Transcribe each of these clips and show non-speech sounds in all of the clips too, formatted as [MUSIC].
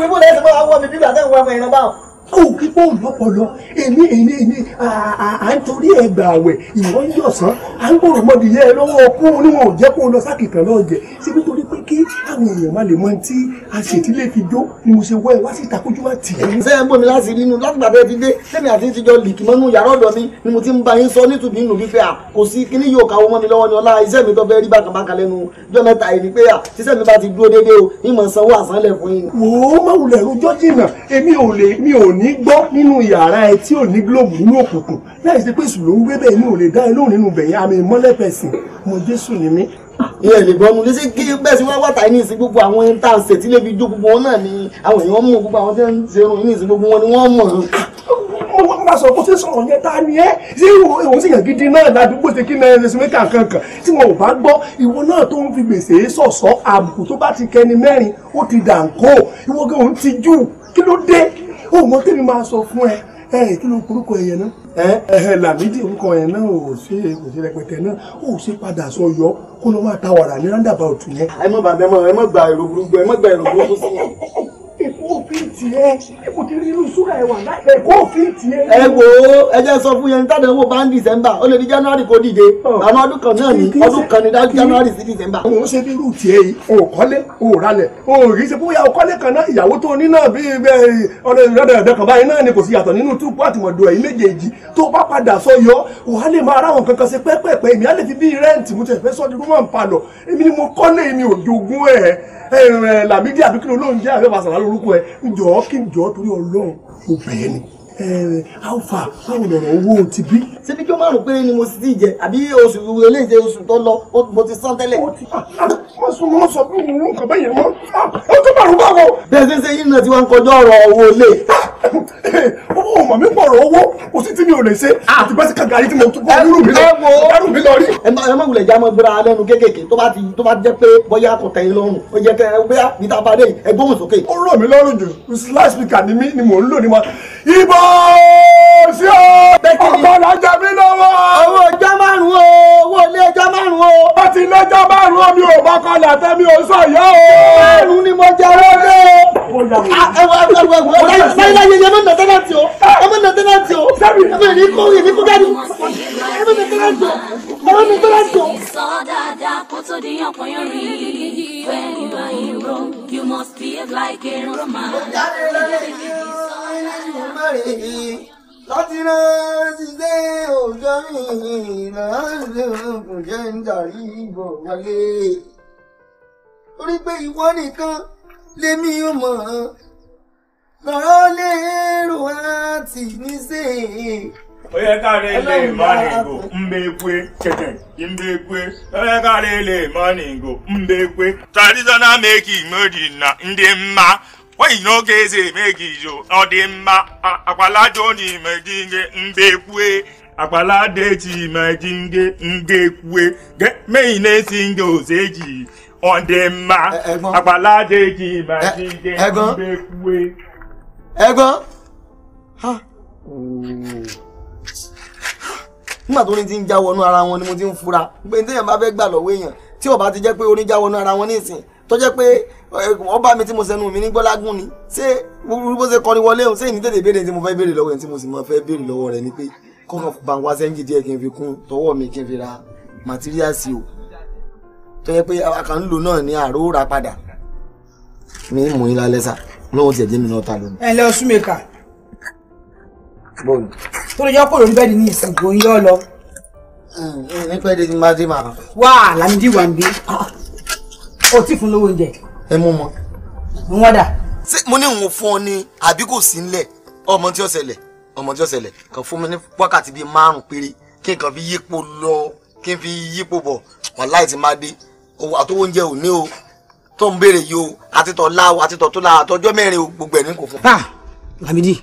mo lè èmi èmi èmi à ń torí ẹgbà àwẹ̀ ìwọ ń yọ̀sán à ń gbòòrò mọ́bi lọ́wọ́ kó níwọ̀n jẹ́ kó lọ sákìtàn lọ́ọ́ síbi torí pé kí àwọn èèyàn má lè mọ ti àṣètílé fi jó ni mo ṣe wọ ẹ wá sí ìtakójú wa tì í. ṣé ẹ ń bọ̀ mi láti rínú láti gbàgbé ti dé sẹ́mi àti ti jọ lìkì mọ́nú yàrá ọ̀dọ̀ mi ni mo ti ń ba yín sọ nítùbí nù fífẹ́ à kò sí kíní yóò káwọ́ mọ́ mi lọ́wọ́ ni ọlá iṣẹ́ mi tó fẹ́ rí bàkàbàkà lẹ́nu jọ mẹ́ta yìí ni pé à tíṣẹ́ mi bá ti dúró déédéé o ìmọ̀ sanwó àsánlẹ̀ fún yín. wò ó má wulẹ̀ rojọ́ jìnnà èmi ò lè mi ò ní gbọ́ nínú yàrá ẹ tí ò ní gílòbù nínú òkùnkùn láì ṣe pé sùn ń gbé bẹ́ẹ̀ mi ò lè dá ẹ lóhùn nínú bẹ̀yìn àmì ìmọ́lẹ̀ pẹ̀sìn mo Jésù ni mí ìyẹn lè bọ́nu lé sí kí bẹ́ẹ̀ sí wá wà táyé ní ìsìn gbogbo àwọn ẹni tá à ń ṣe tí lébi jó gbogbo wọn náà ni àwọn èèyàn mọ̀ gbogbo àwọn tí wọ́n ń ṣe irun ní ìsìn gbogbo wọn ni wọ́n mọ̀. mo wá máa sọ kó tí sọ̀rọ̀ yẹn ta ni ẹ́ ṣé ìwọ sì yàn gidi náà ládùúgbò tí kí náà ẹni sinmi kankan tí wọn ò bá gbọ́ ìwọ náà tó ń fi gbèsè sọ̀sọ́ àbùkù tó bá ti kẹni mẹ́rin ó ti dànkó ìwọ gan òun ti jù kí ló dé òun mọ́ tẹ́mi ẹ kí ló ń korúkọ ẹyẹ náà. ẹ ẹ làmídì orúkọ yẹn náà ò ṣe kò ṣe rẹpẹtẹ náà ò ṣe padà sọ yọ kó ló wà ta wàrà ní roundabout yẹn. ẹ má bàbá ẹ má gba èrò burúkú ẹ má gba èrò burúkú sí yẹn èkó òfin tiẹ̀ èkó ti rí irú súra ẹ̀ wà láì èkó òfin tiẹ̀. ẹ wo ẹ jẹ́ sọ fún yẹn tàdé owó bá ń dìsẹ́mbà ó lè di january kó dìde àwọn ọdún kan náà ní ọdún kan ní january sí dìsẹ́mbà. òun ṣe bí irú tiẹ̀ yìí o kọ́lé o ralẹ̀ o rí ṣe bóyá o kọ́lé kan náà ìyàwó tó ní náà bíi ọ̀dọ̀ ìrọ̀dọ̀ ẹ̀dọ̀ kan báyìí náà ni kò sí yàtọ̀ nínú túpọ̀ àtìmọ̀dọ̀ ẹ̀yìn méjèèjì tó bá padà sọ yọ wàá lè máa ráwọn kankan ṣe pẹ́pẹ́pẹ́ èmi á lè fi bí rẹ́ǹtì mo tẹ̀ fẹ́ sọ́ di rúmọ̀ ń palọ̀ èmi ni mo kọ́lé mi orúkọ ẹ ǹjọ́ kí ǹjọ́ torí ọlọ́run mo ni alfa eh, báwo lọ̀rọ̀ owó ti bí. síbi kí o máa rò pé ni mo sì ti jẹ àbí oṣù eléyìí oṣù tó lọ mo ti san tẹ́lẹ̀. wọ́n sún mọ́ sọ fún òun nǹkan bẹ́yẹn mọ́ ah, ó tún bàrú báwo. bẹ́ẹ̀ ṣe ń ṣe yín náà tí wọ́n ń kọjọ́ ọ̀rọ̀ owó lè. Ah, eh, owó ò mọ̀ mí pọ̀ ọ̀rọ̀ owó kò sí tí mi ò lè ṣe ah. àti bẹ́sì kàgàrí tí mo tún kọ́ irú mi lọ irú mi lọ rí. ẹ má wulẹ̀ jẹ́ àmọ́ ìbúra lẹ́nu kéékèèké tó bá ti tó bá jẹ́ pé bóyá kò tẹ̀ yín lọ́rùn ó jẹ́ kẹ́ bóyá níta bá dé ẹgbóhùn sókè. ó rọ̀ mí lọ́rùn jù láìsíkà ni mí ni mò ń lò ní wa ìbọn o sí o ọkọ làjà mí lọ́wọ́. owó ọjọ́ márùn-ún o owó ilé ọjọ́ márùn-ún o. wọ́n ti lọ́jọ́ márùn-ún mi ò bọ́kọ làtẹ́ mi ò sọ yọ o. márùn-ún ni mo jẹ owó dé ah, o. láyé ah. yẹn mọ̀ nà tẹ́lẹ̀tì o ẹ mọ̀ nà tẹ́lẹ̀tì o ẹ mọ̀ ní kó èmi kó dání ẹ mọ̀ nà tẹ́lẹ̀tì o ẹ mọ̀ nà tẹ́lẹ̀tì o. sọ dáadáa kó tó di ọkàn yóò rí i when you are in Rome, you must behave like a Roman. Ó jáde lórí ìlú mẹ́rin láti rán ṣiṣẹ́ òjò mi ránṣẹ́ òkùn jẹ́ ń darí ìbò wálé. Orí pé ìwọ nìkan lèmi ò mọ̀, lọ́rọ́ lérò àti níṣẹ́. onye kara ele maningo mbekwe mbekwe onye kara ele maningo mbekwe traditional making modi na ndị mma nwaanyị n'oge eze emegijo ọ dị mma akwalado n'ime dinge mbekwe akwalado eji ime dinge mbekwe meyi na-esi nge ọ dị mma e, akwalado eji ime e, dinge mbekwe. ẹ̀gbọ́n ha. nígbà tó ní ti ń já wọnú ara wọn ni mo ti ń fura pé ní téèyàn bá fẹ́ gbà lọ́wọ́ èèyàn tí ó bá ti jẹ́ pé orin já wọnú ara wọn nísìn tó jẹ́ pé ọba mi tí mo sẹnu mi ní gbọ́lágún ni ṣé bó ṣe kọrin wọlé òun ṣé ìní tètè béèrè tí mo fẹ́ béèrè lọ́wọ́ ẹ̀ tí mo sì mọ fẹ́ béèrè lọ́wọ́ rẹ̀ ni pé kọ́nà bàǹwá sẹ́ńjì díẹ̀ kí n fi kún tọwọ́ mi kí n fi ra màtíríàsì o tó yẹ pé àkàn náà ní àrò rà padà mi mú yín lálẹ́ sà lọ́wọ́ tiẹ̀ jẹ́ mi náà ta lónìí. ẹ lọ súnmẹ́ka tó lè jẹ́ kó lórí bẹ́ẹ̀ ní ìsìn kò ń yọ lọ. nípa èdè ni mádé máa. wá àlàmídì wà ń o tí fún lówó oúnjẹ. ẹ mú mọ. mo wọ́n dà. mo ní òun fún ọ ni àbí kò sí ńlẹ̀ ọmọ tí ó ṣẹlẹ̀ ọmọ tí ó ṣẹlẹ̀ kàn fún mi ní wákàtí bíi márùn-ún péré kí n kàn fi yípo lọ kí n fi yípo bọ̀ wàláì ti máa dé àtọwọ́ oúnjẹ ò ní o tó ń béèrè yìí o àtitọ̀ láwo àtitọ̀ tó láwo àtọjọ́ mẹ́rin o gbogbo ẹ̀ ní kò fún. lámìdí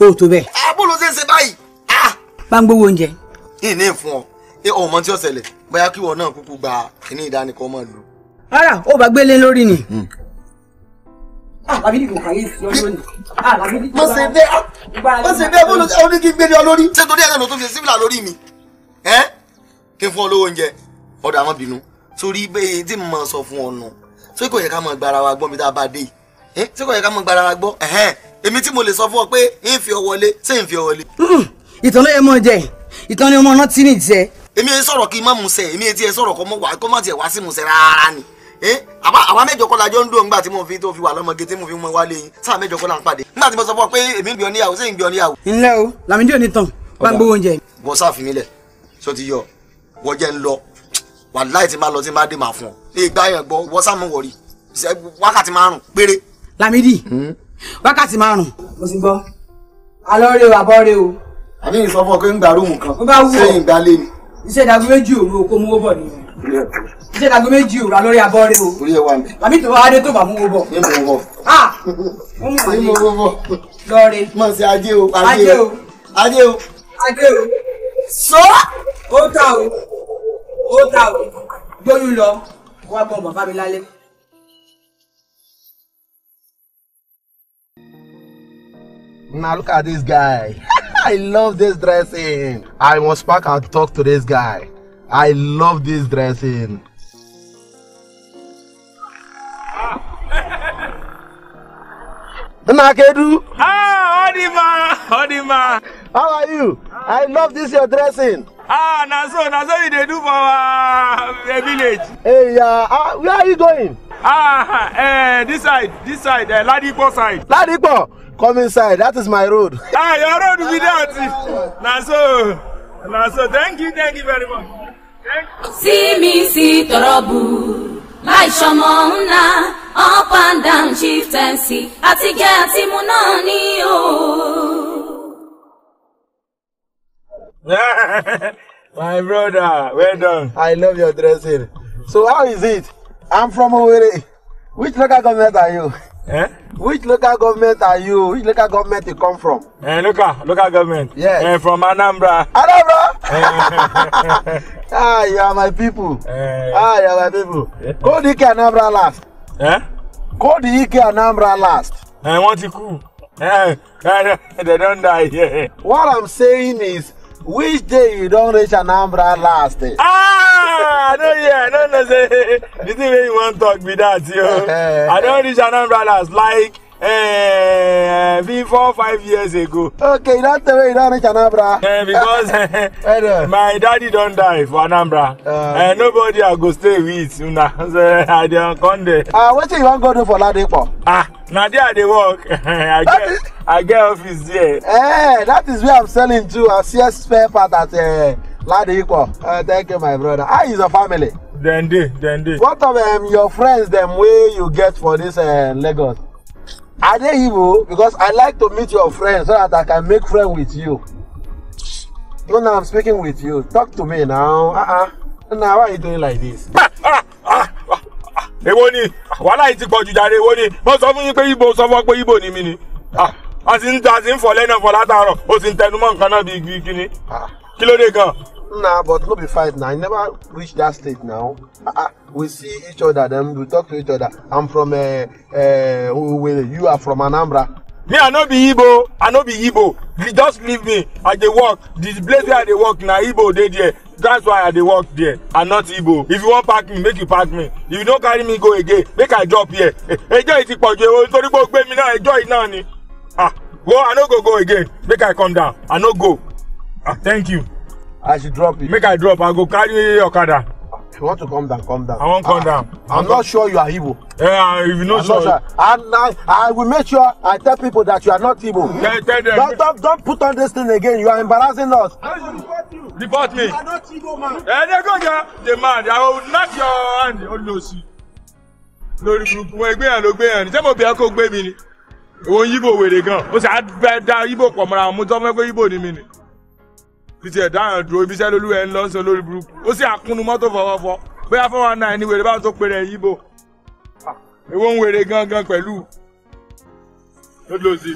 o tó bẹ́ẹ̀. àbó ah, ló ṣe é ṣe báyìí. Ah! bá ń gbówó oúnjẹ. ìní fún ọ ọmọ tí ó ṣẹlẹ̀ bóyá kí wọn náà kúkú gba kíní ìdánikọ́ mọ́ lò. rárá ó bá gbélé lórí ni. Hmm. Ah, mo ṣe bẹ́ẹ̀ mo ṣe bẹ́ẹ̀ bó ló ṣe oníkí gbélé ọ lórí. ṣé torí ẹ̀rọ ló tún fi síbìlà lórí mi kí n fún ọ lówó oúnjẹ ọ̀dọ̀ àwọn bínú torí bẹ́ẹ̀ tí mo sọ fún ọ nù ṣé kò yẹ ká mọ gbára wa gbọ́ mi tá a bá dé yìí ṣé kò yẹ ká mọ gbára wa gbọ́ èmi tí mo lè sọ fún ọ pé ń fi ọ wọlé ṣé ń fi ọ wọlé. ìtàn ló yẹ mọ jẹ ìtàn ni ọmọ náà ti ní ìjẹ. èmi ẹ sọ̀rọ̀ kí n má musẹ̀ èmi ẹ tiẹ̀ sọ̀rọ̀ kọ́ mọ́ wá kọ́ má tiẹ̀ wá sí musẹ̀ rárá ni. àwa mẹ́jọ kọ́lá jọ ń dùn ńgbà tí mo fi tó fi wà lọ́mọge tí mo fi mọ wálé yín sáà mẹ́jọ kọ́lá ń pàdé. ńgbà tí mo sọ fún ọ pé èmi ń gbé ọ níyàwó ṣé ń gbé ọ níyàwó. ńlẹ́ o làmídìí ò ní tàn bá ń gbówó oúnjẹ. wọ́n sáàfin mi lẹ̀ sọ ti yọ wọ́n jẹ́ ń lọ wàláì tí wákàtí márùn. mo ti gbọ́ alọ́ rẹ o àbọ̀ rẹ o. àbí ìsọfọ pé ń gba rúùmù kan sẹ́yìn gbalé ni. iṣẹ́ ìdàgbé méjì òru okó mú owó bọ̀ ni. iṣẹ́ ìdàgbé méjì òru alọ́ rẹ àbọ̀ rẹ o. orí ẹ wà mí. àbí tó wáá dé tó bá mú owó bọ̀. èmi ò wọ̀. a ó mú àyè mo wọ́ lọ́ọ̀rẹ́. mọ̀ sí ajé o ajé o ajé o. ajé o. sọ ó ta o ó ta o gbóyún lọ wá bọ̀ bàbá mi lálẹ́. Now look at this guy. [LAUGHS] I love this dressing. I must back and talk to this guy. I love this dressing. [LAUGHS] Nakedu. Ah, Odima, Odima. How are you? I love this your dressing. Ah, na so, you dey do for our eh, village. Hey, uh, uh, where are you going? ah eh, this side this side eh, Ladipo side. Ladipo come inside that is my road. [LAUGHS] ah your road be that na so na so thank you thank you very much. See me, see tọrọbù láì sọmọ ńlá up and down shift see àti gẹ àti mu náà ni o. [LAUGHS] my brother well done. i love your dressing so how is it. I'm from Owerri. Which local government are you? Eh? Which local government are you? Which local government you come from? Eh, local, local government. Yes. Eh, from Anambra. Anambra? [LAUGHS] ah, you are my people. Eh. Ah, you are my people. Yeah. Go to Ike Anambra last. Eh? Go to Ike Anambra last. Eh, want to cool. Eh, they don't die. What I'm saying is, which day you don't reach Anambra last? Eh? Ah! I know, yeah, I don't know, say, [LAUGHS] the thing where you want to talk with that, yo. [LAUGHS] I don't reach Anambra last, like, eh, uh, four, five years ago. Okay, that's the way you don't reach Anambra. [LAUGHS] Eh, because eh, eh, my daddy don't die for Anambra. Uh, ah. eh, nobody I go stay with, una. so I don't come there. Ah, uh, what you want to go do for Ladipo? Ah, now there they work. I get, I get office there. Eh, that is where I'm selling to. I see a spare part at, uh, Ladiko, uh, thank you, my brother. How is the family? Dendi, Dendi. What of um, your friends, them way you get for this uh, Lagos? Are they evil? Because I like to meet your friends so that I can make friends with you. You now I'm speaking with you. Talk to me now. Uh uh. Now, why are you doing like this? Ah, ah, ah, èwo ni wàhálà yìí ti pọ̀ jù jáde èwo ni mo sọ fún yín pé ibo sọ fún pé ibo ni mí ni a ti ń da a ti ń fọ lẹ́nu ọ̀fọ̀ látàárọ̀ o ti ń tẹnu mọ́ nǹkan náà Nah, but no be fight now. I never reach that state now. Uh, we see each other, then we talk to each other. I'm from uh, uh, you are from Anambra. Me, I no be Igbo. I no be Igbo. Just leave me. I dey work. This place where I dey work na Igbo dey there. That's why I dey work there. I not Igbo. If you want pack me, make you pack me. If you don't carry me go again, make I drop here. Enjoy eh, it, ti pọ̀ jù ewo nítorí pé now. gbé mi náà ni. Ah, go I no go go again. Make I come down. I no go. Ah, thank you. I should drop it. Make I drop, I go carry Okada. If you want to come down, come down. I won't come I, ah, down. I'm, I'm not come... sure you are evil. Yeah, if you know I'm sure. sure. And I, I will make sure I tell people that you are not evil. Yeah, tell them. Don't, don't, don't put on this thing again. You are embarrassing us. I will report you. Report me. You are not Igbo man. Eh, yeah, they go there. The man, I will knock your hand. Oh, no, see. lórí burúkú wọn ẹgbẹ́ yẹn ló gbé yẹn ni sẹ́mo bí akó gbé mi ni òun yíbo wèrè gan ó sì á dá yíbo pọ̀ mọ́ra àwọn ọmọ tó fẹ́ pé yíbo ni mi ni kìtì ẹ̀ dáhùn dúró ibi iṣẹ́ lolú ẹ̀ ń lọ sí olórí burúkú ó sì àkúnnu mọ́tò fọwọ́fọ́ bóyá four one nine ni wèrè báwo tó pèrè ẹ̀ yíbo èwo ń wèrè gangan pẹ̀lú lọsí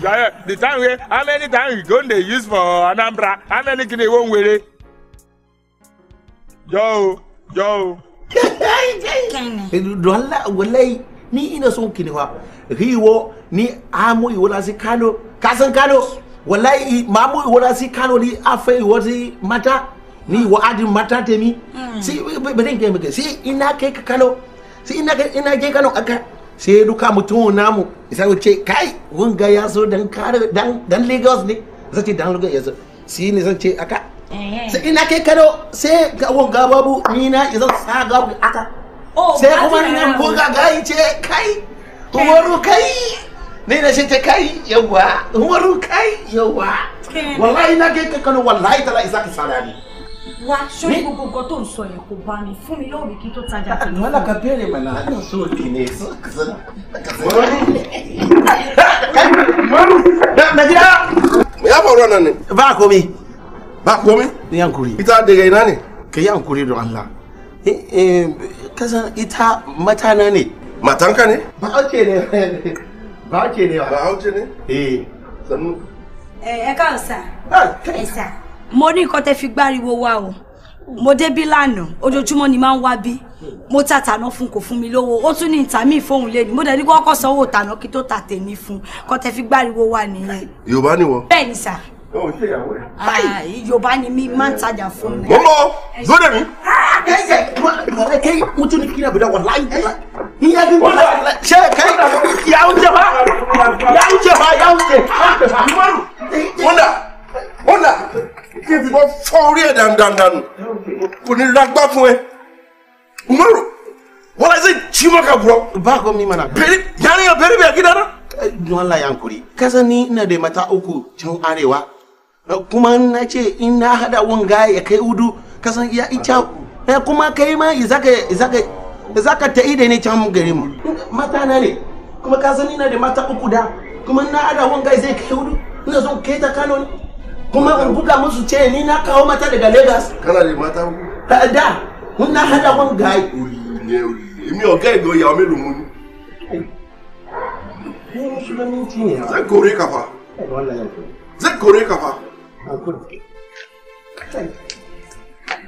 the time wey how many times you go dey use for Anambra how many kini èwo ń wèrè jọ o jọ o. wala walai ni ina son kinewa riwo ni amo iwola si kano kasan kano. wallahi mamu wala si kano ni afai wasi mata ni wa adin mata te mm. si ina ke si ina ina aka e duka mutum namu sai ce kai wanga ya so dan kare dan dan Lagos ne zace dan Lagos ya si kai eh, eh. kano ga babu ni na sa aka oh, sai kuma ga ce kai kuma eh. kai ni na ce kai yawa umaru kai yawa wallahi na ke kankan wallahi tala isa ki salari wa ṣé gbogbo nǹkan tó ń sọ yẹn kò bá mi fún mi lórí kí tó tajà tèmi. wọn lọkà béèrè mọ̀nà àdán sóò kì ní sọ kàṣán. nàìjíríà. ya faruwa nan ne. ba komi. ba komi. ni yankuri. ita daga ina ne. ka yankuri don Allah. kasan ita matana ne. matanka ne. ba ake ne. Bahauce ne ba. Bahauce ne? Eh. Sannu. Ẹ káàrọ̀ sà. Ẹ sà. Mo ní nǹkan tẹ fi gbáriwo wá o. Mo débí lánàá, ojoojúmọ́ ni máa ń wá bí. Mo ta tàná fún kò fún mi lówó. Ó tún ní ìta míì fóun lé ní. Mo dẹ̀ ní kọ́kọ́ sanwó tàná kí tó ta tèmi fún. Kọ́ fi gbáriwo wá nìyẹn. Yorùbá ni wọ́n. Bẹ́ẹ̀ni sà o ṣe ìyàwó rẹ. yorùbá ni mi máa ń tajà fún mi. mo mọ lóde mi. ẹsẹ̀ kẹ́yì mo tún ní kíni àbúrò wà láyé ìyá bí wọ́n lọ ṣe kẹ́yì ìyá ń jẹ fa ìyá ń jẹ fa ìyá ń jẹ fa. wọ́ndà wọ́ndà kí n fi bọ́ fọ́ orí ẹ̀ dandandan kò ní lágbá fún ẹ. umaru wọ́n lọ sí jimọ̀ ka bùrọ̀. báàkó mi mana. bere yanni ka bere bɛ yan k'i dara. ɲɔgɔn la yan kori. kasa ni na de ma taa o ko can arewa. kuma na ce in na hada gaya ya kai udu kasan iya ica kuma kai ma izaka izaka izaka ta ida ne can gari mu mata na ne kuma ka san ina da mata uku da kuma na hada gaya zai kai udu ina son kai ta Kano ne kuma in buga musu ce ni na kawo mata daga Lagos kana da mata uku da da mun na hada wanga mi o ga ido ya o mélòó mo ni Zan kore ka fa. Zan kore ka fa. a kurfi kai kai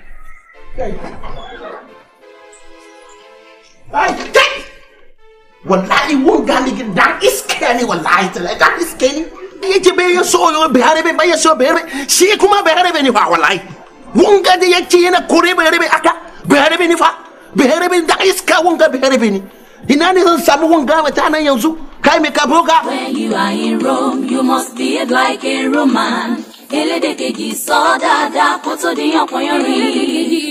kai wallahi won galigin da iska ne wallahi tala da iska ne yace bai ya so yo bayare bai bai ya so bayare shi kuma bayare bai ne fa wallahi won ga da yace yana kore bayare bai aka bayare bai ni fa bayare bai da iska wunga ga bayare bai ne ina ne zan samu wunga ga mata nan yanzu kai me ka boga when you are in rome you must be like a roman elédè kejì sọ dáadáa kó tó di yànpọ̀yánrin.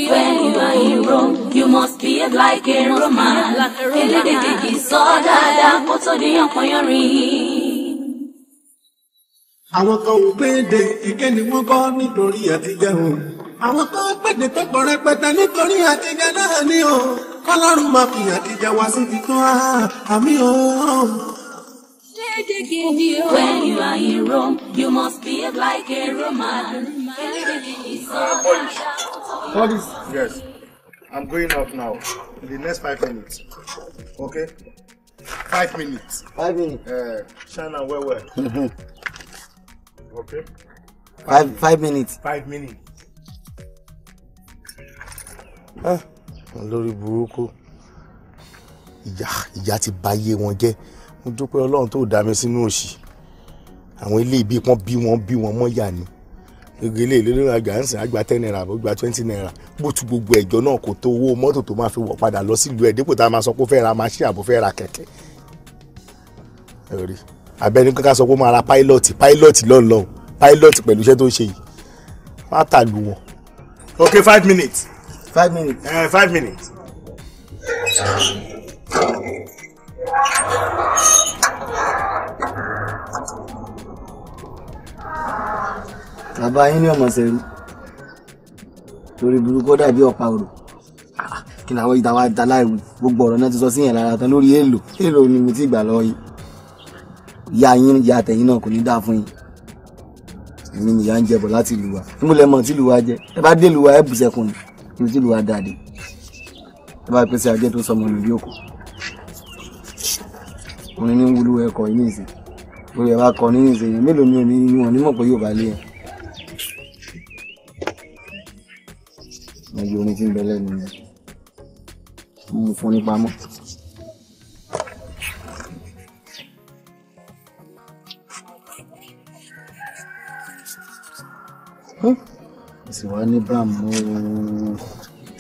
when you are in Rome you must behave like a Roman. elédè kejì sọ dáadáa kó tó di yànpọ̀yánrin àwọn kan ò gbéde ike ni wọ́n kọ́ nítorí àtijọ́ o. àwọn kan ó gbéde tó pọ̀ rẹpẹtẹ nítorí àtijọ́ náà ni o. kọ́lọ́run máa fi àtijọ́ wá síbi tó àmì o. When you are in Rome, you must behave like a Roman. What Yes, I'm going out now. In the next five minutes, okay? Five minutes. Five minutes. Uh, China, where where? [LAUGHS] okay. Five five minutes. Five minutes. Ah, lórí burúkú ìyá ìyá ti you one, jẹ́ mo dúpẹ́ ọlọ́run tó dá mi sínú òṣì àwọn ilé ìbí wọn bí wọn bí wọn mọ́ yà ni gbogbo ilé ìlú lórí àgbà ń sìn àgbà ten naira àbò gba twenty naira bó tu gbogbo ẹ̀jọ́ náà kò tó owó mọ́tò tó máa fi wọ̀ padà lọ sílùú ẹ̀ dípò tá a máa sọ pé ó fẹ́ ra machine àbò fẹ́ ra kẹ̀kẹ́ abẹ́ni kankan sọ pé ó máa ra pilot pilot lọ́ọ̀lọ́ọ̀ pilot pẹ̀lú iṣẹ́ tó ń ṣe yìí má tàlù wọn. ok five minutes. five minutes. Uh, five minutes bàbá yín ní ọmọ sẹ́rú lórí burúkú dàbí ọ̀pá òrò ah, kí làwọn ìta wa da láìwù gbogbo ọ̀rọ̀ náà ti sọ sí yẹn lára tán lórí èèlò èèlò ni mo ti gbà lọ yìí ìyá yín ìyá àtẹ̀yìn náà kò ní dáa fún yín èmi nìyá ń jẹbọ láti lù wá níbo lẹ mọ̀ tí lù wá jẹ ẹ bá dé lù wá ẹ bùsẹ̀kùn ní tí lù wá dáadé ẹ bá pèsè ajé tó sọmọ lórí òkú òun ní wúlú ẹkọ yìí nìsín lórí ẹwà kọ ní nìsín mélòó ni òní inú wọn nímọ̀ pé yóò bá lé ẹ. ẹyọ orin tí ń bẹ lẹ́nu yẹn mo fún ní pamọ́. Hm? sì wá ní brown mú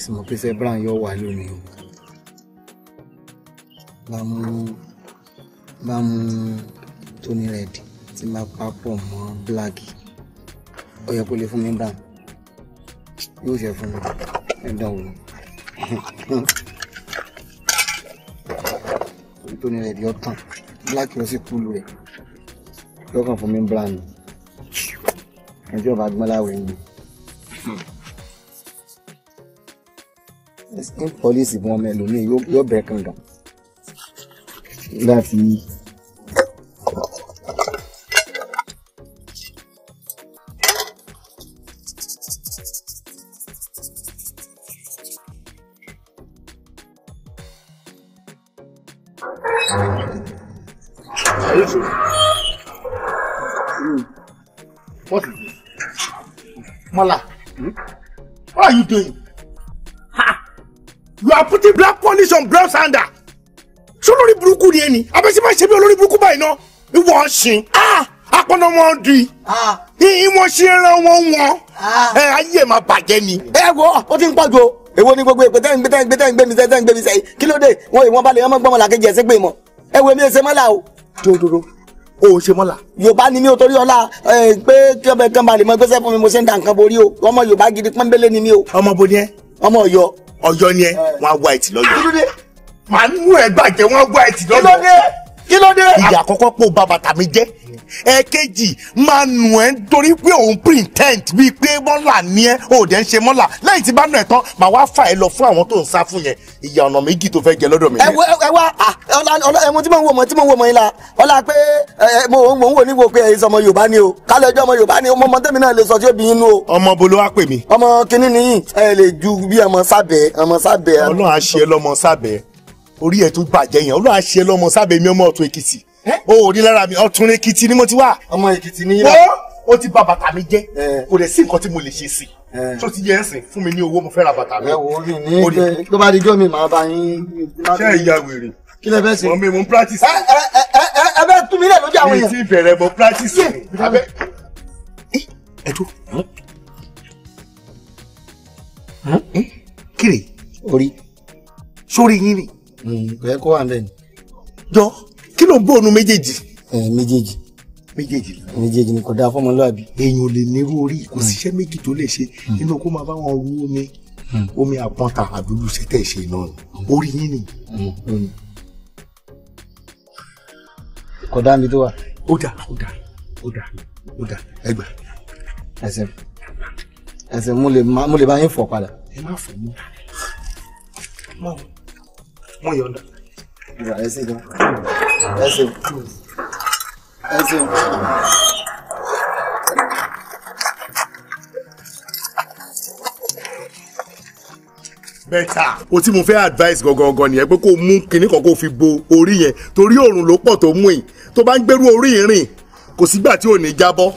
sì mọ̀ pé sẹ́ brown yóò wà lónìí o. lámú bá mú tóní red tí n bá papọ̀ mọ́ black ó yẹ kó lè fún mi brown yóò ṣe fún mi ẹ dánwò tóní red yọ tán black yọ sí kúlù rẹ lọ́kàn fún mi brown ẹjọ́ bá gbọ́n láwẹ̀ ń gbé. police ìbọn ọmọ ẹlòmíì yóò bẹ̀ẹ́ kankan. me. láyé ni abẹ́sí má ṣe bí olórí burúkú báyìí ná ìwọ ṣin apọ́nà wọn di ìyìn ṣe ran wọn wọn ẹ ayé máa bàjẹ́ ni. ẹ wo ó ti ń pọ̀ èwo ni gbogbo èpè tẹ́yìn gbẹ́tẹ́yìn gbẹ́tẹ́yìn gbẹ́mi sẹ́yìn gbẹ́mi sẹ́yìn kí ló dé wọn ìwọ̀n balẹ̀ wọn gbọ́mọ̀ làkejì ẹ̀sẹ̀ gbé ẹ wo èmi ẹsẹ̀ mọ́là o. dòdòdò o ò ṣe mọ́là. yorùbá ni mi ò torí ọlá pé kí ọbẹ̀ kan mọ́ gbẹ́sẹ̀ fún mi mo ṣe ń da nǹkan borí o ọmọ yorùbá gidi pọ́nbélé ni mi o. ọmọ bo ni ẹ. ọmọ ọ̀yọ́. ọ̀yọ́ ni ẹ wọn á wá ìtì lọ́yọ́ màá mú ẹ gbàjẹ wọn gbọ ẹ tì lọ́dọ̀. kí ló dé kí ló dé. ìyá àkọ́kọ́ pò bá bàtà mi jẹ́ ẹ̀ẹ́kejì máa nù ẹ́ torí pé òun pretend bíi pé mọ́là ni ẹ́ ò dẹ́ ń ṣe mọ́là lẹ́yìn tí bá nù ẹ̀ tán màá wá fà ẹ́ lọ fún àwọn tó ń sá fún yẹn ìyá ọ̀nà méjì tó fẹ́ jẹ lọ́dọ̀ mi. ẹ wá ẹ wá ah, ẹmu tí mo ń wò mọ tí mo ń wò mọ yín la ọlá pé mo ń wò ní wo pé ẹ̀yin sọmọ yorùbá ni o kálọ̀ ẹjọ́ ọmọ yorùbá ni ọmọ tẹ́mi náà lè sọ tí ó bí yín nú o. ọmọ bolo wa pè mí. ọmọ kinní ni yín ẹ lè ju bí ọmọ sábẹ́ ọmọ sábẹ́. ọlọ́run á ṣe é orí ẹ̀ tún bàjẹ́ yẹn olúwa ṣe lọ́mọ sábẹ́ mi ọmọ ọ̀tún èkìtì o ò ní lára mi ọ̀tún èkìtì ni mo ti wà. ọmọ èkìtì ni yíra ó ti bà bàtà mi jẹ́ kò dẹ̀ sí nǹkan tí mo lè ṣe sí i tó ti yẹ ẹ sìn fún mi ní owó mo fẹ́ ra bàtà mi. ẹ wò ó rìn ní tó bá di jọ́ mi màá bá yín. ṣé ìyá wèrè kí lẹ fẹ́ ṣe. mọ̀ mi mo ń practice. ẹ ẹ ẹ ẹ ẹ bẹ tún mi lẹ lójú àwọn èèyàn. mi ti bẹ̀rẹ̀ mọ practice mi. ẹ tó kiri. orí. sórí yín ni. Mm, kò kó wà bẹ́ẹ̀ jọ kí ló ń bó onú méjèèjì. méjèèjì. méjèèjì la. méjèèjì ni kò dáa fọmọlúwàbí. èèyàn ò lè nírú orí kò mm. síṣẹ́ méjì tó lè ṣe nínú mm. kó máa bá wọn rú omi omi àpọ́ntà àdúgbò ṣètẹ̀ ṣe náà orí yín ni. kò dáa mi tó wà. ó dà ó dà ó dà ó dà ẹ gbà. ẹsẹ̀ ẹsẹ̀ mo lè bá yín fọ̀ padà. ẹ má fọ̀ mọ́ mo yọ̀ǹda. ẹ ṣe gan ẹ ṣe ẹ o tí mo fẹ́ advice gangan nìyẹn pé kó o mú kinní kan kó o fi bo orí yẹn torí òòrùn ló pọ̀ tó mú yìí tó bá ń gbẹ́rú orí yìí rìn kò sígbà tí ò ní jábọ́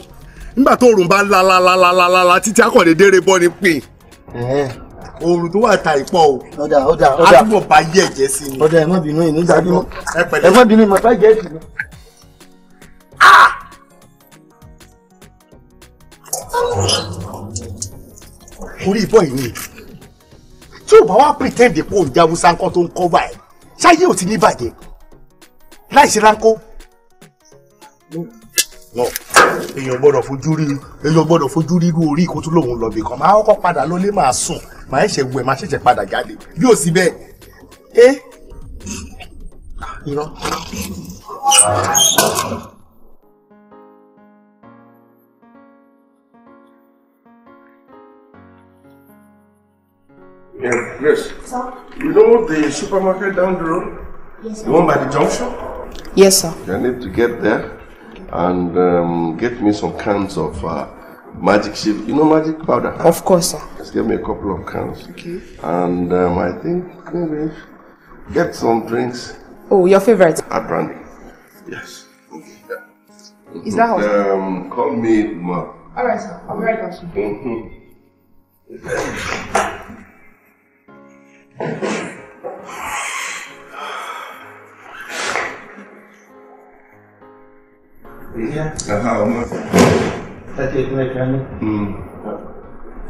nígbà tó òòrùn bá ń la la la la la la títí akọ̀dédére bọ́ ni pè oòrùn tó wà ta ìpọ̀ o ọ̀dà ọ̀dà ọ̀dà á túbọ̀ bá yí ẹ̀jẹ̀ sí ni. ọ̀dà ẹ má bínú ìní ìdájú mọ́ ẹ má bínú ìmọ̀ bá jẹ́ ìdùnnú. Ah! orí ìbọn yìí ni tí o bá wá pretend pé òun jáwé sáńkọ́ tó ń kọ́ báyìí ṣáyé ò ti ní bàjẹ́ láì ṣe ránkó èèyàn gbọ́dọ̀ fojú rí èèyàn gbọ́dọ̀ fojú rí irú orí ìkótó lòun lọ bìkan máa kọ́kọ́ padà lólé máa sùn máa ṣẹ̀ṣẹ̀ wẹ̀ máa ṣẹ̀ṣẹ̀ padà jáde bí ò sí bẹ́ẹ̀ ẹ irọ́. Yeah, yes. Sir? You know the supermarket down the road? Yes, sir. The one by the junction? Yes, sir. You need to get there. and um, get me some cans of uh, magic You know magic powder? Of course, sir. Just get me a couple of cans. Okay. And um, I think maybe get some drinks. Oh, your favorite? Hard brandy. Yes. Okay. Is that how? Mm-hmm. Um, call me Ma. All right, sir. I'll be right back. Mm-hmm. [LAUGHS]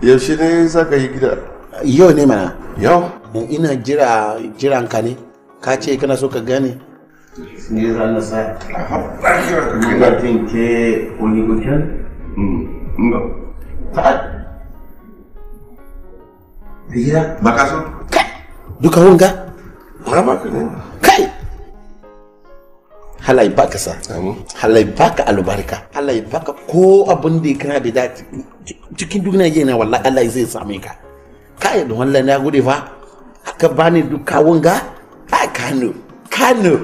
yaushe ne za ka yi gida yau ne mana yau ina jira jiran ka ne ka ce kana so ka gane ne za na sa ka ke oligoken mm, ba ka so duka wunga ba ba ka ne kai Allah ya baka sa Allah ya baka albarka Allah ya baka ko abin da kana da dace cikin duniya yake na wallahi Allah zai same ka kai da wallahi na gode fa aka bani duk kawun ga a Kano Kano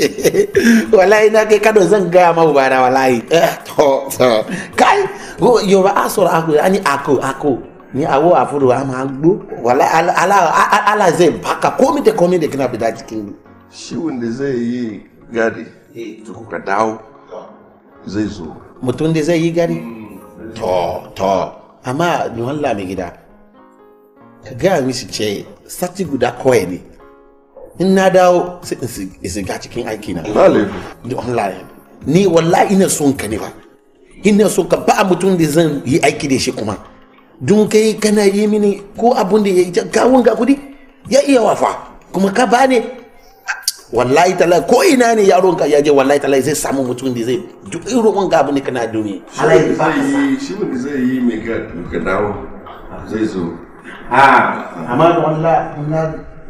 [LAUGHS] wallahi na kai Kano zan gaya ma bara wallahi eh, to to kai go yo ba asor aku ani aku aku. ni awo afuru ama gbo wallahi Allah Allah zai baka komai da komai da kana da cikin shi wanda zai yi gadi eh, to kuka dawo zai zo mutum da zai yi gadi hmm. to to amma ni wallah mai gida ka gaya mishi ce sati guda kawai ne in na dawo sai in shiga cikin aiki na online ni wallahi ina son ka ne ba ina son ka ba mutum da zan yi aiki da shi kuma dun kai kana yi mini ko abun da ya yi gawon ga kudi ya iya wafa kuma ka bane wallahi talai ko ina ne yaron ka ya je wallahi talai zai samu mutum da zai duk irin wani gabu ne kana duniya alai ba shi ne zai yi mai ga ka dawo zai zo a amma da wallahi ina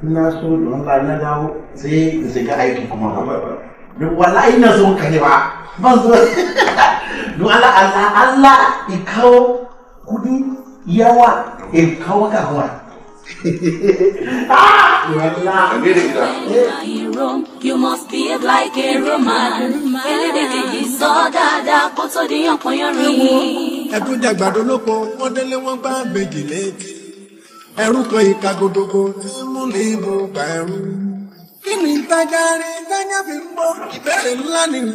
ina so da wallahi na dawo sai zai ga aiki kuma ba duk wallahi ina so ka ne ba ban zo [LAUGHS] duk Allah Allah Allah ikawo kudi yawa ikawo ka hora You must behave like a Roman. Elédèdè yìí sọ dáadáa kó tó di yànpọ̀yàn rìn. Ẹ̀dùn jàgbàdo lóko, wọ́n délé wọ́n gbá bèjì létí. Ẹ̀rú kan ìka gòdògò tí mú ní ibò gbà ẹ̀rú. Kí ni ìtajà rí Táyà fi ń bọ́? Ìbéèrè ńlá nìyí.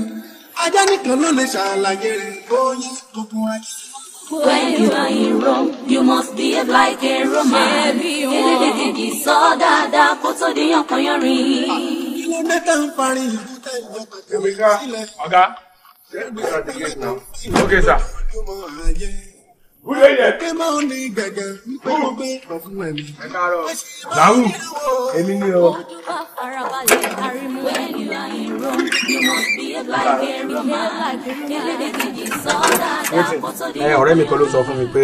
Ajá nìkan ló lè ṣàlàyé rẹ̀ bóyá gbogbo ayé. When you are in Rome, you must behave like a Roman. Elédèkejì sọ dáadáa kó tó dé yankanyanrin. Ilé mẹ́ta ń parí ìlú Ọ̀gá, ṣé é gbé ìgbà tó yẹ náà? Okay, sir. Láwù, ọ̀rẹ́ mi kan ló sọ fún mi pé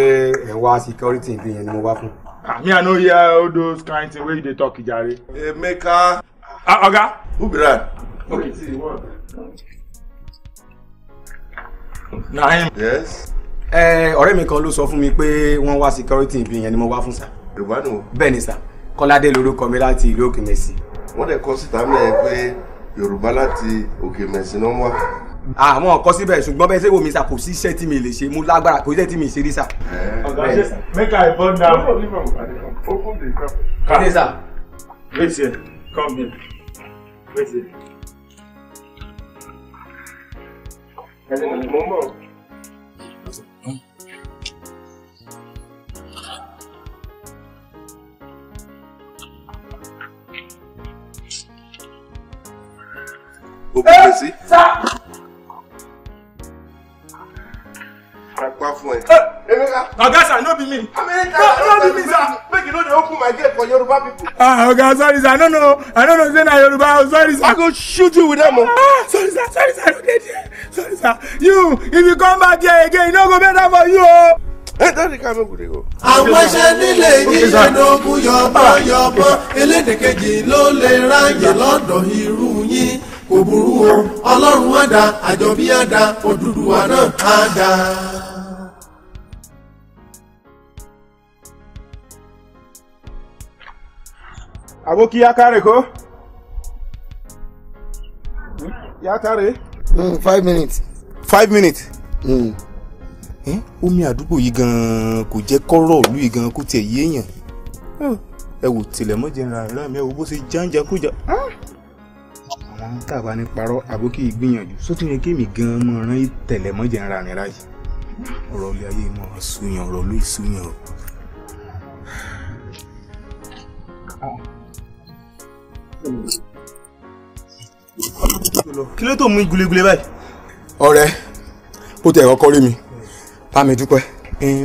ẹ̀ security ibi yẹn ni mo wá fún. Ah, me I no hear all wey you dey talk jare. Emeka. Ah, Oga. Okay, Na him. Yes. ọ̀rẹ́ mi kan ló sọ fún mi pé wọ́n wá security ibi yẹn ni mo wá fún sà. ìwádùn o. bẹ́ẹ̀ ni sà kọ́ládé lorúkọ mi láti ìlú òkè mẹ́sì. wọ́n dẹ̀ kọ́ síta mẹ́ẹ̀ pé yorùbá láti òkè mẹ́sì náà wá. àmọ́ ọkọ síbẹ̀ ṣùgbọ́n bẹ́ẹ̀ ṣé wo mi sà kò sí iṣẹ́ tí mi lè ṣe mo lágbára kò sí iṣẹ́ tí mi ṣe rí sà. ọ̀gá ṣe make I burn down. open the crap. kàdé sà. wait here come here wait here. mo ń bọ̀. kó gbé sí. Ọ̀pá eh, fún ẹ. Eh, Ọ̀gá sà, no be me. No be me sà. Make you no dey open my gate for Yoruba people. Ah, Ọ̀gá sorry sà, no know. I no know say na Yoruba, I'm oh, sorry sà. I go shoot you with them o. Oh. Ah, sorry sà, sorry sà, no dey there. Sorry sà, you if you come back here again, e no go better for you o. Oh. Eh, Àwọn iṣẹ́ nílé yíyanogún yọ̀bọ̀yọ̀bọ̀ elédèkejì ló lè ráyè lọ́dọ̀ irú yín kò burú o ọlọ́run á da àjọbí á da Odùduwà náà á da. aboki ya kare ko? ya kare? Mm, five minutes. five minutes. Mm. Eh? omi àdúgbò yìí gan-an kò jẹ́ kọ́rọ̀ ìlú yìí gan-an kó tiẹ̀ yéèyàn ẹ wò tilẹ̀ mọ́jẹ́ ra ara mi ẹ wò bó ṣe jáǹjà kújà. Ah! àmọ́ tá a bá ní parọ́ àbókí ìgbìyànjú sótú yẹn kémi gan-an mọ̀ rán ìtẹ̀lẹ́mọ́jẹ̀ ńlá mi ráyè ọ̀rọ̀ ilé ayé mọ̀ ṣùyàn ọ̀rọ̀ ló ìṣùyàn. kí ló tó mú gulegule báyìí. ọ̀rẹ́ bó tẹ ọkọ rí mi bá mi dúpẹ́.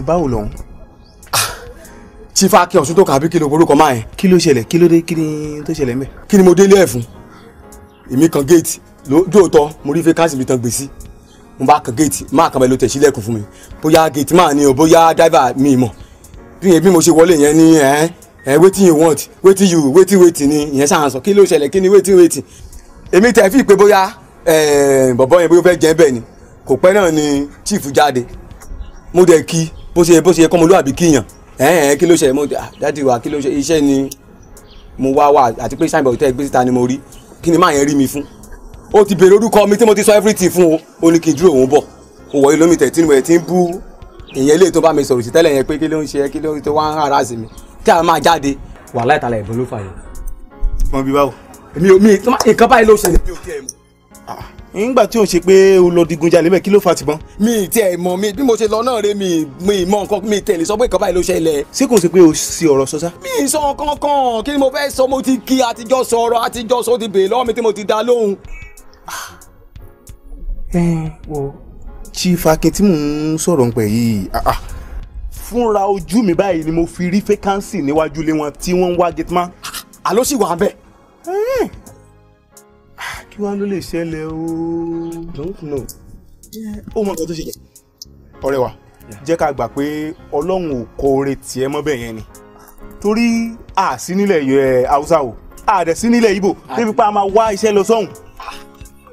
báwo lòun. Ah, chief akin tó kà bí kí ló orúkọ máa yẹn. kí ló ṣẹlẹ̀ kí ló dé kí ni tó ṣẹlẹ̀ ń bẹ̀. kí ni mo délé ẹ̀ fún èmi kan gate. lóòótọ́ mo rí vacancy mi tán gbèsè mo bá kan géètì máa kan bẹ́ẹ̀ ló tẹ̀ sílẹ̀kùn fún mi bóyá géètì máa ní o bóyá driver mi mọ̀ bí mo ṣe wọlé yẹn ní ẹ ẹ wetin you want wetin you wetin wetin ni ìyẹn sáà sọ kí ló ṣẹlẹ̀ kí ni wetin wetin èmi tẹ̀ fi pé bóyá bọ̀bọ̀ yẹn bóyá fẹ́ jẹ́ bẹ́ẹ̀ ni kò pẹ́ náà ni chief jáde mo dẹ̀ kí bó ṣe bó ṣe kọ́ mo lóàbí kíyàn ẹ̀ẹ́n kí ló ṣẹlẹ̀ mo dẹ̀ ah, dájú wa kí ló ṣe iṣẹ́ ni mo wá wà àti pé sáyẹn bọ̀ tẹ́ gbé síta ni mo rí kí ni máa yẹn rí mi fún ó ti bèrè orúkọ mi tí mo ti sọ everything fún o ó ní kí n dúró òun bọ̀ ó wọ ilé mi tẹ̀ tí mo ti ń bú ìyẹn ilé tó bá mi sọ̀rọ̀ sí tẹ́lẹ̀ yẹn pé kí ló ń ṣe kí ló ń tó wá ń hàrá sí mi kí a máa jáde wàhálà ìtàlẹ̀ ìbọn ló fà yẹn. ìbọn bíi báwo. mi ò mi nǹkan báyìí ló ṣẹlẹ̀ mi ò kí ẹ mọ̀. Ah nígbà tí o ṣe pé o lọ digunjalè bẹ́ẹ̀ kí ló fa tìbọn. mi ti ẹ mọ mi bí mo ṣe lọ náà rẹ mi mi mọ nǹkan mi tẹ́lẹ̀ sọ pé nǹkan báyìí ló ṣẹlẹ̀. ṣé kò sí pé o ṣe ọ̀rọ̀ sọ́sá. mi sọ kankan kí ni mo fẹ́ sọ mo ti kí àtijọ́ sọ̀rọ̀ àtijọ́ sọ ti bèè lọ́wọ́ mi tí mo ti dá lóhùn. Ah. ẹ o Chief Akin tí mò ń sọ̀rọ̀ nípa yìí ah, ah. fúnra ojú mi báyìí ni mo fi rí fẹ́kánsì níwájú ilé wọn tí wọ́n ń wá gẹ́tìmá. àló sì wà bẹ́ẹ̀. Eh kí wàá ló lè ṣẹlẹ̀ o don't know ó mọ nǹkan tó ṣe jẹ ọ̀rẹ́ wa jẹ́ ká gbà pé ọlọ́run ò kọ oore tiẹ̀ mọ́ bẹ́ẹ̀ yẹn ni torí àsí nílẹ̀ haúsá o àdẹ̀sí nílẹ̀ ibo débi pa máa wá iṣẹ́ lọ sọ́hùn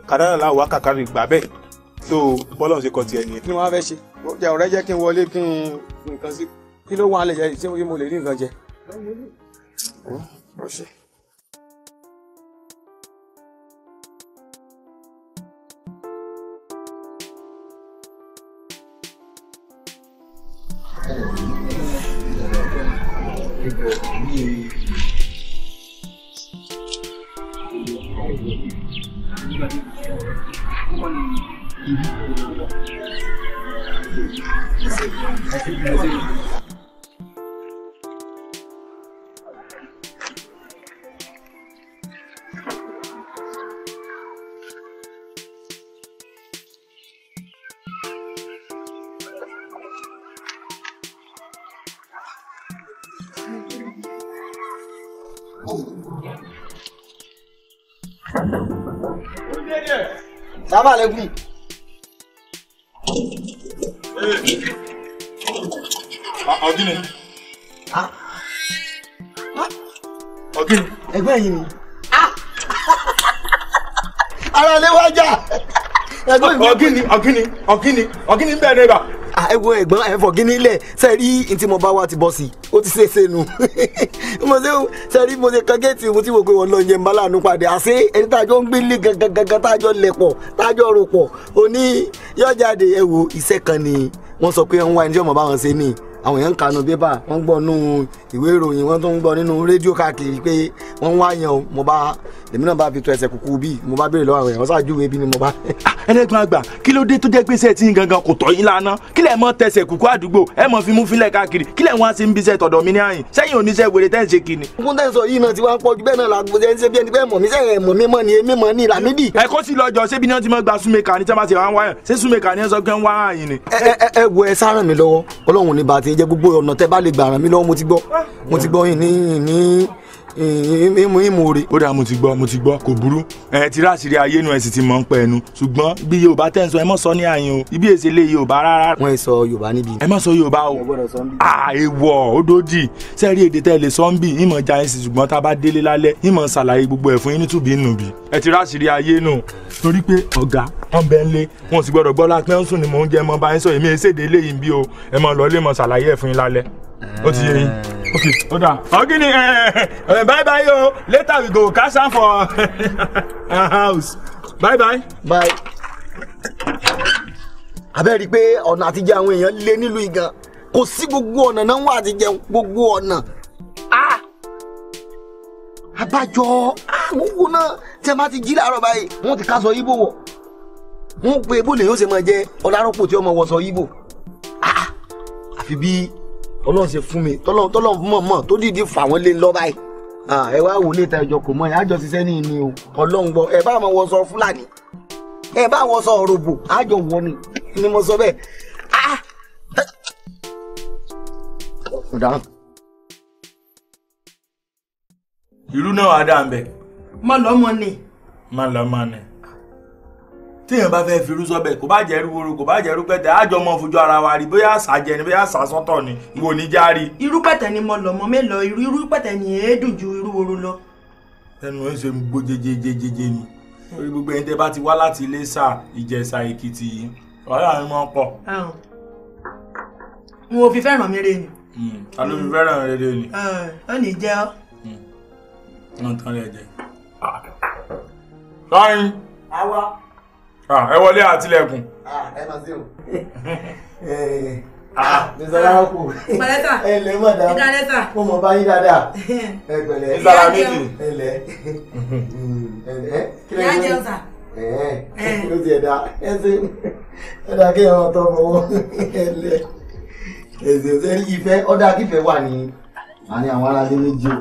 kàdára làwọn wá kàkàrí gbà bẹ́ẹ̀ so bọ́lọ́run ṣe kọ tiẹ̀ nìyẹn. kí ni wọ́n fẹ́ ṣe ọjà ọ̀rẹ́ jẹ́ kí n wọlé kí n nǹkan sí kí ló wà á lè jẹ tí mo lè rí nǹkan jẹ. ọ̀ṣẹ́. lẹ́gùn. ọ̀gìnì. ọ̀gìnì. ẹgbẹ́ yìí ni. Ah. ara lè wájà. ọ̀gìnì ọ̀gìnì ọ̀gìnì ọ̀gìnì bẹ́ẹ̀ ni ibà ẹ wo ẹ̀gbọ́n ẹ fọ ntí mo bá wa ti bọ́ sí i ó ti ṣe é ṣe nu [LAUGHS] mo ṣe ṣe rí mo ṣe kan géètì mo ti wò pé wọn lọ yẹ ń bá láàánú padà àṣé ẹni tá a jọ ń gbé lé gangan tá a jọ lẹ̀ pọ̀ tá a jọ rò pọ̀ òní yọjáde ẹ wo iṣẹ́ kan ni wọ́n sọ pé wọ́n wá ẹni tí ọmọ bá wọn ṣe ni àwọn èèyàn ń kanu bébà wọ́n gbọ́ nù ìwé ìròyìn wọn tó ń gbọ́ nínú rédíò káàkiri pé wọ́n ń wá yan o mo bá lèmi náà bá fi tu ẹsẹ̀ kúkú bíi mo bá béèrè lọ́wọ́ èèyàn ṣáàjúwe bí ni mo bá. ẹlẹ́gbọ̀n àgbà kí ló dé tó jẹ́ gbèsè tí gangan kò tọ́ yín lánàá kí lẹ̀ mọ́ tẹsẹ̀ kúkú àdúgbò ẹ mọ́ fi mú fílẹ̀ káàkiri kí lẹ̀ wọ́n á ṣe ń bíṣẹ́ tọ̀dọ̀ mi ní àyìn sẹ́yìn oníṣẹ́ wèrè tẹ́ ń ṣe kìíní. ogun tẹ́ ń sọ yìí náà ti wá ń pọ̀ jù bẹ́ẹ̀ náà làgbo ẹ̀ ń ṣe bí ẹni pé mọ̀ mí sẹ́yìn mọ̀ mí mọ̀ ni èmi mọ̀ ni làmídì. ẹ kó sì lọ́jọ́ ṣébi náà ti mọ̀ gba súnmẹ́kà ní tẹ́lá ti wá ń wáyàn ṣé súnmẹ́kà mo ti gbọ́ yín ní ní ìmúre. ó dáa mo ti gbọ́ mo ti gbọ́ kò burú ẹ ti ráṣìírí ayé nu ẹ sì ti mọ̀ ń pẹ́ ẹnu ṣùgbọ́n bí yorùbá tẹ̀ ń sọ ẹ mọ̀ sọ ní àyìn o ibi èsì lè yorùbá rárá. wọ́n ì sọ yorùbá níbí. ẹ mọ̀ sọ yorùbá o àìwọ̀ odòdì sẹ́ẹ̀rí èdè tẹ́ lè sọ ń bì ìmọ̀ ja ẹ̀ sì ṣùgbọ́n tá a bá délé lálẹ́ ìmọ̀ ṣàlàyé gbogbo ẹ̀ fún yín nítùbí nùbí ó ti yé yín eh. ok ó dà ọ̀gí ni eh, eh, bye bye yo. later we go cash am for [LAUGHS] house bye bye. bye. abẹ́ rí i pé ọ̀nà àtijọ́ àwọn èèyàn lé nílùú igan kò sí gbogbo ọ̀nà náà wà àtijọ́ gbogbo ọ̀nà abájọ àwòwò náà tẹ bá ti jí láàárọ̀ báyìí wọ́n ti ká sọ ibo wọ̀ wọ́n pe ebó lè yóò ṣe máa jẹ ọlárọpọ tí ọmọ wọ sọ ibo àfi bí ọlọ́run ṣe fún mi tọ́lọ́run tọ́lọ́run mọ̀ mọ̀ tó dìde fà wọ́n lé lọ báyìí ẹ wá wò léta ìjọ kò mọ ẹ ṣiṣẹ́ ní ìní o ọlọ́run gbọ́ ẹ bá wọn wọ sọ fúlàní ẹ bá wọn sọ òròbó àjọ wọ ni ni mo sọ bẹ́ẹ̀ ìlú náà wà dáa ń ni. má lọ́mọ ni téèyàn bá fẹ́ fi irú sọ́bẹ̀ kò bá jẹ́ irú woro kò bá jẹ́ irú pẹ̀tẹ̀ àjọ ọmọ fojú ara wa rí bóyá àṣàjẹ ni bóyá àṣàsọ́tọ̀ ni ìwò ní járí. irú pẹ̀tẹ̀ ni mo lọ̀ mọ́ mélòó irú irú pẹ̀tẹ̀ ni èédùn ju irú woro lọ. ẹnu ẹ ṣe ń gbó jejejejeje ni orí gbogbo ẹni tẹ bá ti wá láti Iléṣà Ìjẹ̀ṣà Èkìtì yìí wàhálà ni wọ́n pọ̀. n ò fi fẹ́ràn mi re ni. Hmm, ta ló fi fẹ́ràn rere ni. ó ní jẹ́ ọ́. Hmm, wọ́n tán lẹ́ jẹ́. sọ́yìn. Ah. àwa ah ẹ wọlé àtìlẹ̀kùn. ẹ máa ṣe o. Bisala ko. Balẹta. Ẹ lẹ mọ̀ dá. Ìdálẹ́ta. Mo mọ̀ bá yín dáadáa. [LAUGHS] Ẹ pẹ̀lẹ́. Ìsàlà méjì. Ẹ [LAUGHS] lẹ. Ìyá jẹun sà. Ẹ ló ti ẹ̀dá. Ẹ ṣe ẹ dá kí ẹran tọ́ fọwọ́. Ẹ lẹ. Ẹ ṣe ìfẹ́ ọ̀dà kífẹ́ wà ní àárín àwọn aráalé méjì o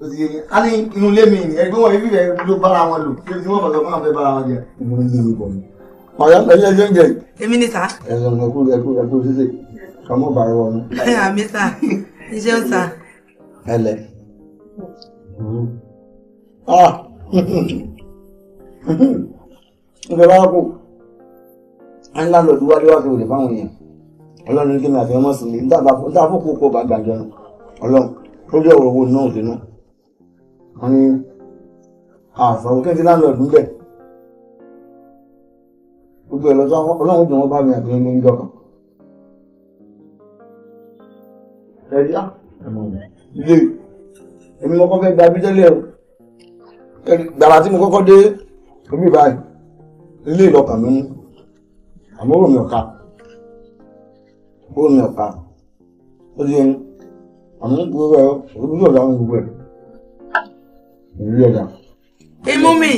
a ní inú ilé mi ẹgbẹ́ wọn ibi rẹ̀ ló bára wọn lò ṣé tí wọ́n bọ̀ sọ fún àwọn fẹ́ bára wọn jẹ. mo ń yí ibò mi. ọ̀yá ẹyẹ ẹyẹ ń jẹ. èmi ni sá. ẹ̀sán ẹ̀kú ẹ̀kú ẹ̀kú ṣíṣe kà mọ́ bàrẹ̀ wọn. àmì sá iṣẹ́ ń sá. ẹ lẹ. ìfẹ́ [LAUGHS] ah! [LAUGHS] bá kù á ń lálọ́ọ̀dù wálé wá kí o lè fáwọn èèyàn ọlọ́run kí ni àfihàn mọ́ sí ni dáàbò kó kó bá gbàgbọ́ ọlọ́run ó jẹ́ òróró náà wọ́n ní àfọwọ́ kẹ́ńtì láńlọ́ọ̀dù ńbẹ̀ gbogbo ẹ̀ lọ́sọ́ ọlọ́run jù wọ́n bá mi àbí ẹni ńjọ kan. ẹ̀rí á ilé èmi mo kọ́kọ́ gba abídélé ẹ̀rù gbàrà tí mo kọ́kọ́ dé omi báyìí ilé ìlọ́kàn mi mú àmọ́ òrò mi ọ̀ka òrò mi ọ̀ka ó di ẹni àmọ́ gbogbo ẹ̀ olùdókòwò àwọn gbogbo ẹ̀ ìrírí ọ̀gá. imú mi.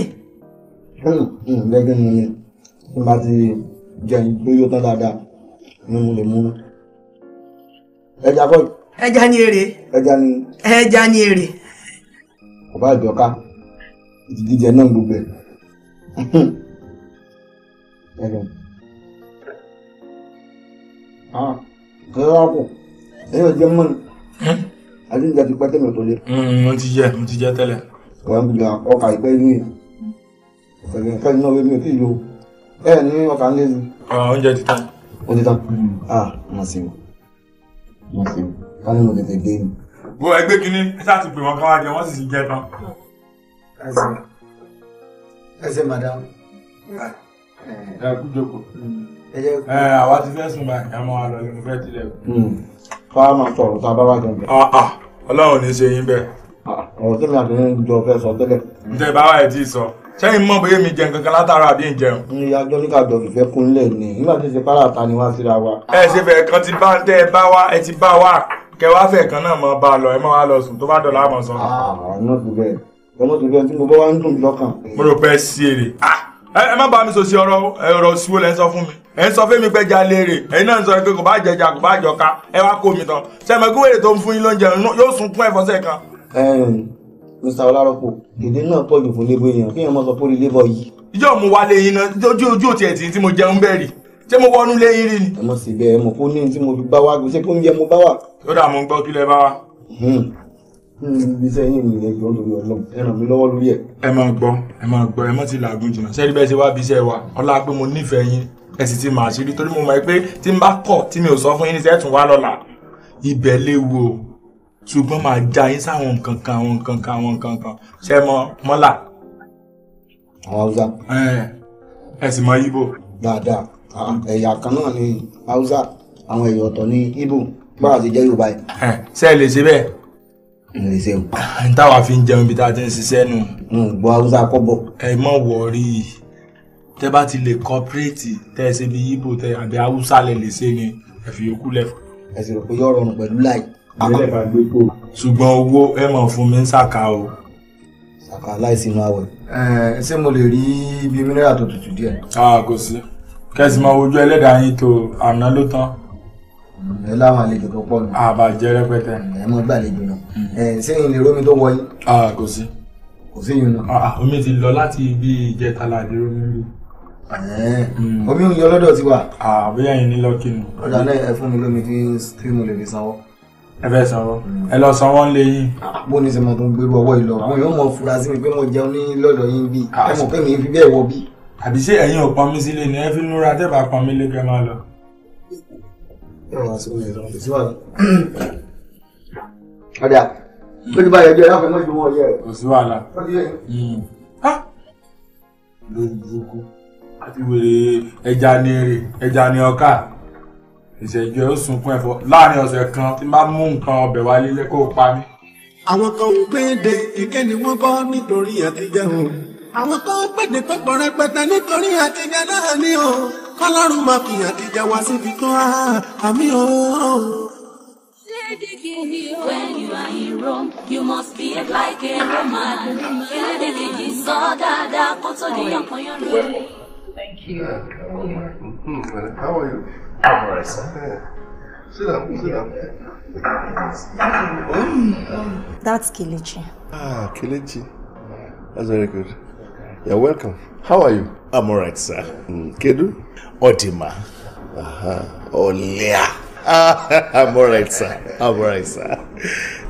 lẹ́gbẹ̀ẹ́ mi ni tí bá ti jẹ gbóyó tán dáadáa ni mo lè mú ẹja kọ́. ẹja ni èrè. ẹja ni. ẹja ni èrè. bàbá ìjọka ìdíje náà gbogbo ẹ̀. [LAUGHS] Ah, kí ló kù ẹ̀yọ̀ jẹ́ mọ́ni. Hm? àti ìjà ti pẹ́ tẹ̀mí ò tó lé. Hm, mo ti jẹ mo ti jẹ tẹ́lẹ̀ ọ̀gbìn ọkà ìpẹ́ inú yìí ọ̀gbìn ìpẹ́ inú ọ̀gbìn mi ò tí ì lo ẹ ní ọkà ń lé oúnjẹ ti tán. ó ti tán ah mo sì wò mo sì wò ká ní mo tètè dé ni. wo ẹgbẹ́ kínní ẹ ṣáà ti pè wọ́n káwá jẹ wọ́n sì ti jẹ tán. ẹsẹ̀ ẹsẹ̀ madam ẹ kú jókòó ẹ àwa ti fẹ́ sùn báyìí àmọ́ àlọ́ yìí mo fẹ́ tilẹ̀. Hmm. ká máa sọ̀rọ̀ tá a bá wà gan-an. Ah, ah. ọlọ́run ní í ṣe yín bẹ́ẹ̀ ọ̀rọ̀ tí mi àtẹ̀yìn jọ fẹ́ sọ tẹ́lẹ̀. ǹjẹ́ báwa ẹ̀ tí ì sọ sẹ́yìn mọ̀ bóyá mi jẹun kankan látara àbí ń jẹun. ní ìyájọ́ ní kájọ ìfẹ́ kúnlẹ̀ ni nígbà tí ṣe pàrà ta ni wá síra wa. ẹ ṣe fẹ́ kan ti bá ń tẹ́ ẹ bá wá ẹ ti bá wá kẹ wá fẹ́ kan náà mọ bá a lọ ẹ mọ wá lọ sùn tó bá dọ̀la àmọ̀ sọ. ọmọ tó bẹ ọmọ tó bẹ tí mo bá wá ń dùn lọ́kàn. mo rò pé ẹ sí èrè ah, ẹ má bá mi sọ sí ọ̀rọ̀ ọ̀rọ̀ síwó lẹ ń sọ fún mi ẹ ń sọ fún mi pé jalè rè ẹ̀yin náà ń sọ pé kò bá jẹjà kò bá jọka ẹ wá kó mi tán sẹmẹkúwèrè tó ń fún yín lóúnjẹ Mr. Ọlárọ̀pọ̀ èdè náà pọ̀ jù fún lébọ èèyàn kí èèyàn mọ̀ sọ pé ó rí lébọ yìí. yóò mú wa lẹ́yìn náà ojú ojú òtí ẹ̀ tí mo jẹun bẹ́ẹ̀ rí ṣé mo wọnú lẹ́yìn rí ni. ẹ mọ̀ sí bẹ́ẹ̀ mọ̀ kó ní tí mo fi bá wa ṣé kó ń jẹ mo bá wa. yóò dà mo ń gbọ́ kí lẹ bá wa. ibi hmm. hmm, iṣẹ́ yín ni ẹ jọ̀ọ́ lórí ọlọ́run ẹ ràn mí lọ́wọ́ lórí ẹ̀. ẹ máa gbọ́ ẹ máa gbọ́ ẹ mọ̀ ti làágùn jìnnà ṣé ibẹ̀ ṣe wá bí iṣẹ́ wa ọlá pé mo nífẹ̀ẹ́ yín ẹ sì ti mọ̀ àṣírí torí mo mọ̀ pé tí n bá kọ̀ tí mi ò sọ fún yín ní sẹ́ẹ̀tún wá lọ́la ibẹ̀ léwu o ṣùgbọ́n máa já yín sáwọn nǹkan kan àwọn nǹkan kan àwọn nǹkan kan ṣe mọ mọ́là. àwọn haúsá. ẹ sì mọ ibo. dáadáa ah, ẹ̀yà kan náà ni haúsá àwọn ẹ̀yà ọ̀tọ̀ ní ibo báwa ti jẹ́ yorùbá yìí. ṣé ẹ lè ṣe bẹ́ẹ̀. n lè ṣe o. n táwa fi ń jẹun ibi tá a ti ń ṣiṣẹ́ nù. n gbọ́ haúsá kọ́ bọ̀. ẹ mọ̀ wọ̀ọ́rí tẹ bá ti lè kọ́pírẹ́tì tẹ ẹ ṣe bí ibo tẹ àbí haúsá lẹ lè ṣe ni ẹ fi yòókù lẹ. ẹ sì rò pé yọ̀ọ̀rọ̀ ọ̀run pẹ̀lú láì ṣùgbọ́n owó ẹ máa fún mi ń ṣàkà o. ṣàkà láìsí inú àwẹ̀. ṣé mo lè rí bíi mineral tó tutù díẹ̀. kò sí kẹ́sì máa wojú ẹlẹ́dàá yín tó àná ló tán. ẹ láwọn àlejò tó pọ̀ nù. àbàjẹ́ rẹpẹtẹ. ẹ mọ gbàlejò náà sẹ́yìn hmm. lè rómi tó wọlé. kò sí. kò sí yun náà. Ah, ah, omi ti lọ láti ibi ìjẹta láti rómi rí. Hmm. omi ń yọ lọ́dọ̀ tiwa. àbúyẹ̀yìn ah, ní lọ́kì nù. ọjà náà ẹ fún mi lómi tí mo lè fi sanwó ẹ fẹ́ sanwó ẹ lọ sanwó ńlẹ yín. bó ni sẹ́mo tó ń gbèrú ọwọ́ ìlọ àwọn èèyàn mọ̀ fura sí mi pé mo jẹun ní lọ́dọ̀ yín bíi ah. ẹ mọ̀ pé mi fi bẹ́ẹ̀ wọ bí. àbí ṣé ẹ̀yin ò pọn mi sílé ni ẹ fi núra tẹ́ bá pọn mi lé kẹ́ máa lọ. ọ̀dà ó ti bá yẹjọ́ ẹ̀ láfẹ̀ẹ́ mọ́jú wọn yẹ. kò sí wàhálà. Hmm. Ah! lójú burúkú àti wèrè ẹja ní ọkà ìṣẹ́jú ẹ̀ ó sunkún ẹ̀fọ́ láàrin ọ̀sẹ̀ kan tí máa mú nǹkan ọbẹ̀ wálé lẹ́kọ́ pa mí. àwọn kan ò gbéde ni wọ́n bọ́ nítorí àtijọ́ o. àwọn kan ò gbéde pẹ́pọ̀ rẹpẹtẹ nítorí àtijọ́ náà ni o. kọ́lọ́run máa fi àtijọ́ wá síbi kan àmì o. When you are in Rome, you must behave like a Roman. Elédèkejì sọ dáadáa kó tó di yànpọ̀yàn lórí. Thank you. Mm-hmm. How are you? Alright, Sit down, sit down. That's Kilichi. Ah, Kilichi. That's very good. You're welcome. How are you? I'm alright, sir. Mm. Kedu? Otima. Aha. Olea. Ah, [LAUGHS] I'm alright, sir. I'm alright, sir.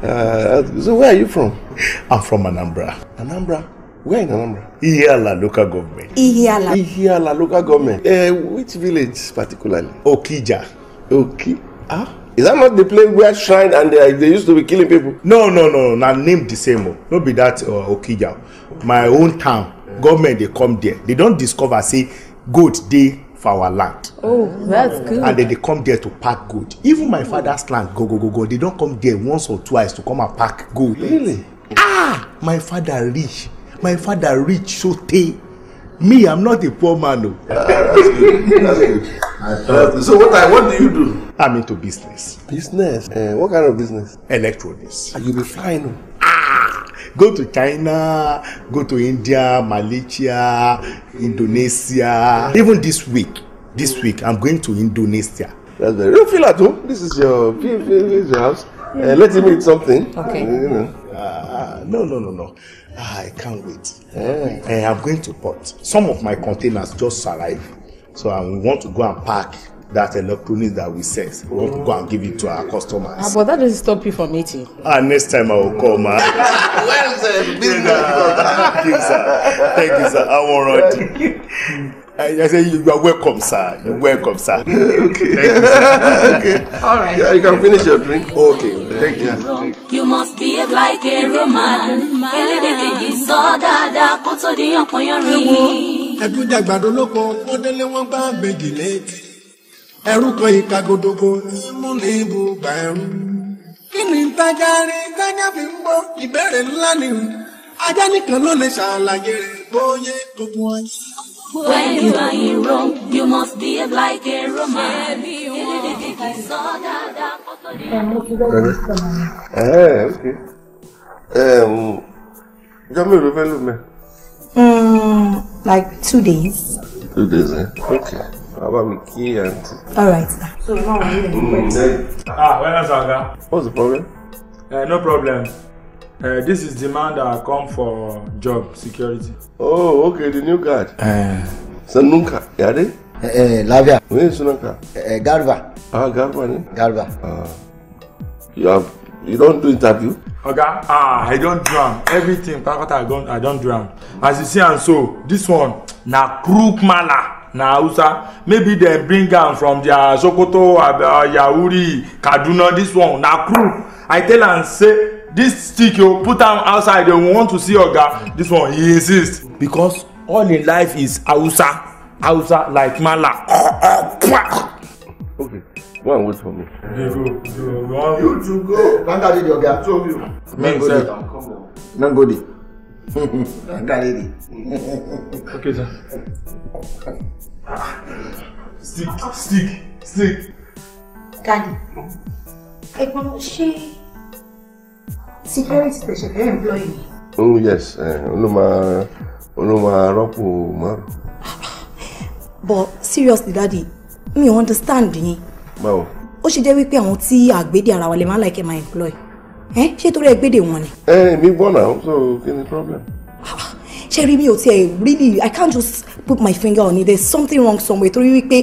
Uh, so where are you from? I'm from Anambra. Anambra? Where in Anambra? Ihiala local government. Ihiala. Ihiala local government. Uh, which village particularly? Okija. Oki. Ah? Is that not the place where shrine and they, uh, they used to be killing people? No, no, no, Now name the same Oh, No be that uh, Okija. My own town. Yeah. Government they come there. They don't discover say good day for our land. Oh, that's good. And then they come there to pack gold. Even my father's land, go, go, go, go, they don't come there once or twice to come and pack gold. Really? Ah! My father rich my father rich so tey me i'm not a poor man o. so what i what do you do. i'm into business. business uh, what kind of business. electronics. and ah, you be flying o. ah go to china go to india malaysia indonesia even this week this week i'm going to indonesia. that's very you feel at home this is your this is your house uh, let him eat something. okay uh, you know. uh, no no no no Ah, I can't wait. Yeah. Hey, eh, I'm going to port. Some of my containers just arrived. So I want to go and pack that electronics that we sent. We want to go and give it to our customers. Ah, but that doesn't stop you from eating. Ah, next time I will come, man. well, sir. Thank you, sir. Thank you, sir. I won't run. I, I say you, are welcome, sir. You are welcome, sir. [LAUGHS] okay. [LAUGHS] okay. All right. Yeah, you can finish your drink. Okay. Thank you. You must behave like a Roman. Elédèkejì sọ dáadáa kó tó di yànpọ̀yánrin. Ẹ̀dùn jàgbàdo lóko, wọ́n délé wọ́n gbá àgbèjì létí. Ẹ̀rú kan ìka gòdògò ní múlẹ̀ẹ́bù gbà ẹ̀rú. Kí ni ìtajà rí tájà fi ń gbọ́? Ìbéèrè ńlá ni. Ajá nìkan ló lè ṣàlàyé rẹ̀ bóyá gbogbo ayé. When you are in Rome, you must behave like a Roman. [LAUGHS] Ẹ ok. Ìjọ mi ò ló fẹ́ lò mẹ́. Mm, like two days. Two days, eh? ok. Bàbá mi kí àǹtí. Alright. So now we're here. Ah, where is Aga? What's the problem? Uh, no problem. Uh, this is the man that come for job security. Oh, okay, the new guard. Uh, Sanunka, Yade? Eh, eh, Lavia. Where is Sanunka? Eh, eh, Garba. Ah, Garba, ne? Eh? Garba. Ah. You have, you don't do interview? okay. ah, I don't drum. Everything, Pakota, I don't, I don't drum. As you see and so, this one, na crook mala. na hausa maybe they bring am from their sokoto uh, yahuri kaduna this one na crew i tell and say this stick yo, put am outside o want to see oga this one he insist because all im life is hausa hausa like mala. okay go and wait for me. you too go nanga dey your oga two you. me sef nango dey nanga dey dey. okay sir. stick stick stick. daddy ẹ̀gbọ́n ṣé security tẹ̀sẹ̀ fẹ́ eh, employ mi. oh yes eh, ló máa ló máa rọ́pò márùn. but seriously daddy mi ò understand yín. báwo. ó ṣe jẹ́ wípé àwọn tí àgbédè ara wa lè máa ń like my máa employ ẹ eh, ṣé torí ẹgbẹ́dẹ̀ wọn ni. ẹ mi gbọ́ náà so kí ni problem. ṣé rí mi ò tiẹ̀ really i can't just put my finger on it there's something wrong somewhere torí wípé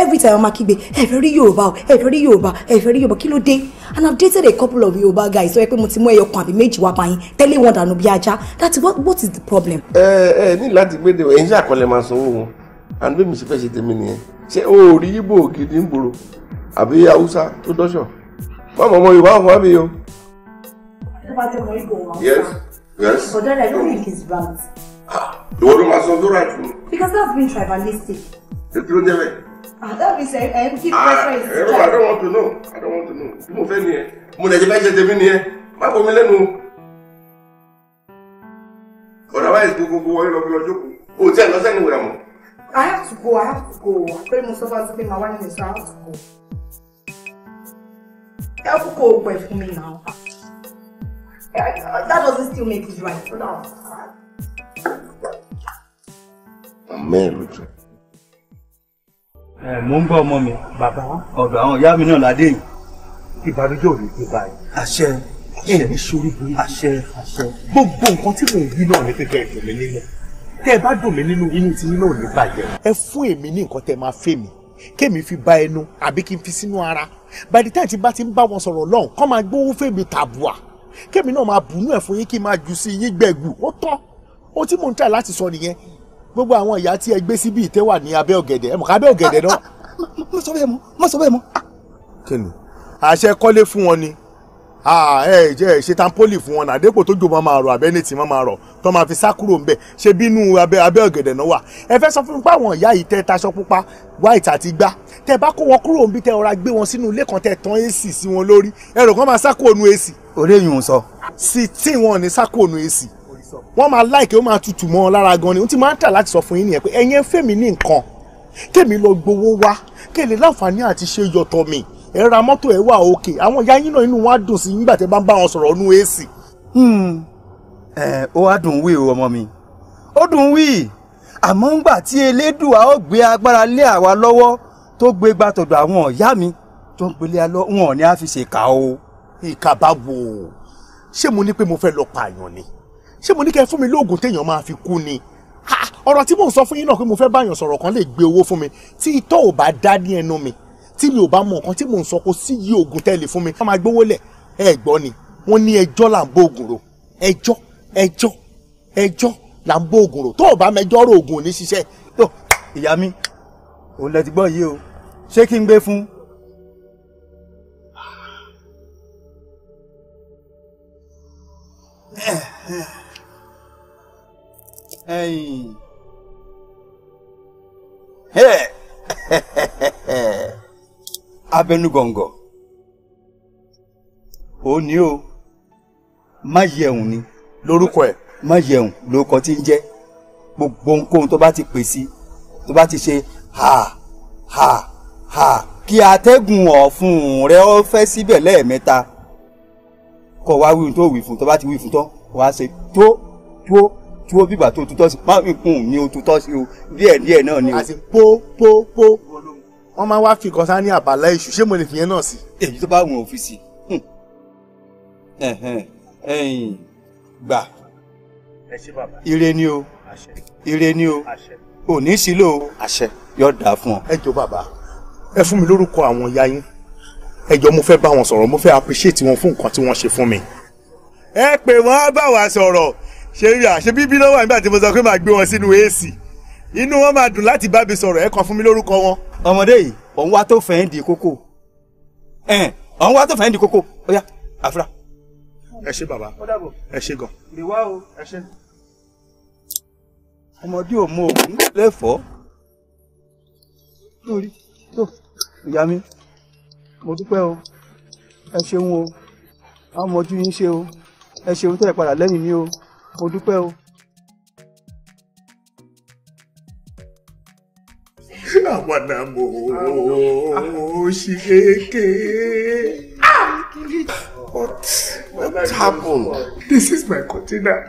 every time I'm akígbe ẹ fẹ́ rí yorùbá o ẹ fẹ́ rí yorùbá ẹ fẹ́ rí yorùbá kí ló dé and i've dated a couple of yorùbá guys sọ pé mo ti mú ẹyọ kan àbí méjì wá báyìí tẹ́lẹ̀ wọn dànù bí ajá that what what is the problem. ẹ ẹ ní láti gbé de ẹyin ṣe àkọlẹ máa sanwó wọn and bí mi ṣe fẹ́ ṣe tèmi nìyẹn ṣé o rí ibo gidi ń gbòòrò àbí haúsá tó dọ́ṣọ̀ má mọ̀ ọmọ yorùbá ọ̀hún àbí yes yes. but then i don't think it's right. Ah, ìwọ ló máa sọ tó right fún mi. because that's been tribalistic. ètò ìjẹ́bẹ̀. Ah, that means I, I give preference. Ah, eh, I don't want to know. I don't want to know. Bí mo fẹ́ ni ẹ, mo lè jẹ́ fẹ́ jẹ tèmi ni ẹ, má kò mí Otherwise, gbogbo go go. fi lọ jókòó. O tí ẹ̀ lọ sẹ́ni wẹ̀ mọ̀. I have to go, I have to go. Àpẹẹrẹ mo sọ fún Asọ́fẹ́ máa wá nínú ìṣọ́, I have to go. I have to go away from mi now. Eh, eh, that doesn't still make it right. Mẹ́rin lójú mo ń bá ọmọ mi. bàbá ọ̀dọ̀ àwọn ìyá mi náà ládé yìí. ìbànújẹ́ ò ní pé báyìí. àṣẹ ẹ̀mí sórí burú. àṣẹ àṣẹ. gbogbo nǹkan tí mò ń wí náà ní pípẹ́ dùn mí nínú. tẹ́ ẹ bá dùn mí nínú inú tí nínú ò bàjẹ́. ẹ fún èmi ní nǹkan tẹ́ máa fẹ́ mi kémi fi ba ẹnu àbí kí n fi sínú ara by the time tí bá ti ń bá wọn sọ̀rọ̀ lọ́hùn kọ́ máa gbówó fèmí tàbùà kémi náà máa bùnú ẹ̀ fún yín kí n máa jù sí yín gbẹ̀gbù ó tọ́ ohun tí mò ń tà láti sọ nìyẹn gbogbo àwọn ìyá tí ẹ gbé síbi ìtẹ́ wà ní abẹ́ ọ̀gẹ̀dẹ̀ ẹ mọ̀ ká abẹ́ ọ̀gẹ̀dẹ̀ náà. má sọ bẹ́ẹ̀ mọ́ má sọ bẹ́ẹ̀ mọ́. kíni àṣẹ kọ́lé fún wọn ni ẹ jẹ́ ṣe tampoli fún wọn àdépò tó jò máa máa rọ abẹ́ ní tì máa máa rọ tó máa fi sá kúrò ńbẹ̀ ṣe bínú abẹ́ ọ̀gẹ̀dẹ̀ náà wà ẹ fẹ́ sọ fún mi pé àwọn ìyá yìí tẹ́ taṣọ pupa white àti gbá tẹ́ bá kó wọn kúrò ńbí tẹ́ ọ̀rá gbé wọn sínú ilé kan tẹ́ tán èsì sí wọn lórí ẹ̀rọ kan máa sá kúrò nu èsì. òde yìí ń sọ. sì tí wọn ò ní sá kúrò nu èsì wọ́n máa láìkẹ́ ó máa tutù mọ́ ọ lára gan ni ó ti máa ń tà láti sọ fún yín nìyẹn pé ẹ̀yin fẹ́mi ní nǹkan kémi lọ gbowó wá kéèlè láǹfààní àti ṣe yọ̀tọ̀ mi ẹ ra mọ́tò ẹ wà òkè àwọn ìyá yín náà inú wọn á dùn sí nígbà tẹ bá ń bá wọn sọ̀rọ̀ ọ̀nù èsì. Hmm. ẹ ó wá dùn wí ọmọ mi ó dùn wí àmọ́ ńgbà tí elédùà ó gbé agbára lé àwa lọ́wọ́ tó gbé gbàtọ̀dọ̀ àwọn ìyá mi tó ń gbélé alọ́ wọn ò ní á fi ṣèkà o. ìkà bá wo ṣé mo ní pé mo fẹ́ lọ pààyàn ni ṣé mo ní kẹ́ fún mi lóògùn téèyàn máa fi kú ni ọ̀rọ̀ tí mò ń sọ fún yín náà pé mo fẹ́ báyàn sọ̀rọ̀ kan lè gbé owó fún mi tí itọ́ ò bá dá ní ẹnu mi tí mi ò bá mọ nǹkan tí mò ń sọ kó sí yí oògùn tẹ́lẹ̀ fún mi wọ́n máa gbówó lẹ̀ ẹ gbọ́ ni wọ́n ní ẹjọ́ là ń bó oògùn rò ẹjọ́ ẹjọ́ ẹjọ́ là ń bó oògùn rò tó ò bá mẹjọ́ rò oògùn ò ní ṣiṣẹ́. ìyá mi òun lẹ ti gbọ́ yìí o ṣé kí n gbé fún. Yeah. [SIGHS] [LAUGHS] abẹnugọ̀ngọ̀ ó ní o má yẹun ni lórúkọ ẹ má yẹun lórúkọ tí ń jẹ gbogbo ohunkóhun tó bá ti pè sí tó bá ti ṣe ha ha ha kí atẹ́gùn ọ̀fun rẹ ó fẹ́ síbẹ̀ lẹ́ẹ̀mẹ́ta kó wá wí tó wí fún tó bá ti wí fún tán wá ṣe tó tó tí ó bìgbà tó tutọ́ sí má fi kún ni ó tutọ́ sí o díẹ̀ díẹ̀ náà ni o. àti pó pó pó wọ́n máa wá fi kọ́sá ní àbàlá iṣu ṣé mo lè fi yẹn náà sí. èyí tó bá wọn hmm. ọ́fíìsì ẹ̀yìn gbà ire ni o ire ni o òní sílò àṣẹ yóò dáa fún ọ. ẹ jọ bàbá ẹ fún mi lórúkọ àwọn ìyá yín ẹ jọ mo fẹ́ bá wọn sọ̀rọ̀ mo fẹ́ appreciate wọn fún nǹkan tí wọ́n ṣe fún mi. ẹ pè wọ́n bá wa sọ̀rọ̀ ṣe rí àṣẹ bíbí náà wà nígbà tí mo sọ pé màá gbé wọn sínú èsì inú wọn máa dùn láti bá mi sọ̀rọ̀ ẹ kàn fún mi lórúkọ wọn. ọmọdé yìí òun wá tó fẹ́ẹ́ di kókó ẹn òun wá tó fẹ́ẹ́ di kókó ó yá àfúrà. ẹ ṣe bàbá ẹ ṣe gan. lè o ẹ ṣe. ọmọdé ò mọ òògùn lẹ́fọ̀ọ́ lórí tó ìyá mi mo dúpẹ́ o ẹ ṣeun o àwọn ọmọ ojú yín ṣe o ẹ ṣeun tẹ́lẹ̀ padà lẹ́yìn mi o mo dúpẹ́ o. àwọn náà mo ò ṣì kéèké. ọtí. Ah! What happened? This is my container.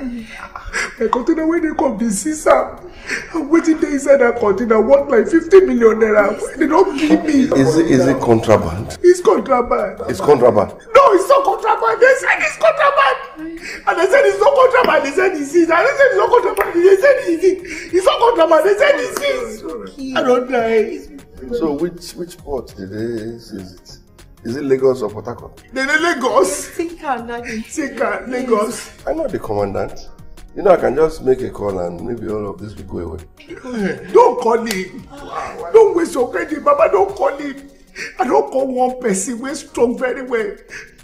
My container wey they come be six I'm waiting there inside that container worth like 50 million naira. They don't give me. Is it is it contraband? It's contraband. It's contraband. No, it's not contraband. They said it's contraband. And they said it's not contraband. They said it's it. And they said it's not contraband. They said it's it. It's not contraband. They said it's it. I don't die. So which which port did they seize it? Is it Lagos or Port Harcourt? The Lagos. Sinka, Sinka, Lagos. I'm not the commandant. You know, I can just make a call and maybe all of this will go away. Don't call him. Don't waste your credit, Baba. Don't call him. I don't call one person. We're strong very well.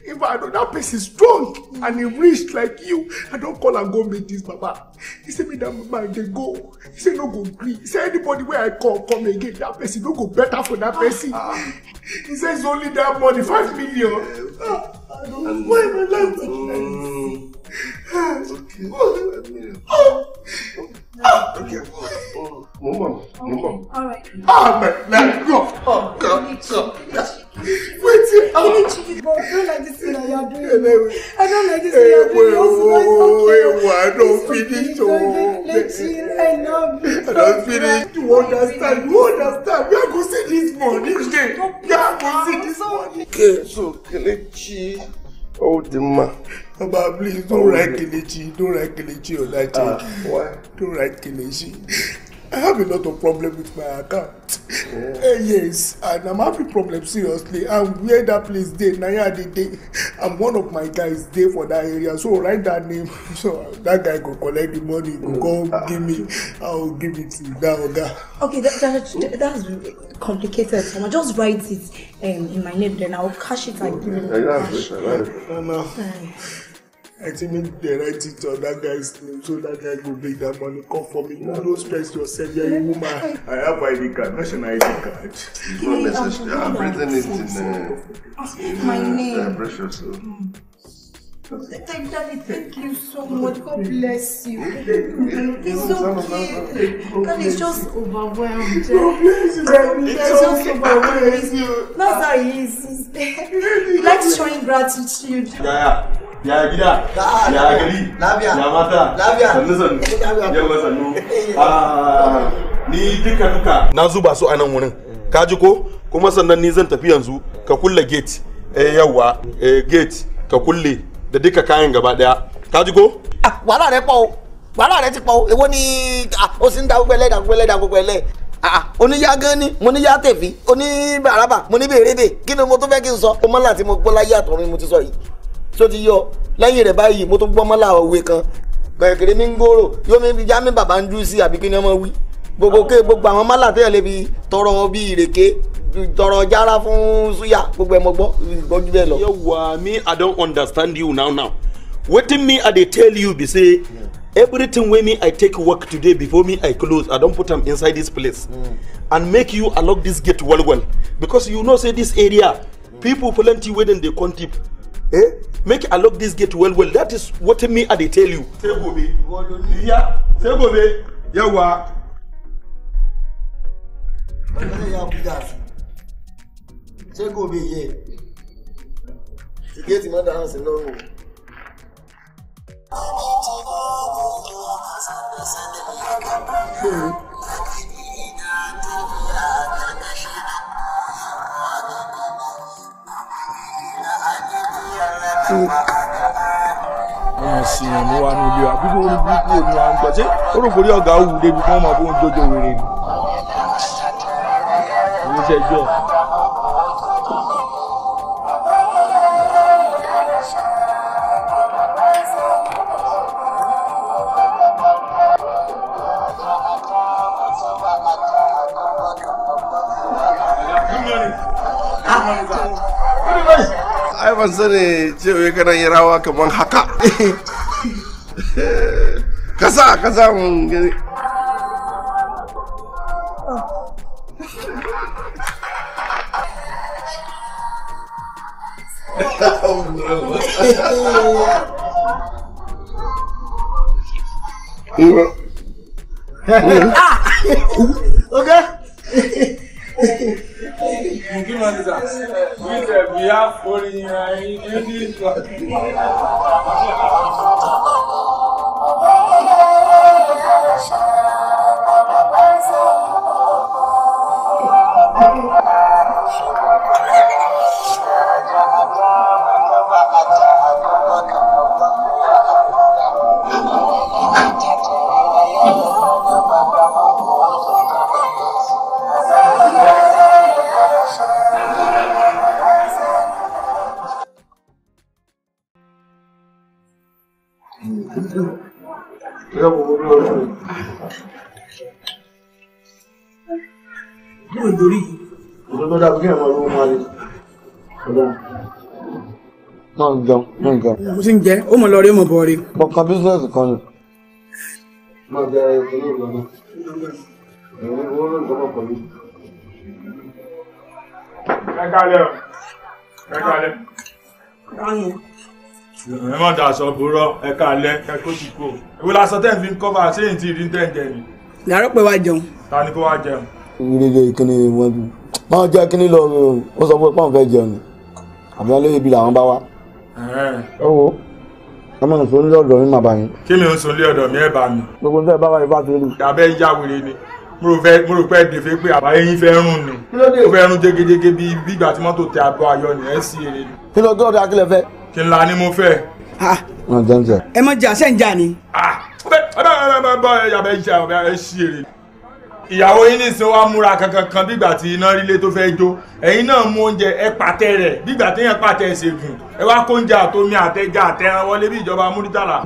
If I know that person is strong and he rich like you, I don't call and go meet this Baba. He said, me that man, they go. He said, no go agree. He said, anybody where I call, come again. That person, no go better for that person. he says, only that money, five million. Ah, I don't know why my life like this. Okay, five million. Oh. Ah, okay. Oh, mom, mom. All right. Ah, my life, go. Oh, God, God. Wait, I need to be born. I don't like this thing that you're doing. I don't like this Wait. Wait. Wait. I don't finish finished. Oh, I love you. I You understand? You understand? We are going to see this money. We are going to see this money. Okay, so Kelechi, oh the man. Baba, please don't write Kelechi. Don't write Kelechi on that chair. Don't write Kelechi. I have a lot of problems with my account. Oh. Uh, yes, and I'm having problems seriously. And where that place dey, Naya dey dey. And one of my guys there for that area. So write that name. [LAUGHS] So that guy go collect the money, go go oh. give me. I'll give it to that guy. Okay, that, that, that's complicated. So I just write it um, in my name, then I'll cash it and oh, give it. I love it. I love no. Uh, I think make they write it on that guy's name so that guy go make that money come for me. No, don't no stress yourself, you're a woman. I have ID card, national ID card. It's not necessary. I'm written it in uh, um, ah, my name. Uh, brush yourself. Thank Daddy, thank you so much. God bless you. It's so cute. God is just overwhelmed. God bless you, Daddy. It's just overwhelmed. That's how he is. He likes showing gratitude. Yeah ya gida ya gari ya mata sannu sannu eh, yawa sannu [LAUGHS] eh, eh. Ah, ni duka duka na zuba su a nan wurin ka ji ko kuma sannan ni zan tafi yanzu ka kulle gate eh yawa gate ka kulle da duka kayan gaba daya ka ji ko ah, wàhálà rẹ pọ̀ o wàhálà rẹ ti pọ̀ o èwo ni ah, o sì da gbogbo da gbogbo da gbogbo ẹlẹ́ oníyá gan ni mo níyá tèfi oníbàràbà mo ní bèrèbè kí ni mo tún fẹ́ kí n sọ o mọ́lá tí mo gbọ́ láyé àtọ̀run mo ti sọ yìí tó ti yọ lẹ́yìn rẹ̀ báyìí mo tún gbọ́mọ́ làwọn òwe kan kẹ̀kẹ́rẹ́ mi ń gbòòrò yóò mi já mi bàbá ń jú sí àbí kí ni ọmọ wí gbogbo ké gbogbo àwọn mọ́là tó yẹ lè fi tọrọ bí ìrèké tọrọ jára fún suya gbogbo ẹ̀ mọ́ gbọ́ gbọ́jú bẹ́ẹ̀ lọ. yẹwa me i don understand you now now wetin me i dey tell you be say hmm. everything wey me i take work today before me i close i don put am inside this place mm. and make you unlock this gate well well because you know say this area mm. people plenty wey dem dey come deep eh make i lock this gate well well that is what me i dey tell you. ṣé ya ṣé gòbe yawa. bẹ́ẹ̀ ya buga sí ṣé gòbe yẹ ìgéètì má dáhùn sí lọ́rùn. Mm-hmm. fún ọmọ sìyàn ní wa nílé wa bí wọn bí kú omi wa ń gbà ṣé ó rò borí ọgá òwú débi kí wọn máa bó ń jójó wèrè ni. ilé iṣẹ́ jọ́ ọ̀. ban sani cewa kana yi rawa kamar haka kasa kasa mun gani ah! [LAUGHS] Okay. Give us this. With the behalf of the English. Bóyá lórí yìí. Ìlú tó dáa kí ẹ̀wọ̀n ló máa rí. Máa ń jẹun, máa ń jẹun. Mo ti ń jẹ, ó mọ̀ lọ rí mọ̀ bọ̀ rí. Bọ̀kan bísíǹsì kan ni. Máa jẹ ìpínlẹ̀ Ìlọrin. Ìwé owó ló ń gbọ́mọ̀ pẹ̀lú. Ẹ kálẹ̀ o, ẹ kálẹ̀. Báyọ̀ ẹ má dàsọ burọ ẹ ká lẹ ẹ kó ti kú ìwé lásán tẹ́ fi ń kọ́ bá a ṣéyìn tí ìrìn tẹ́ǹtẹ́ ni làárọ̀ pé wá jẹun. ta ni kó wá jẹun. ìrèlè kíni wọn bí wọn jẹ kíni lọ wọn sọ fún ẹ pé àwọn fẹ́ jẹun ni àbí wọn léyìn ibi làwọn bá wá. ẹ wo ẹ máa ń sọ ní ọ̀dọ̀ mi màbá yín. kí ni ń sọ ní ọ̀dọ̀ mi ẹ bá mi. gbogbo nígbà bá wà ní fásitì rí. abẹ́ ń yáwèrè ni mo rò fẹ́ mo rò pé èdè fẹ́ pé àbáyé yín fẹ́ rún ni ó fẹ́ rún jégejége bíi bígbà tí mọ́tò tẹ abọ́ ayọ̀ ni ẹ̀ sí èrè ni. kí ló dé ọ̀dọ̀ akílẹ̀ fẹ́. kí n la ni mo fẹ́. Ah. ẹ mọ jà sẹ́ǹjà ni. ah bá bá ẹyà bẹ ṣe àwọn ẹ ṣí èrè. ìyàwó yín ní sọ wá kankan kan bígbà tí iná rílé tó fẹ́ jó ẹ̀yin náà mú oúnjẹ ẹ pàtẹ rẹ̀ bígbà tí yẹn pàtẹ ṣègùn ẹ wá kó oúnjẹ àtomi àtẹjà àtẹran wọlé bí ìjọba múrítàlà.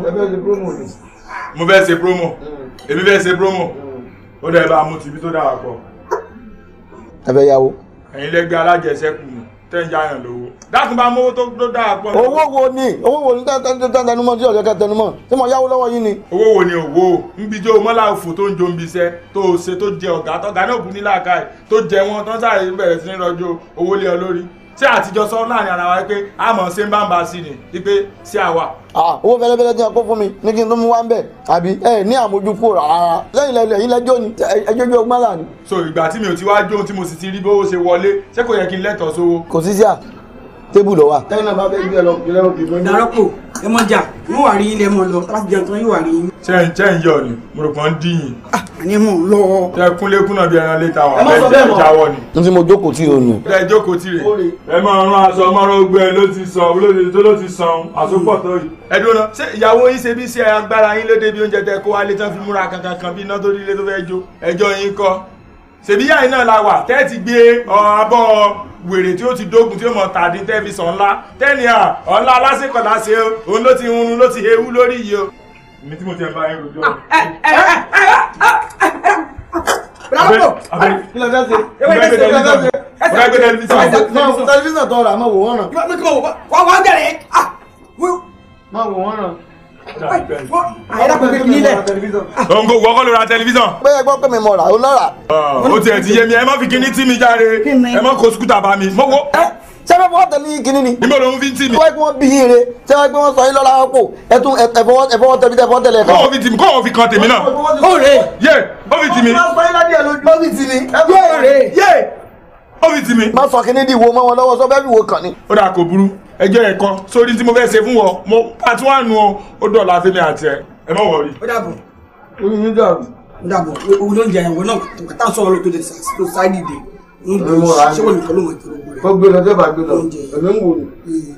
mo fẹ́ ṣe promo hmm. èmi fẹ́ ṣe promo hmm. ó dẹ̀ bá mú tìbí tó dára pọ̀. ẹ fẹ́ yáwó. ẹ̀yin lẹ́gbẹ́ alájẹsẹ́kù mi tẹ́ ń yáyàn lówó dákun bá mówó tó dáa pọ̀. owó wo ni owó wo ni tẹnumọ́ tí ọ̀jọ̀ kẹ tẹnumọ́ tí mo yáwó lọ́wọ́ yín ni. owó wo ni owó nbí jó mọ́lá òfò tó ń jó nbí iṣẹ́ tó ṣe tó jẹ ọ̀gá tọ́gá náà bù ní làákàyè tó jẹ wọn tán sáré bẹ̀rẹ̀ sí ní rọjò owó lé ọ lórí ṣé àtijọ́ sọ láàrin ara wa pé a mọ̀ ṣe ń bá ń ba sí ni wípé ṣé a wà. owó fẹlẹfẹlẹ tí wọn kó fún mi ní kí n tó mú wá ń bẹ àbí ẹ ní àmójúkú rárá lẹ́yìn lẹlẹ yìí lẹjọ ni ẹjọ jẹ ogbọn là so ìgbà tí mi ò ti wá jó tí mo sì ti rí bówó ṣe wọlé ṣé kò yẹ kí n lẹ́tọ̀ọ́ sówó. kò sí sí à tébù lọ wà. tẹ́yìn náà bá fẹ́ gbé ẹ lọ kí lẹ́wọ̀n kí lọ́jọ́. darapọ̀ ẹ mọ jà yóò wà rí ilé mọ lọ láti jẹun tán yóò wà rí. sẹ́yìn sẹ́yìn yọ ni mo rò pọ̀ ń dín yín. Ah, àní mò ń lọ. tẹ kúnlékún náà bí ẹran lé ta wà bẹ́ẹ̀ jẹ́ ìjáwọ́ ni. n tí mo jókòó tí o nù. ẹ jókòó tí rè ẹ máa rán aṣọ mọ́rọ́ gbẹ ló ti sàn olóòtú tó ló ti sàn àsopọ̀ tó yìí. ẹ dúró náà ṣé ìyàwó yín ṣe bí ṣe agbára yín lóde bí oúnjẹ tẹ kó wálé tán fi múra kankan kan bí iná tó wèrè tí ó ti dógun tí ó mọ tàdí tẹ́fisàn ńlá tẹ́ni à ọ̀la lásìkò láṣẹ o òun ló ti hunrun ló ti hewu lórí yìí o. mi tí mo ti ẹ bá yín rojọ́. bravo tẹlifíṣàn tọrọ àmọ́ wò wọ́n ràn. máa ah, wò wọ́n ràn àyẹ̀dá pẹ̀lú kí nílẹ̀. òǹkò wọ́ kọ́ ló ra tẹlifíṣàn. bẹ́ẹ̀ gbọ́ pé mi mọ̀ rà ó lọ́ra. ó tiẹ̀ ti yé mi ẹ má fi kíní tì mí járe ẹ má kó sukúta bá mi mọ́ wo sẹ́fẹ́ fọwọ́ tẹ̀lé kíní ni. níbo ló ń fi ń tì mí. wọ́n gbọ́n bí yín re sẹ́fẹ́ gbé wọn sọ yín lọ́la ọ̀pọ̀ ẹ̀tún ẹ̀fọwọ́ tẹ̀lé ẹ̀fọwọ́ tẹ̀lé ẹ̀fọ́. kọ́ọ̀ fi tì mí kọ́ọ̀ fi kan tèmi náà. ó rè é. yé ó fi tì mí. ó fi tì mí. yé ó rè é. yé ó fi tì mí. má sọ kíní di ìwo mọ́ wọn lọ́wọ́ sọ bẹ́ẹ̀ bí wo kàn ni. ó dà kó burú ẹjọ́ yẹn kan sórí tí mo fẹ́ ṣe fún ọ mo pàtí wà nù ọ ó dọ̀la fẹ́mi àti ẹ ẹ má wọrí. ó dàbọ̀ ó yín dàbọ̀. ó dàbọ̀ òun ló ń jẹ ẹ̀wọ̀n náà kàtà sọ̀rọ̀ ló tó lè ṣàdìde ń gbé ṣé wọn nìkan ló mọ̀ ìtòlógbò rẹ̀. kọ́ gbé lọ gbé lọ ẹ̀mí ń wò ni.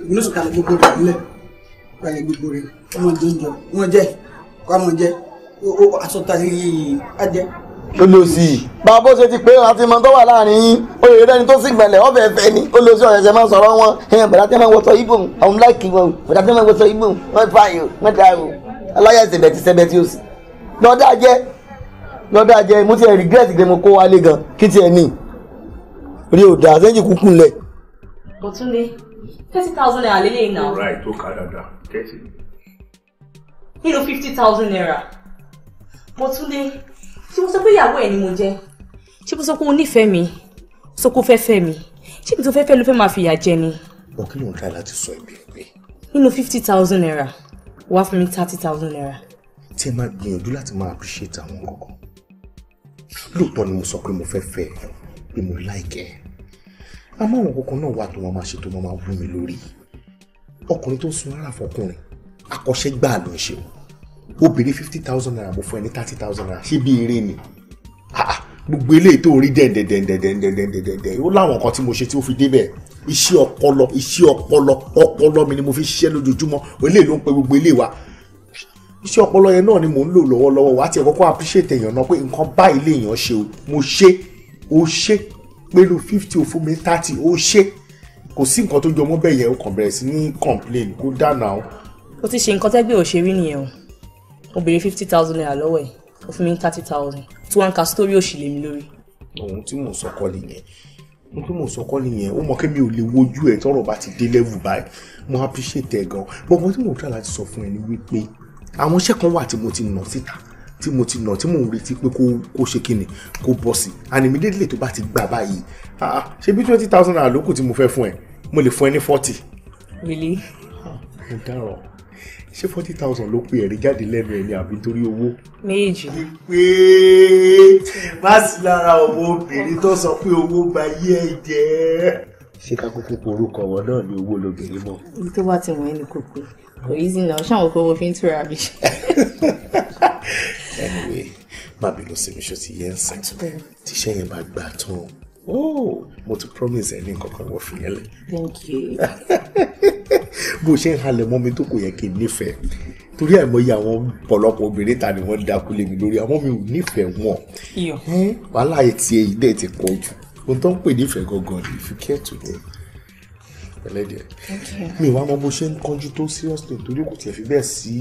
ìbínú sùn kalẹ̀ gbogbo rẹ̀ nílẹ̀ kalẹ̀ gbogbo rẹ̀ wọ́n jẹ́ wọ́n jẹ́ kọ́ olóòsì bàbá ó ṣe ti pé àti mọ tó wà láàrin yín olóòsì rẹni tó sì gbẹlẹ ọbẹ ẹfẹ ni olóòsì ọ̀rẹ́ ṣe máa sọ̀rọ̀ wọn ẹ̀yìn bàtà tí wọ́n wọ́sọ ibo àwọn láìkì wọn bàtà tí wọ́n wọ́sọ ibo wọ́n fà yìí wọ́n dà o aláyà ṣẹbẹ̀tì ṣẹbẹ̀tì òsì. lọ́dà jẹ́ lọ́dà jẹ́ mo ti ẹ̀ regret pé mo kó wa lé gan kí tiẹ̀ ní orí ò dáa sẹ́yìn kúkú lẹ̀. bọ̀túndé thirty thousand naira lélẹ́yìn náà. ọ̀rá ètò kàdàdà thirty. nínú fifty thousand naira bọ̀túndé ṣé mo sọ pé ìyàwó ẹ ni mo jẹ ṣé mo sọ pé o nífẹ̀ẹ́ mi sọ pé o fẹ́ fẹ́ mi ṣé mi tó fẹ́ fẹ́ ló fẹ́ máa fìyà jẹ ni. wọn kí ló ń ra láti sọ ẹbí pé. nínú fifty thousand naira wá fún mi thirty thousand naira. tí ẹ máa gbìyànjú láti máa appreciate àwọn kọ̀ọ̀kan lóòótọ́ ni mo sọ pé mo fẹ́ fẹ́ ẹ pé mo like ẹ àmọ́ àwọn kọ̀ọ̀kan náà wà tó wọn máa ṣe tó wọn máa wú mi lórí ọkùnrin tó ń sun ara fọkùnrin akọ́ṣẹ́gbà ló ń ṣe o obìnrin fifty thousand naira mo fún ẹ ní thirty thousand naira ṣé bí eré ni gbogbo eléyìí tó rí dẹ̀ndẹ̀ndẹ̀ndẹ̀ndẹ̀ndẹ̀ndẹ̀ndẹ̀ ó láwọn nǹkan tí mo ṣe tí ó fi débẹ̀ iṣẹ́ ọpọlọ iṣẹ́ ọpọlọ ọpọlọ mi ni mo fi ṣiṣẹ́ lójoojúmọ́ eléyìí ló ń pe gbogbo eléyìí wa iṣẹ́ ọpọlọ yẹn náà ni mò ń lò lọ́wọ́lọ́wọ́ wa ti ẹ̀kọ́kọ́ appreciate èèyàn náà pé nǹkan báyìí lèèyàn ṣe o mo ṣe o ṣe pẹ̀lú fifty o fún mi thirty o ṣe kò sí nǹkan tó jọmọ́ bẹ́ẹ̀ yẹn o kàn bẹ̀rẹ̀ sí ní complain kó dáná o. o ti ṣe nǹkan tẹ́gbẹ́ òṣèré nìyẹn o ó fifty thousand naira lọ́wọ́ ẹ̀ ó fún mi ní thirty thousand tí wọ́n ń ka sítórí òṣì lèmi lórí. ohun tí mò ń sọ kọ́ nìyẹn ohun tí mò ń sọ kọ́ nìyẹn ó mọ kémi ò lè wojú ẹ̀ tọ́rọ̀ bá ti dé level báyìí mo appreciate ẹ̀ gan gbogbo tí mò ń tà láti sọ fún ẹ ni wípé àwọn iṣẹ́ kan wà tí mo ti nà síta tí mo ti nà tí mò ń retí pé kó kó ṣe kíni kó bọ́ sí and immediately tó bá ti gbà báyìí ah, ah, ṣe bí twenty thousand naira lókù tí mo fẹ́ fún ẹ mo lè fún ẹ ní forty. really. mo dárò ṣé forty thousand ló pe ẹ̀rí jáde lẹ́nu ẹ̀ ni àbí torí owó. méjì. pé má sí lára ọmọ obìnrin tó sọ pé owó gba yí ẹ jẹ. ṣé ká kúkú pe orúkọ wọn náà ní owó lóbìnrin mọ. ibi tó bá ti wọ̀ ẹ́ ni kò pé kò yí sí náà ṣáà wọn kò wọ́n fi [LAUGHS] anyway má bínú sí mi ṣó ti yẹ ń sìn tíṣẹ́ yẹn bá gbà tán oh, mo ti promise ẹ ní nǹkan kan wọ́n fi yẹn lẹ̀. thank you. [LAUGHS] bó ṣe ń halẹ̀ mọ́ mi tó kò yẹ kí n nífẹ̀ẹ́ torí àìmọye àwọn ọ̀pọ̀lọpọ̀ obìnrin ta ni wọ́n dákú lé mi lórí àmọ́ mi ò nífẹ̀ẹ́ wọn wàhálà etí ẹ̀yìn dẹ̀ ti pọ̀ jù ohun tó ń pè nífẹ̀ẹ́ gangan ni if you care to know ẹlẹ́dẹ̀ẹ́ mi wá mọ bó ṣe ń kánjú tó seriously torí kò tiẹ̀ fi bẹ́ẹ̀ sí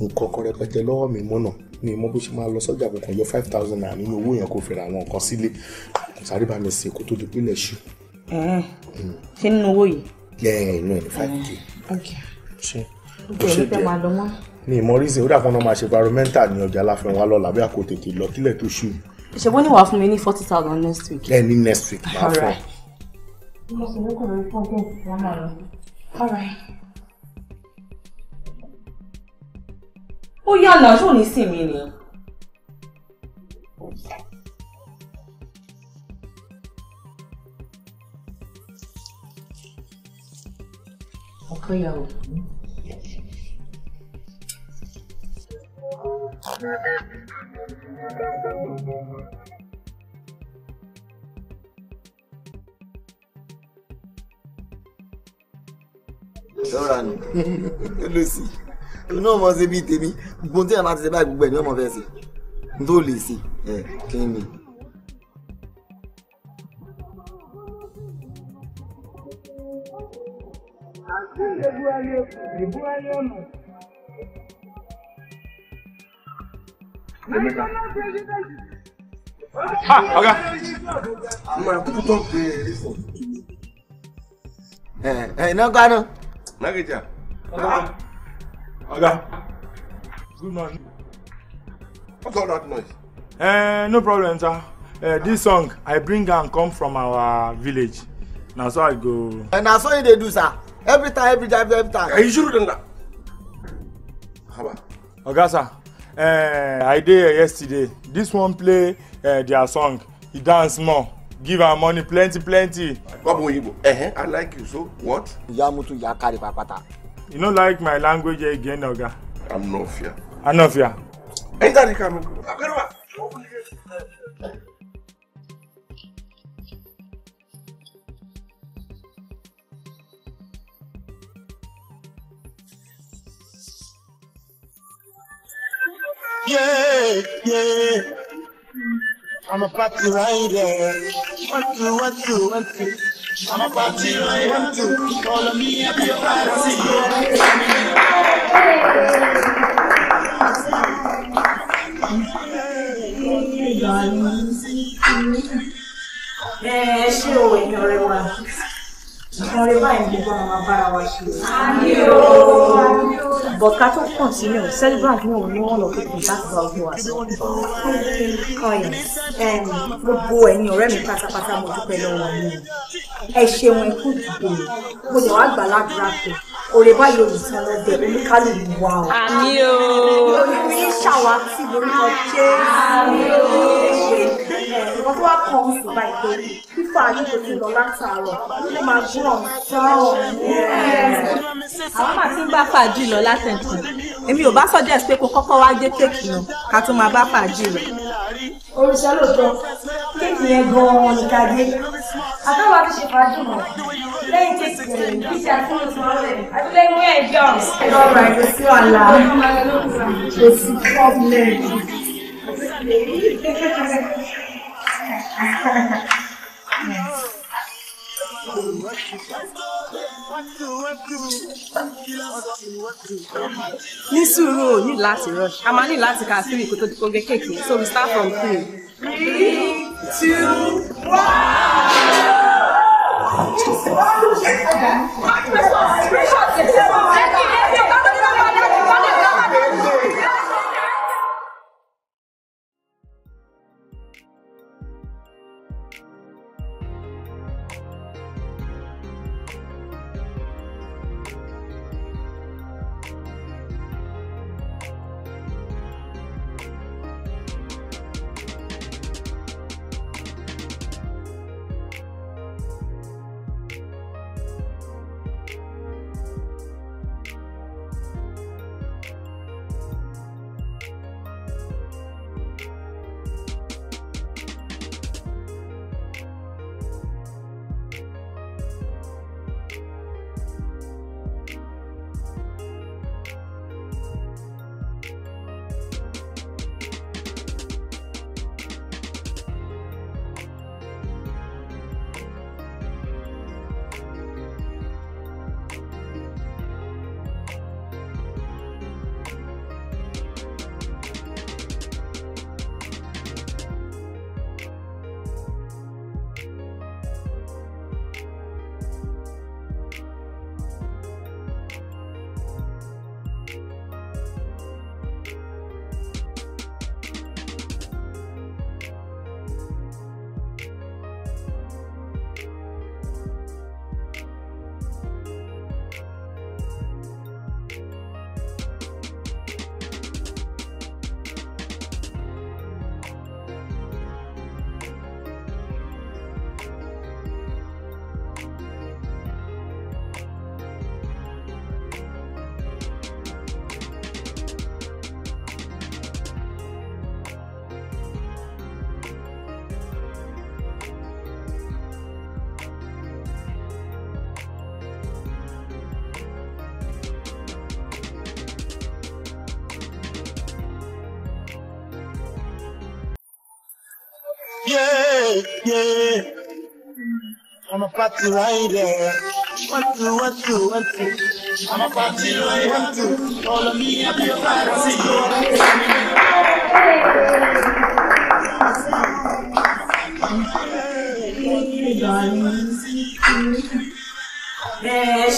nǹkan kan rẹpẹtẹ lọ́wọ́ mi mọ́nà ni mo bó ṣe máa lọ sọ́jà kankan yọ five thousand naira nínú owó yẹn kó fi ra àwọn nǹkan sílé kò sáré bá mi sè kó tó di pínlẹ̀ ṣù. Hmm. ṣé nínú owó yìí yẹ́n inú ẹ̀ ní five k. ṣe kò ṣe díẹ̀ ní ìmọ̀ rí sìn ó dàpọ̀ náà máa ṣe environmental ní ọjà aláfẹnwá lọ́la bí a tètè lọ kílẹ̀ tó ṣù. ìṣègùn ni wàá fún mi ní forty thousand next week. ẹ ní next week máa fọ. mo sì ní kò lórí fọ́ọ̀kì ó yà náà ṣó ní sinmi ni. Cleo. ṣọ́ra nù lọ́sì èmi náà mọ̀ ṣe bíi tèmi gbogbo tí àwọn àti ṣe báyìí gbogbo ẹ̀ ni wọ́n mọ̀ fẹ́ ṣe n tó lè ṣe ẹ̀ kí ni. Ebugharị egwu, ebugharị ọnụ. Ha, ọ̀gá. Mma kwutọ mpe rifọ. Eh, eh, na gano. Na gija. Ọ̀gá. Good morning. What's all that noise? Eh, no problem, sir. Uh, this song I bring and come from our village. Now, so I go. Na so e they do, sir every time every time every time. ẹyin ṣúrù dandan. oga sir uh, i dey here yesterday this one play uh, their song he dance more give am money plenty plenty. gbọ́dọ̀ oyinbo i like you so what. ìyá mutu ya kárí pàápàá. you no like my language again oga. i'm not fear. i'm not fear. enter the car mi. akérò wa. Yeah, yeah. I'm a party rider. One, two, one, two, one, two. I'm a party rider. One, two. Follow me up your party. Yeah, yeah, yeah. she'll win everyone. ìkànnì báyìí gbogbo àwọn máa bára wa ṣe. but ká tó continue celebrant náà ò ní wọn lọ pípín láti bá ogun wa sọ. gbogbo ẹ̀yin ọ̀rẹ́ mi pátápátá mo dúpẹ́ lọ́wọ́ yín ẹ ṣeun ẹkú ìdìbò mo lè wá gbà ládùúrà pé òrè báyìí olùsàn lọ́dẹ̀ oníkálùkù wa o. àmì o. olùkọ́ yìí ṣàwátì lórúkọ jésù. àmì o àwọn tó wá kọ ń sùn báyìí pé fífọ àyíkò ti lọ látàárọ̀ ó máa gún ọ̀hún sọ́ọ̀hún. àwọn máa ti ń bá fàájì lọ látẹ̀kùn èmi ò bá suggest pé kó kọ́kọ́ wá gé kéèkì náà ká tó máa bá fàájì lọ. oríṣà lóòótọ́ kéèkì yẹn gan-an ní kagé àtàwọn àti ṣe fàájì mọ́ lẹ́yìn kéèkì yẹn ṣe àtúntò tí wọ́n rẹ̀ àti lẹ́yìn wẹ́ẹ̀ jọ́ọ̀sì. ọ̀rọ̀ àìgbésí kò sí problem ní sùúrù ò ní láti rush a máa ní láti ka three kó tó di kóńgé kéèkì so we start from three. three two one. yeah. I'm a party rider. One, two, one, two, one, two. I'm a party rider. Eh, one, two. All of me, I'm your party. Ẹ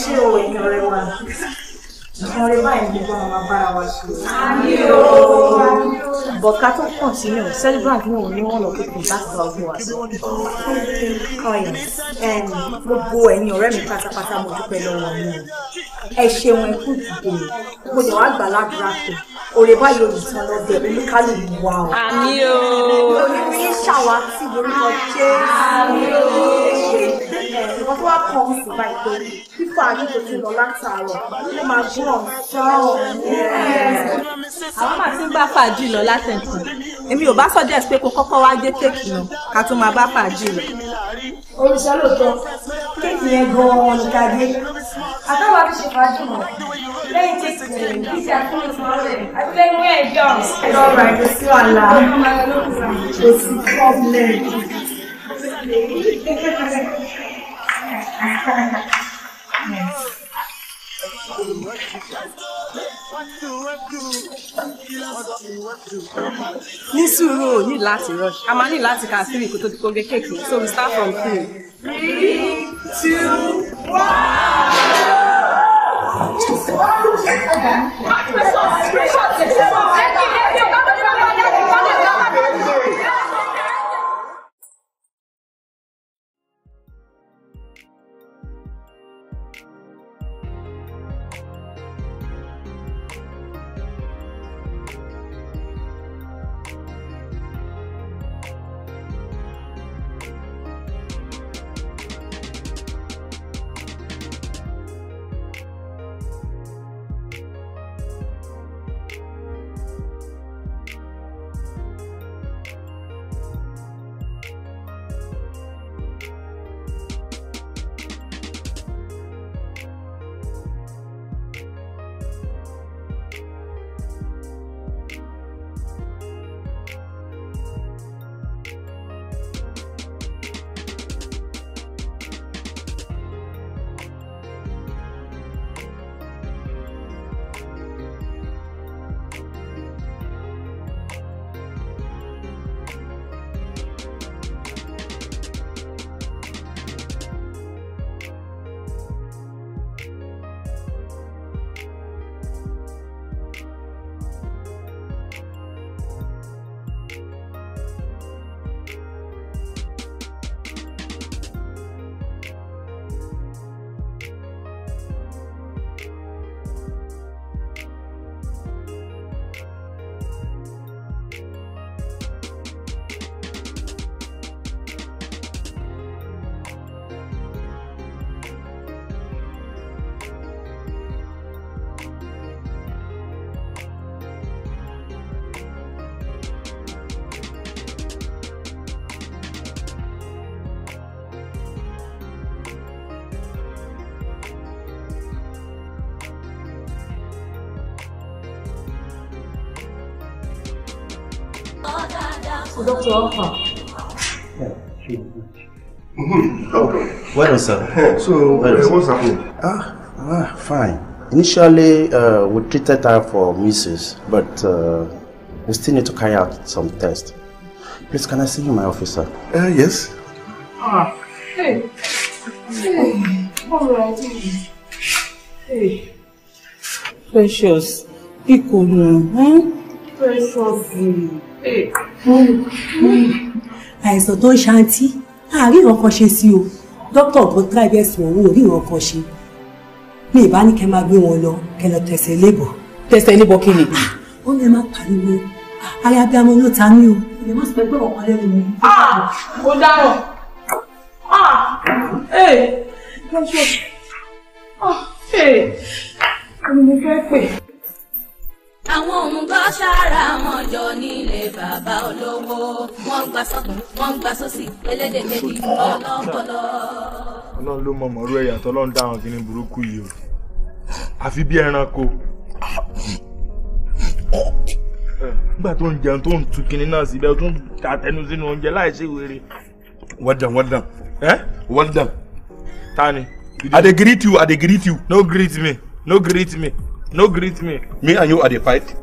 ṣé o ìkọrẹ wa, ìkọrẹ báyìí ní kí wọ́n máa bára wa But Kato continue. Celebrant no ni one of the contacts of who was. Kọ́yìn, gbogbo ẹ̀yin ọ̀rẹ́ mi pátápátá mo dúpẹ́ lọ́wọ́ mi. Ẹ ṣeun ẹkú ìdìbò Mo lè wá gbà ládùúrà pé òrè báyìí olùtàn lọ́dẹ̀ oníkálù wà o. Àmì o. Olùrí ṣàwátì lórúkọ Jésù. Àmì o. Ìwọ́n tó wá kọ́ mi sí báyìí pé fà ní kò ti lọ àwọn máa ti ń bá fàájì lọ látẹ̀kùn èmi ò bá suggest pé kó kọ́kọ́ wá gé kéèkì lọ ká tún máa bá fàájì lọ. olùṣọ́ lóòótọ́ kéèkì yẹn gan-an nìka gé àtàwọn àti ṣe fàájì mọ́ lẹ́yìn kéèkì yẹn kí ti àkúrò fún ọ̀rẹ́ àti lẹ́yìn ọ̀rọ̀ àìkú sí wàhálà kò sí problem. Yes. ní sùúrù ò ní láti rush a máa ní láti kà three kó tó di kóge kéèkì so we start from three. three two one. Dr. Alpha. Yeah, Well, sir. So, well, uh, what's happening? Ah, ah, fine. Initially, uh, we treated her for misses, but uh, we still need to carry out some tests. Please, can I see you, my officer? Uh, yes. Ah, hey. Hey. All right. Hey. Precious. Pico, huh? Precious. Hey. àìsàn tó ń ṣantí àárín ìrànkan ṣe sí o dókítà ọ̀gbọ́n tíráìbì ẹ̀sùn òun ò rí ìrànkan ṣe mi ì bá ní kẹ́ máa gbé wọn lọ kẹ́ lọ tẹ̀sẹ̀ lébọ̀. tẹ̀sẹ̀ lébọ̀ kí ni. Ah, ó lè má pariwo ara abiyamọ ló ta mí o ìyẹn má sọ pé gbọ́dọ̀ lẹ́nu mi. Ah, ó dárọ̀ ẹ̀ ẹ̀ ẹ̀ ẹ̀ mo fẹ́ pè àwọn òun gbọ́ sára wọn jọ nílé bàbá olówó wọ́n gbà sọ́tún wọ́n gbà sọ́sì elédè méjì ọlọ́pọlọ. ọlọ́run ló mọ ọmọrú ẹ̀yà tọ́lọ́run dáhùn kí ni burúkú yìí o àfi bí ẹranko nígbà tó ń jẹun tó ń tu kinní náà síbẹ̀ tó ń tàtẹnu sínú oúnjẹ láì ṣe wèrè. well done well done. Eh? well done. ta ni. i dey greet you i dey greet you. no greet me no greet me. No greet me. Me and you are the fight.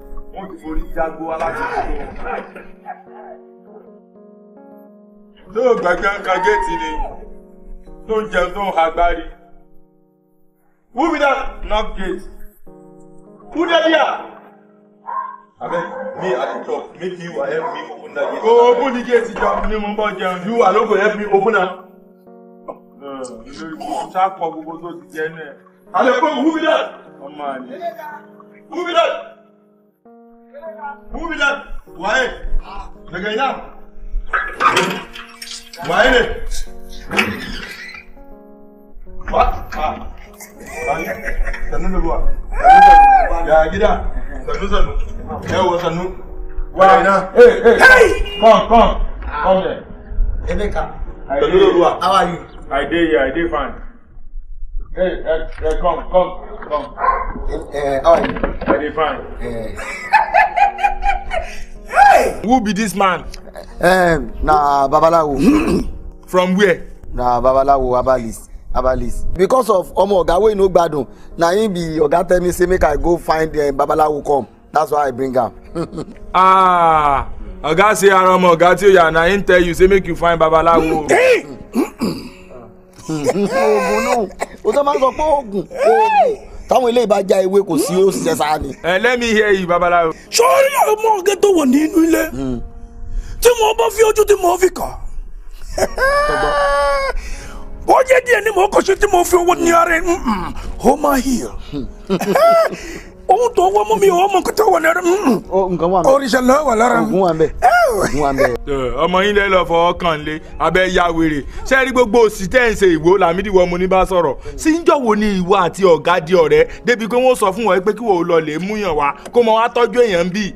Tó gbàgbé nǹkan get in. tó ń jẹun tó ń ha Who be that knock gate? Who the dey I mean, me at the top. make you help me open that gate. Go open the gate jọ ni mo bọ jẹun. You alone go help me open am. Ṣé kọ gbogbo tó ti jẹ náà? Àlẹ́ kò who be that? Ọmọ àlè. Move it up! Move it up! Waye! Daga ina? Waye ne? Wa? Sannu da ruwa. Ya gida. Sannu sannu. Yawwa sannu. Waye na? Hey! Hey! Come, come. Come there. Emeka. Sannu da ruwa. How are you? I dey yeah. I dey fine. Hey, uh, come, come, come. Uh, eh, uh, oh. how are you? I fine. Eh. [LAUGHS] hey! Who be this man? Um, na Babalawo. [CLEARS THROAT] From where? Na Babalawo Abalis. Abalis. Because of ọmọ ọ̀gá wey no gbadun, na him be ọ̀gá tell me say make I go find uh, Babalawo come. That's why I bring him. [LAUGHS] ah, ọ̀gá say ara ọmọ ọ̀gá you, ó yà na him tell you say make you find Babalawo. Hey oògùn nù o tó máa ń sọ pé oògùn oògùn táwọn ilé ìbá já ewé kò sí oṣiṣẹ́ sáà ni. ẹ lẹ́mi ihe yìí babaláwo. sọ́ọ́rí ọmọ ọ̀gẹ́ tó wọ̀ nínú ilé hmm. tí mo bá fi ojú tí mo fi kàn ó jẹ́ díẹ̀ ni mo kọ̀ ṣe tí mo fi owó ní ara ẹ̀ ó máa hìyà. [LAUGHS] ohun tó wọ́n mú mi ò mú kótó wọ̀ lẹ́rọ. nǹkan wà mẹ́ oríṣi wà lára. ogun wà mẹ́ ogun wà mẹ́. [LAUGHS] Eh, ọmọ yín lẹ́ fọwọ́ kàn lé abẹ́ ya wèrè ṣé gbogbo òsì tẹ́ ìwò làmídì wọ́n mu ní bá sọ̀rọ̀ sí ń jọ̀wọ́ ni ìwọ àti ọ̀gá di ọ̀rẹ́ débi pé wọ́n sọ fún wọn pé kí wọ́n lọ lè mú yàn wá kó mọ wá tọ́jú èèyàn bíi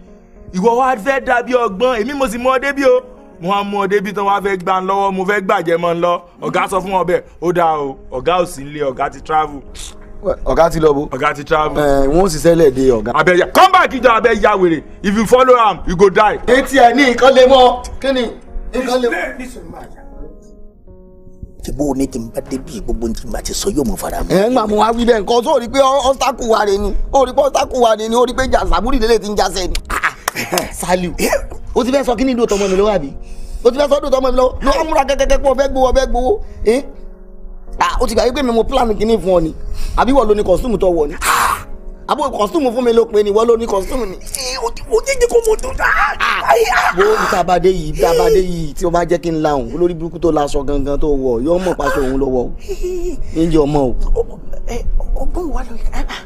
ìwọ wá fẹ́ dàbí ọgbọ́n èmi mo sì mú ọ débi o mo á mú ọ débi tán wá fẹ́ gbà ń lọ́wọ́ mo fẹ́ gbàjẹ́ mọ́ ń lọ ọ̀gá sọ fún ọ bẹ́ẹ̀ ó dáa o ọ̀gá ò sí ń lé ọ̀gá ti travel ọ̀gá ti lọ bo. ọ̀gá ti travel. ẹ wọn ò sì sẹ́lẹ̀ de ọ̀gá. abẹ ya come back ìjọ abẹ ya wèrè if you follow am you go die. etí ẹ ní nǹkan lè mọ kí ni nǹkan lè mọ. tìbú ni tí n bá débi gbogbo tí n bá ti sọ yóò mọ fara mi. ẹ ń gbà mú wa wí bẹ́ẹ̀ nǹkan tó rí pé ọ́stákù wa rè ni ó rí pé ọ́stákù wa rè ni ó rí pé jàǹsàbúrì lélẹ̀ ti ń jásẹ̀ ni. Ah, eh, eh, Saliu eh? o ti fẹ́ sọ kí ni ìdó tọmọ mi lọ́wọ́ àbí o ti fẹ́ sọ ìdó tọmọ mi lọ́wọ́ lọ́wọ́ múra kẹ́kẹ́kẹ́ pọ̀ fẹ́ gbowó fẹ́ gbowó ah o ti gbàgbé pé mi mo plan kínní fún ọ ni àbí wọ́n lo ni costume tó wọ̀ ni ah, àbò costume fún mi ló pe ni wọ́n lo ni costume ni. o jẹ́ jẹ́ kó mo dùn dáa. Ah, ah. wo níta abadé yìí níta abadé yìí tí o bá jẹ́ kí n la òun olórí burúkú tó laṣọ gangan tó wọ̀ yóò mọ̀ pàṣẹ òun ló wọ̀ o [LAUGHS] ní jẹ́ ọmọ o. ọgbọ́n wa lọ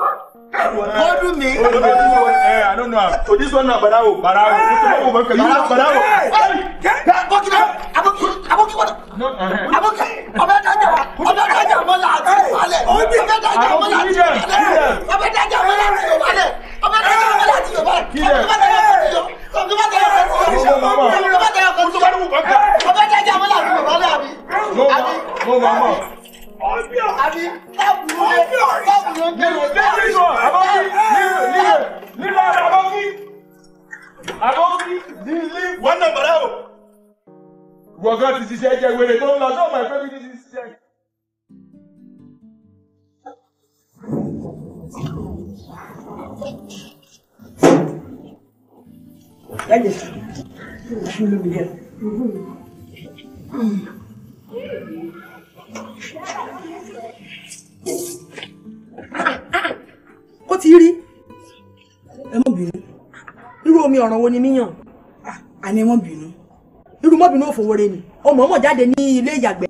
Hold me. Hold me. Eh, I don't know. So this one now, Barawo. Barawo. Barawo. Barawo. Barawo. Aboki, aboki, aboki, aboki. Ọbẹ̀ dájà, ọbẹ̀ dájà mọ́lá àti ìwálẹ̀. Ọbẹ̀ dájà mọ́lá àti ìwálẹ̀. Ọbẹ̀ dájà mọ́lá àti ìwálẹ̀. Ọbẹ̀ dájà mọ́lá àti ìwálẹ̀. Ọbẹ̀ dájà mọ́lá àti ìwálẹ̀. Ọbẹ̀ dájà mọ́lá àti ìwálẹ̀. Ọbẹ̀ dájà mọ́lá àti ìwálẹ̀. Ọbẹ̀ dájà mọ́lá àti ìwálẹ̀ àbí tábùrù rẹ tábùrù rẹ kẹrẹ tábùrù rẹ. lílo àbọ̀kí àbọ̀kí lílí. wọ́n nà bàrà o. wọ́gán ti ṣiṣẹ́ jẹ́ wèrè tó ń lọ sọ́ọ̀mù ẹ̀fẹ́ mi ti ṣiṣẹ́. Dale. Yo lo miré ó ti rí ẹ mọ̀ bínú irú omi ọ̀ràn wo ni míyàn ah, àní wọ́n bínú irú mọ́ bínú òfòwò rẹ ni ọmọ ọmọ jáde ní ilé ìyàgbẹ́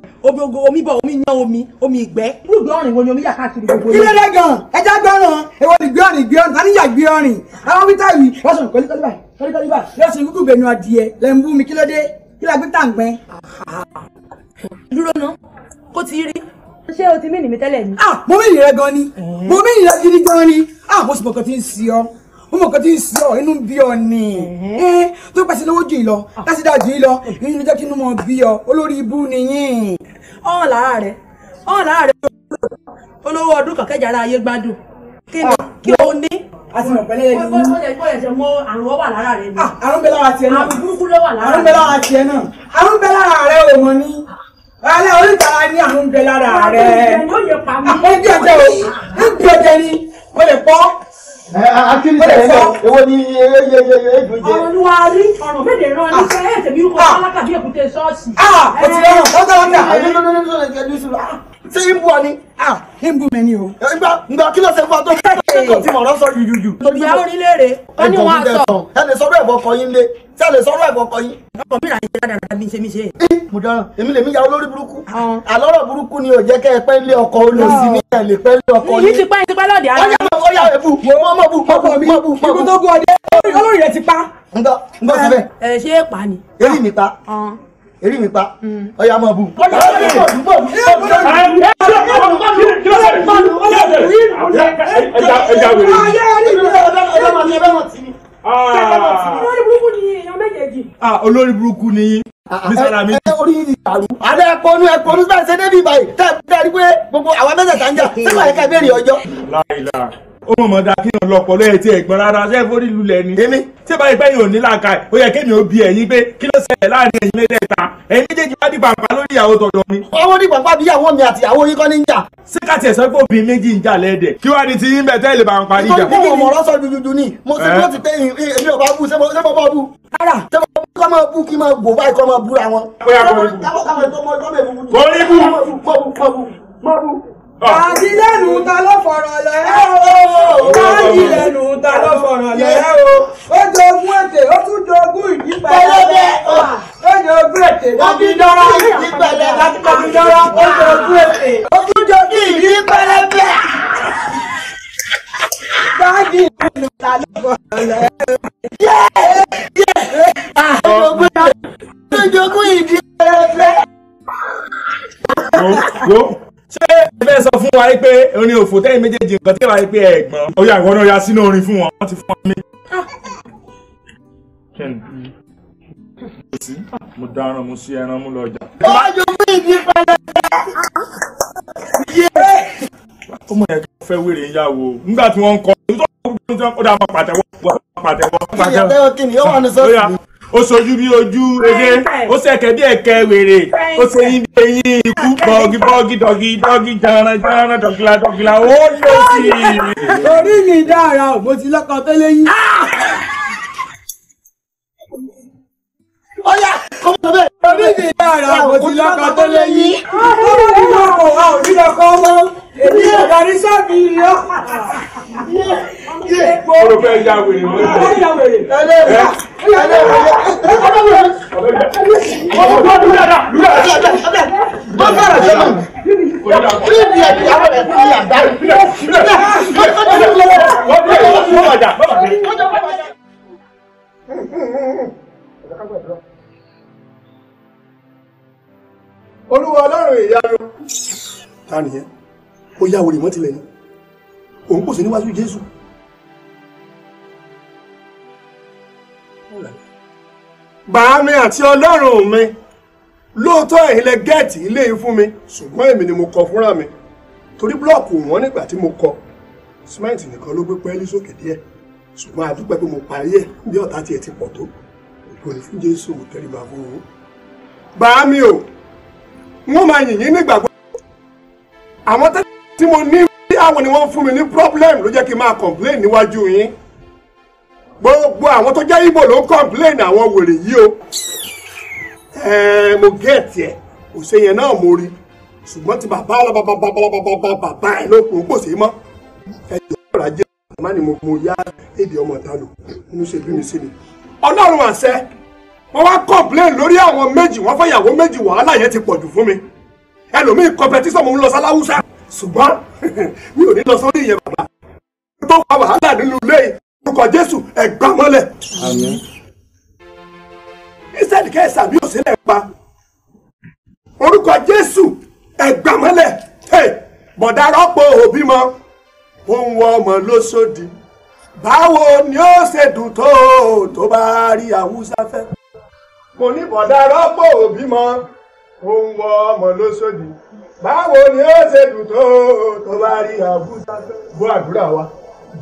omi bọ̀ omi yan omi omi ìgbẹ́. irúgbìn ọ̀rìn wo ni omi yà káàkiri gbogbo rẹ. kílódé gan ẹja gbọ́ràn èwo ni gbé ọ̀rìn gbé ọ̀rìn tani yà gbé ọ̀rìn àwọn wíńtà yìí wọ́n sọ̀rọ̀ kọ́líkọ́lí báyìí kọ́líkọ́lí báyìí yóò sọ ikú bẹ̀nu adìẹ lẹ́nbú mi kílódé kílódé gbé tàǹgbẹ́. dúró náà ó ti rí. ṣé o ti mí nìmi tẹ́lẹ̀ ni. ah mo mí ìrẹ́ gan ni mo mí ìrẹ́ gidi gan ni ah mo sì mọ̀ kan ti ń si ọ mo mọ̀ kan ti ń si ọ inú bí ọ ni eh, tó pàṣẹ lówó jù yìí lọ ah. tásídà jù yìí lọ inú mi jẹ́ kí inú mọ̀ bí ọ olórí ibú nìyín. ọ̀hún làárà rẹ̀ ọ̀hún làárà rẹ̀ olówó ọdún kọ̀kẹ́jà ara ayé gbádùn kí ah, o ní àti mọ̀ pẹ́lẹ́ yẹn. bọ́ọ̀ bọ́ọ̀ bọ́ọ̀ ṣe mọ àrùn wọ́n wà lára rẹ ni. Ah, àrùn bẹ lára tiẹ̀ náà àrùn burúkú ló wà lára tiẹ̀ náà àrùn bẹ lára rẹ òun alẹ́ oríta ni àrùn bẹ lára rẹ̀ oúnjẹ jẹ o oúnjẹ jẹ ni mo lè pọ́. akíní sẹ́yìn náà èwo ni ejò jẹ. ọ̀rọ̀ ni wàá rí ọ̀rọ̀ bẹ́ẹ̀ lè rán ní sẹ́yìn tẹ̀mí kọ́ alákàbí èkúté ṣọ́ọ̀ṣì. ó ti rọrùn lọ́tọ̀ lọ́tọ̀ àyè lọ́tọ̀ lọ́tọ̀ lọ́tọ̀ se ń bú ah imbu bú mi ni o. ìgbà ìgbà kí ló ṣe fún ọ tó ṣe kò tí mo rán sọ yuyuyu. ìyá orílẹ̀ rè ó ní wọn sọ. ẹ lè sọ̀rọ̀ ẹ̀bọ̀ kọyín lé ṣé lè sọ̀rọ̀ ẹ̀bọ̀ kọyín. ọkọ mi ràn yín dáadáa mi ṣe mi ṣe. mo dáràn èmi lèmi ya olórí burúkú. àlọ́rọ̀ burúkú ni ò jẹ́ kẹ́ ẹ pẹ́ lé ọkọ olóòsì ní ẹ lè pẹ́ lé ọkọ yín. yìí ti pẹ́ ti pẹ́ lọ́ọ̀dì ó yà ẹ̀bù mọ́ mọ́ bù mọ́ bù mọ́ bù. ibi tó gún ọdẹ èrí mi pa ọyà máa bù. olórí burúkú ni mísàlámì. orí yìí ẹkọọnù ẹkọọnù bá ṣe débi báyìí tẹ ẹ bí dáa gbogbo àwọn mẹ́tẹ̀ẹ̀ta ń jà sígbà yẹn ká ìbéèrè ọjọ́ ó mọ̀ mọ̀ da kí n lọ́pọ̀lọ́ ẹ̀ tí gbọ́n rárá ṣé forí lulẹ̀ ni. èmi ṣé báyìí pé yóò ní làákà ó yẹ kémi ó bi ẹ̀yin pé kí ló ṣẹlẹ̀ láàrin ẹ̀yin mẹ́tẹ̀ẹ̀ta ẹ̀yin méjèèjì wá di pàpà lórí ìyàwó tọ̀dọ̀ mi. owó ní pàpà bí ìyàwó mi àti ìyàwó yín kọ́ ní ń jà. ṣé ká tiẹ̀ sọ pé obìnrin méjì ń jà lẹ́ẹ̀dẹ̀ kí wàá di ti yín bẹ̀tẹ́ lè bá parí ìjà. mo mọ̀ mo mọ̀ Ah. àti lẹ́nu ta ló fọ̀rọ̀ lẹ́ o báyìí lẹ́nu ta ló fọ̀rọ̀ lẹ́ o ó jogún ètè ó tún jogún ìdí pẹlẹbẹ ó jogún ètè wọ́n fi dọ́rọ́ ìdí pẹlẹbẹ fi dọ́rọ́ ó jogún ètè ó tún jogún ìdí pẹlẹbẹ báyìí lẹ́nu ta ló fọ̀rọ̀ lẹ́ o. Go, go ṣé ẹ fẹ́ sọ fún wa pé orin òfò tẹ́yìn méjèèjì nǹkan tẹ́wà pé ẹ̀gbọ́n ọyà ìwọ náà ya sínú orin fún wọn wọ́n ti fún wọn ní. mo dáná mo sí ẹran mú lọ jà. ọjọ́ mi ìdí padà yẹ. ọmọ yẹn kò fẹ́ wèrè ń yàwó nígbà tí wọ́n ń kọ́ ọ́ dà máa pàtẹ́wọ́ pàtẹ́wọ́ pàtẹ́wọ́. ìyàtọ̀ ó wà ní sọ́ọ̀tì ó sojú bí ojú eré ó ṣẹ̀kẹ̀ bí ẹ̀kẹ́ wèrè ó ṣe yín bí eyín ikú bọ́ọ̀gì bọ́ọ̀gì dọ̀gì dọ́gì jàǹrà jàǹrà dọ̀gìlà dọ̀gìlà ó lè sí i. orí mi dára ò mo ti lọ́kọ tó léyìn. ọ̀yà orí mi dára ò mo ti lọ́kọ tó léyìn. orí mi lọ́kọ̀ wa ò rí lọ́kọ̀ mọ́ èmi ò darí sẹ́mi ta nìyẹn ó yá wèrè mọ́ tilẹ̀ ni òun kò sí níwájú Jésù. bàá mi àti ọlọ́run mi lóòótọ́ ẹ̀yin lẹ gẹ́ẹ̀tì ilé yìí fún mi ṣùgbọ́n èmi ni mo kọ fúnra mi torí búlọ́ọ̀kù wọn nígbà tí mo kọ símẹ́ǹtì nìkan ló gbé pẹ́ẹ́lí sókè díẹ̀ ṣùgbọ́n a dúpẹ́ pé mo parí ẹ̀ bí ọ̀tá tiẹ̀ ti pọ̀ tó kò ní fún Jésù mo tẹríba fún un. bàá o wọ́n máa yìnyín nígbàgbọ́ àwọn tí mo ní bí àwọn ni wọ́n fún mi ní problem ló jẹ́ kí n máa complain níwájú yín gbogbo àwọn tó jẹ́ Ìgbò ló ń complain àwọn wèrè yìí o mo get ẹ òṣè yẹn náà mo rí ṣùgbọ́n ti bàbá bàbá ẹ ló kò sí mọ́ ẹjọ́ ọ̀rọ̀ ajé má ni mo yá èdè ọmọ ta nínú ṣe bí mi sí ni ọlọ́run àṣẹ wọ́n wá complain lórí àwọn méjì wọ́n fẹ́ ìyàwó méjì wàhálà yẹn ti pọ̀jù fún mi ẹlòmíì competition mo ń lọ sáláwúsá ṣùgbọ́n [LAUGHS] mi ò ní lọ sórí ìyẹn bàbá tó fa wàhálà nínú ilé orúkọ Jésù ẹ̀gbá mọ́lẹ̀. Israẹli kẹsà bí òsínlẹ̀ pa orúkọ Jésù ẹ̀gbá mọ́lẹ̀ bọ̀dá rọ́pò òbí mọ́ ó ń wọ ọmọ lóṣòdì báwo ni ó ṣe dùn tó tó bá rí àwùsá fẹ́. mo ní bọ̀dá rọ́pò òbí mọ́ ó wọ ọmọ lóṣòdì báwo ni ó ṣe dùn tó tó bá rí àbújá bó àdúrà wa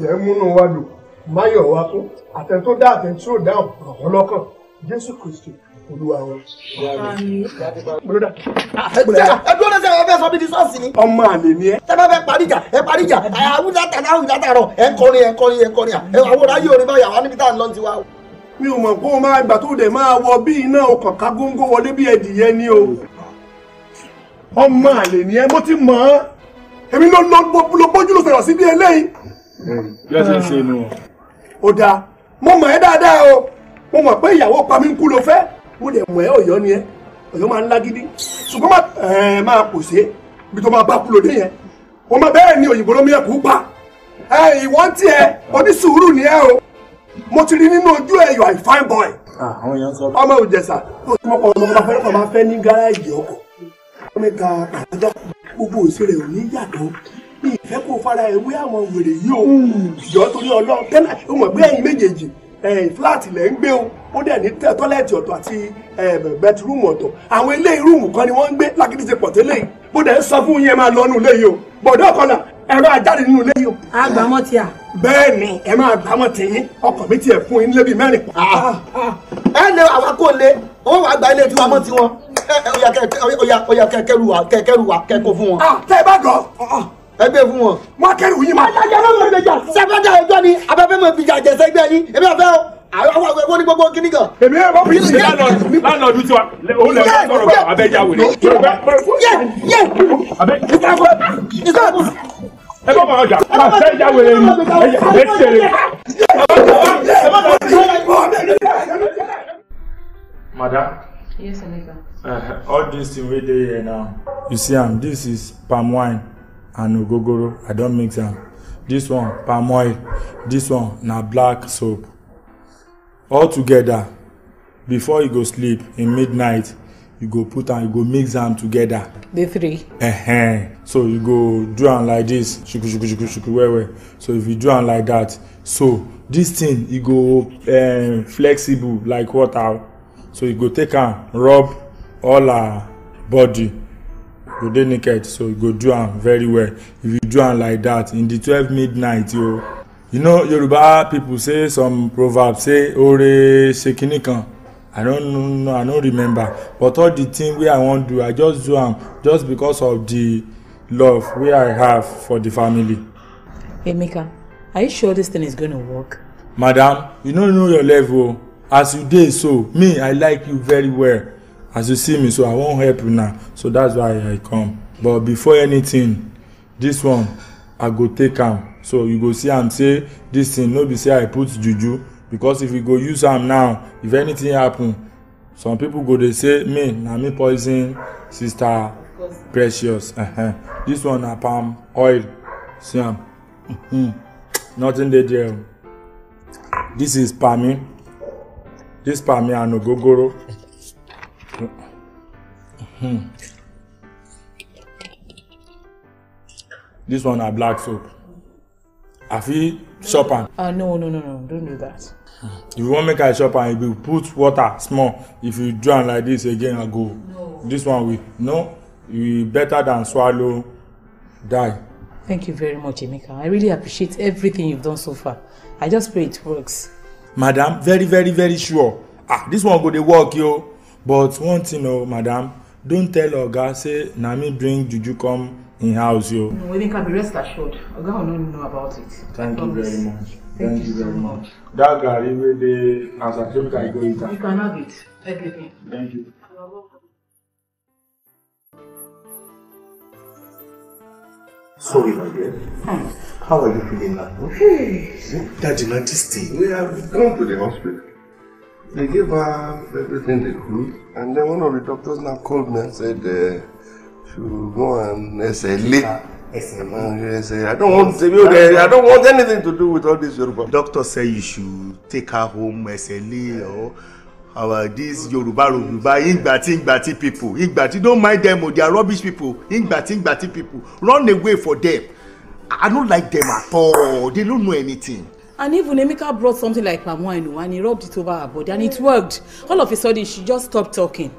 jẹ́ múnú wa dùn máyọ̀ wa tó àtẹn tó dá àtẹn tí ó dá ọ̀pọ̀ lọ́kàn Jésù Kristi olúwa wọn. ẹdúró lẹsẹ ẹ fẹ́ sọ bí disọọsì ni. ọmọ àlè ni ẹ. tẹ bá fẹ́ parí ìjà ẹ parí ìjà àwùjá tàná àwùjá tààrọ ẹ ń kọrin ẹ ń kọrin ẹ ń kọrin ẹ àwọn ayé orin báyà wà níbi tá à ń lọ ti wá. mi ò mọ̀ kó o máa gbà tó dẹ̀ máa wọ bí iná ọkàn ká góńgó wọlé bí ẹdìyẹ ni o ọmọ àlè ni ẹ mo ti mọ̀ ọ́ èmi ló lọ bójú ló sọ̀rọ̀ sí bí eléyìí. bí a ṣe ń ṣe inú wọn. ó dáa mo mọ̀ ẹ́ dáadáa o mo mọ̀ pé ìyàwó pa mí ń kú ló fẹ́ mo dẹ̀ mọ̀ ẹ́ ọ̀yọ́ ni ẹ ọ̀yọ́ máa ń lágídí ṣùgbọ́n máa kò ṣe ibi tó máa bá kú lóde yẹn o máa bẹ́ẹ̀ ni òyìnbó ló mìíràn kú pa ìwọ́n tí ẹ onísùúrù ni ẹ o mo ti rí nínú ojú ẹ you are a fine ah, ọmọ òjẹsà tó ti mọ́kọ́ ọmọ mẹ́ta àtàjọ gbogbo òsè rẹ̀ ò ní yàtọ̀ bí ìfẹ́ kó fara ewé àwọn wèrè yìí o ìjọ torí ọlọ́run tẹ́lá ó mọ̀ pé ẹ̀yin méjèèjì fúláàtì lẹ́ ń gbé o ó dẹ̀ ní tọ́lẹ́ẹ̀tì ọ̀tọ̀ àti eh, bẹtirúùmù ọ̀tọ̀ àwọn eléyìí rúùmù kan ni wọ́n ń gbé lákìtì ṣe pọ̀ tẹ́lẹ̀ yìí bó dẹ̀ ń sọ fún yẹn máa lọ nù lẹ́yìn o bọ̀dọ̀ kan náà ẹ̀rọ ajáde nínú ilé yìí. àgbàmọ́ ti à. bẹ́ẹ̀ ni ẹ máa gbàmọ́ ti yín ọkọ̀ mi ti ẹ̀ fún yín lébi mẹ́rin. Ah, ah. ẹ lé àwa kò lé owó wa ilé tiwa mọ́ tiwọn ọya ọya ọya kẹkẹrù wa kẹkẹrù wa kẹkọ fún wọn. Ah, tẹ ẹ bá dọ. Ah, ah. ẹ gbé fún wọn. wọn kẹrù yín ma. alájà ló ń gbèjà sẹpẹtà ẹjọ ni abẹfẹ mọ bìjà jẹsẹ gbẹ yín èmi àfẹ o àwọn àwọn ní gbogbo kíní kan. èmi ẹ bá fi ṣe lánàá lánàá dùn tiwa òun lè máa sọ̀rọ̀ bá abẹjà wò ni. yẹ yẹ ìtàkùn ìtàkùn ẹ bá bàa jà ẹ bá sẹ́yìn jáwèrè ni ẹ ti tẹ̀lé. madam. yes, Emeka. Uh, all this thing we dey here now. You see am, this is palm wine and ogogoro. I don mix am. This one palm oil, this one na black soap. All together, before you go sleep in midnight, you go put am, you go mix am together. The three. Uh -huh. So you go do am like this, shuku shuku shuku shuku well well. So if you do am like that, so this thing e go um, flexible like water. So you go take am rub all our body go dey naked so you go do am very well if you do am like that in the twelve midnight o you know yoruba people say some proverbs say ore sekini kan i don't know i don't remember but all the thing wey i wan do i just do am just because of the love wey i have for the family. emeka are you sure this thing is going to work. madam you no know your level as you dey so me i like you very well as you see me so i wan help una so that's why i come but before anything this one i go take am so you go see am say this thing no be say i put juju because if you go use am now if anything happen some people go dey say me na me poison sister precious uh -huh. this one na palm oil see am mm -hmm. nothing dey there this is palmi this palmi and ogogoro Hmm. This one are black soap. I feel chop and. Ah no no no no don't do that. If you want make I chop and, you will put water small. If you drown like this again, I go. No. This one we no. You better than swallow die. Thank you very much, Emeka. I really appreciate everything you've done so far. I just pray it works. Madam, very very very sure. Ah, this one go dey work yo. But one thing oh madam, don tell oga say na me bring juju come in house yo. no can be rest assured oga will no know about it. thank you very much thank, you very much. dat garri wey dey outside so make i go eat am. you can have it Thank you. thank you. Sorry, my dear. How are you feeling now? Hey. Daddy, not this day. We have gone to the hospital. They gave her everything they could, and then one of the doctors now called me and said uh, she will go and SLA. Uh, ah, SLA. I don't want to be SLA. I don't want anything to do with all this Yoruba. Doctor said you should take her home SLA or our these Yoruba Yoruba Ingbati Ingbati people Ingbati don't mind them o oh, they are rubbish people Ingbati Ingbati people run away for them. I don't like them at all. They don't know anything. And even Emeka brought something like palm wine oh, and he rubbed it over her body and it worked. All of a sudden, she just stopped talking.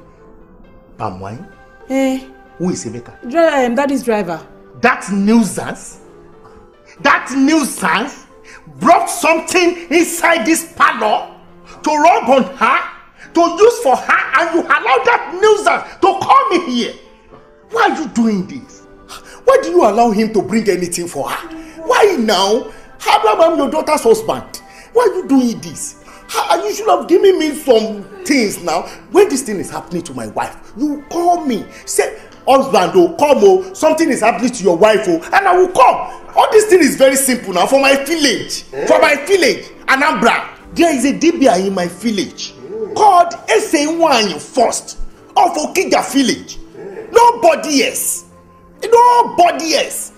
Palm wine? Eh. Who is Emeka? Dri um, that is driver. That nuisance? That nuisance brought something inside this parlor to rub on her, to use for her, and you allow that nuisance to come in here. Why are you doing this? Why do you allow him to bring anything for her? Why now? Abraham, I'm your daughter's husband. Why are you doing this? You should have given me some things now. When this thing is happening to my wife, you call me. Say, husband oh, come oh, something is happening to your wife oh, and i will come all this thing is very simple now for my village mm. for my village anambra there is a dibia in my village mm. called 1 first of okija village mm. nobody else nobody else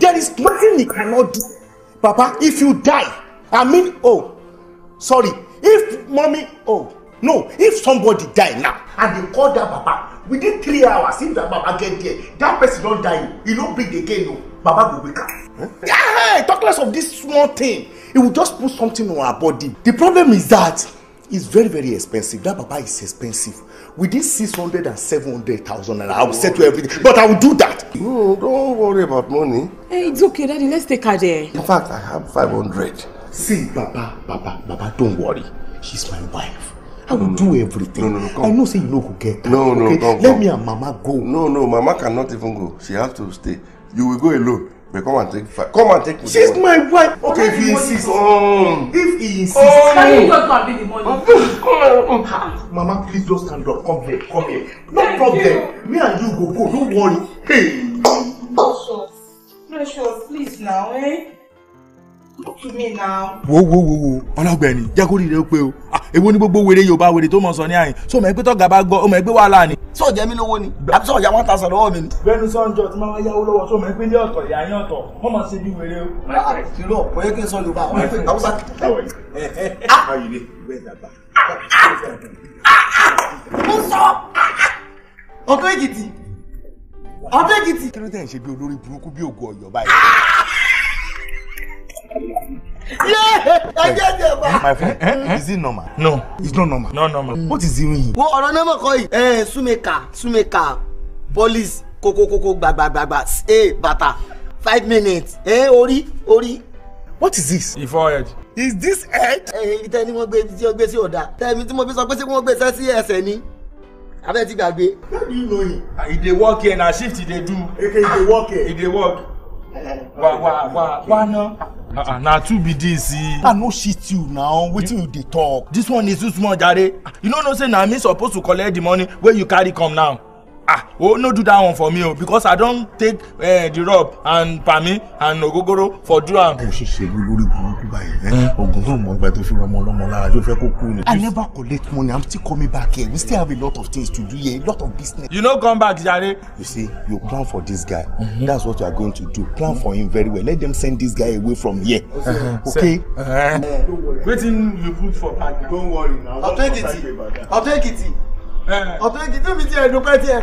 there is nothing he cannot do Papa, if you die, I mean, oh, sorry, if mommy, oh, no, if somebody die now and they call that Papa, within three hours, if that Papa get there, that person don die, e no breathe again, no, oh, Baba go wake up. Yeah, hey, talk less of this small thing. It will just put something on our body. The problem is that it's very, very expensive. That Papa is expensive within six hundred and seven hundred thousand naira i will settle everything but i will do that. no don't worry about money. Hey, eh, it's okay daddy let's take her there. in fact i have five hundred. see Papa, Papa, Papa. don't worry she's my wife. I will no, do everything. No, no, come. I know say you no go get that. No, no, okay? come, Let me and mama go. No, no, mama cannot even go. She has to stay. You will go alone. But come and take five. Come and take She's my wife. Okay, if he insists. if he insists. Can you just go and be the money? Ah, Mama, please just stand up. Come here. Come here. No Thank problem. You. Me and you go go. Don't worry. Hey. Precious. Precious, please now, eh? wo wo wo wo ọlọgbẹni jẹkúrì rẹ pé o èwo ni gbogbo wèrè yorùbá wèrè tó mọ sọ ní àyìn so mọ ẹgbẹ tọgà bá gbọ́ ọmọ ẹgbẹ wàhálà ni. sọ jẹ mí lówó ni àbí sọ ìyá wọn ta sọ lọ́wọ́ mi ni. bẹ́ẹ̀ni sọńjọ tí máa yáwó lọ́wọ́ sọ mọ ẹgbẹ ní ọ̀tọ̀ ìyá yín ọ̀tọ̀ wọn máa ṣe bí wèrè o. ìlú ọ̀pọ̀ yẹ kí n sọ yorùbá ọmọ ẹgbẹ haúsá. mo sọ ọ̀tọ̀ èkìtì ọ̀tọ̀ èkìtì. kí ló dé ń ṣe bí olórí burúkú bí ògùn ọ̀yọ́ báyìí. Ah! my friend eh, eh, eh? is it normal. no it's not normal. not normal. Mm. what is the meaning. wo ọ̀rọ̀ náà mọ̀ kọ́ yìí. ẹ súnmẹ́ka súnmẹ́ka police kokokoko gbagbagba ṣe bàtà five minutes ẹ orí orí. what is this. ifo head. is this head. ẹyin tẹ ni wọn gbé tí wọn gbé sí ọ̀dà tẹmí tí mo fi sọ pé ṣé wọn gbé sẹ́sí ẹsẹ̀ ni abẹ́ ti gbàgbé. how do you know him. e dey work here na shift e dey do. eke e dey work here. e dey work wa wa wa wa na. Uh, ah, na two be this. i ah, no shit you now wetin you they talk. this one is too small jare you know, no say now. me supposed to collect the money where you carry come now ah oh no do that one for me o oh, because i don take uh, the rub and pami and ogogoro for do am. ṣe ṣe lórí burúkú báyìí oògùn eh? mm. tó mọ ìgbà tó fi rọmọ ọlọmọ lára tó fẹ́ kó kú ni. i never collect money i'm still coming back here we still have a lot of things to do here a lot of business. you no come back jare. you see you plan for this guy mm -hmm. that's what you are going to do plan for him very well let them send this guy away from here. Uh -huh. okay. Uh -huh. wetin you put for bag don't worry na i take it I'll take it. Eh. ọ̀tún èkìtì mi ti ẹ̀ dúpẹ́ tiẹ̀.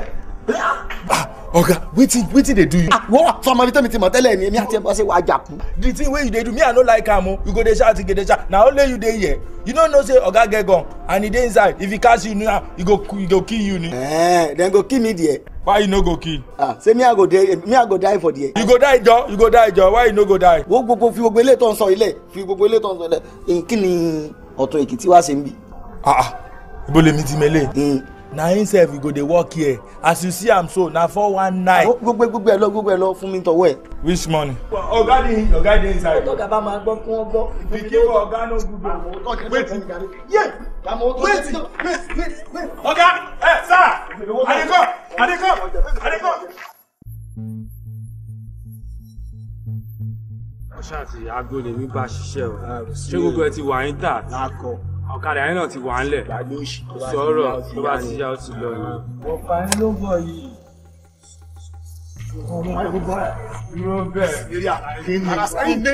Ah, ọ̀gá wetin wetin dey do you. Ah, wọ́n wà fún amadi tẹ́mi ti mọ̀ tẹ́lẹ̀ ni èmi àti ẹ̀ wà á the thing wey you dey do me i no like am o you go dey shout gede shout na only you dey here you no know say oga get gun and he dey inside if he catch you now e go e go kill you ni. Eh, dem go kill me there. why you no go kill. ah say me i go dey me i go die for there. you go die jọ you go die jọ why you no go die. wo gbogbo fi gbogbo ilé tó ń sọ ilé fi gbogbo ilé tó ń sọ ilé nkíni ọ̀tún èkìtì wá ṣe ń ah ah ibo lèmi ti mele na himself go dey work here as you see am so na four one nine. gbogbo gbogbo ẹ lọ gbogbo ẹ lọ fún mi tọwọ ẹ. which money. ọ̀gá ni ọ̀gá ni inside. ọ̀gá bàbá máa gbọ́ kí wọ́n pikin for ọ̀gá no good wait wait wait wait. ọ̀gá ẹ sá adikọ adikọ adikọ. ọ̀ṣà àti agolo mi bá ṣiṣẹ́ o ṣé gbogbo ẹ ti wà ní dà. lákọ̀ọ́ ọ̀kadà yẹn náà ti wà ńlẹ̀ sọ̀rọ̀ tó bá ti yá ó ti lọ ni. ọ̀pá ń ló bọ̀ yìí. ọmọ àgbà ló bẹ̀.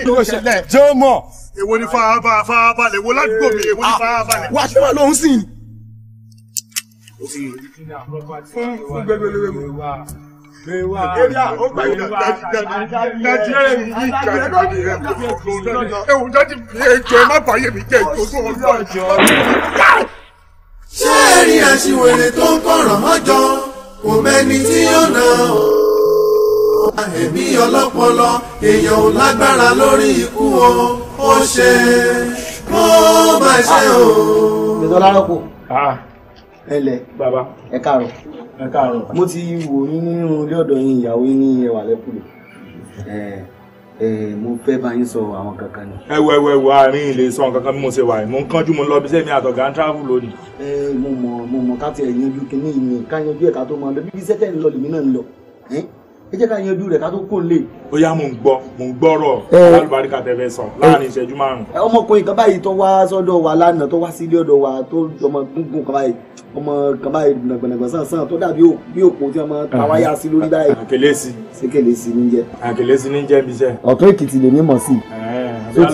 ló ṣẹlẹ̀ jẹ́ mọ̀. èwo ni farabalẹ̀ èwo ládùúgbò mi wàá ah, ṣe ló ń sìn. fún gbẹgbẹgbẹ ewu jáde mi ẹjọ ẹ má bàyẹ mi jẹ ètò tó wọn lọ. ṣé ẹ rí aṣiwèrè tó ń kọ̀ràn mọ́jọ kò mẹ́ni tí yóò nà ó. ẹ̀mí ọlọ́pọlọ èèyàn ò lágbára lórí ikú o ó ṣe kó má ṣe o. ìdọ́lá rọ́pò ẹ̀lẹ́ ẹ̀ káàárọ̀ mo ti wò nínú ilé ọ̀dọ̀ yín ìyàwó yín ní ẹwà lẹ́kùlẹ̀ mo fẹ́ bá yín sọ àwọn kankan ni. ẹ wẹ wẹ àárín ilé sọ kankan bí mo ṣe wà yìí mo ń kánjú mo lọ bí sẹ́mi àtọ̀gá ń travel lónìí. ẹ mo mọ mo mọ ká tiẹ̀ yanjú kínní mi ká yanjú ẹ̀ tó máa lọ bí bí sẹ́tẹ̀ ń lọ lèmi náà ń lọ ẹ jẹ́ ká yanjú rẹ̀ ká tó kó lè. ó yá mò ń gbọ́ mò ń gbọ́rọ̀ alálùbáríkà tẹ̀fẹ́ sọ láàrin ìṣẹ́jú márùn. ọmọkùnrin kan báyìí tó wá sọ́dọ̀ wa lánàá tó wá sílé ọ̀dọ̀ wa tó ọmọ gúngun kan báyìí ọmọ kan báyìí gbọ̀nàgbọ̀nà sàn sàn tó dàbí bí òpó tí ọmọ tàwáyà sí lórí báyìí. àkèlésì. sékèlésì ní jẹ. àkèlésì ní jẹ bí iṣẹ. ọ̀tún èkìtì lè mímọ̀ sí. ẹ̀ẹ́d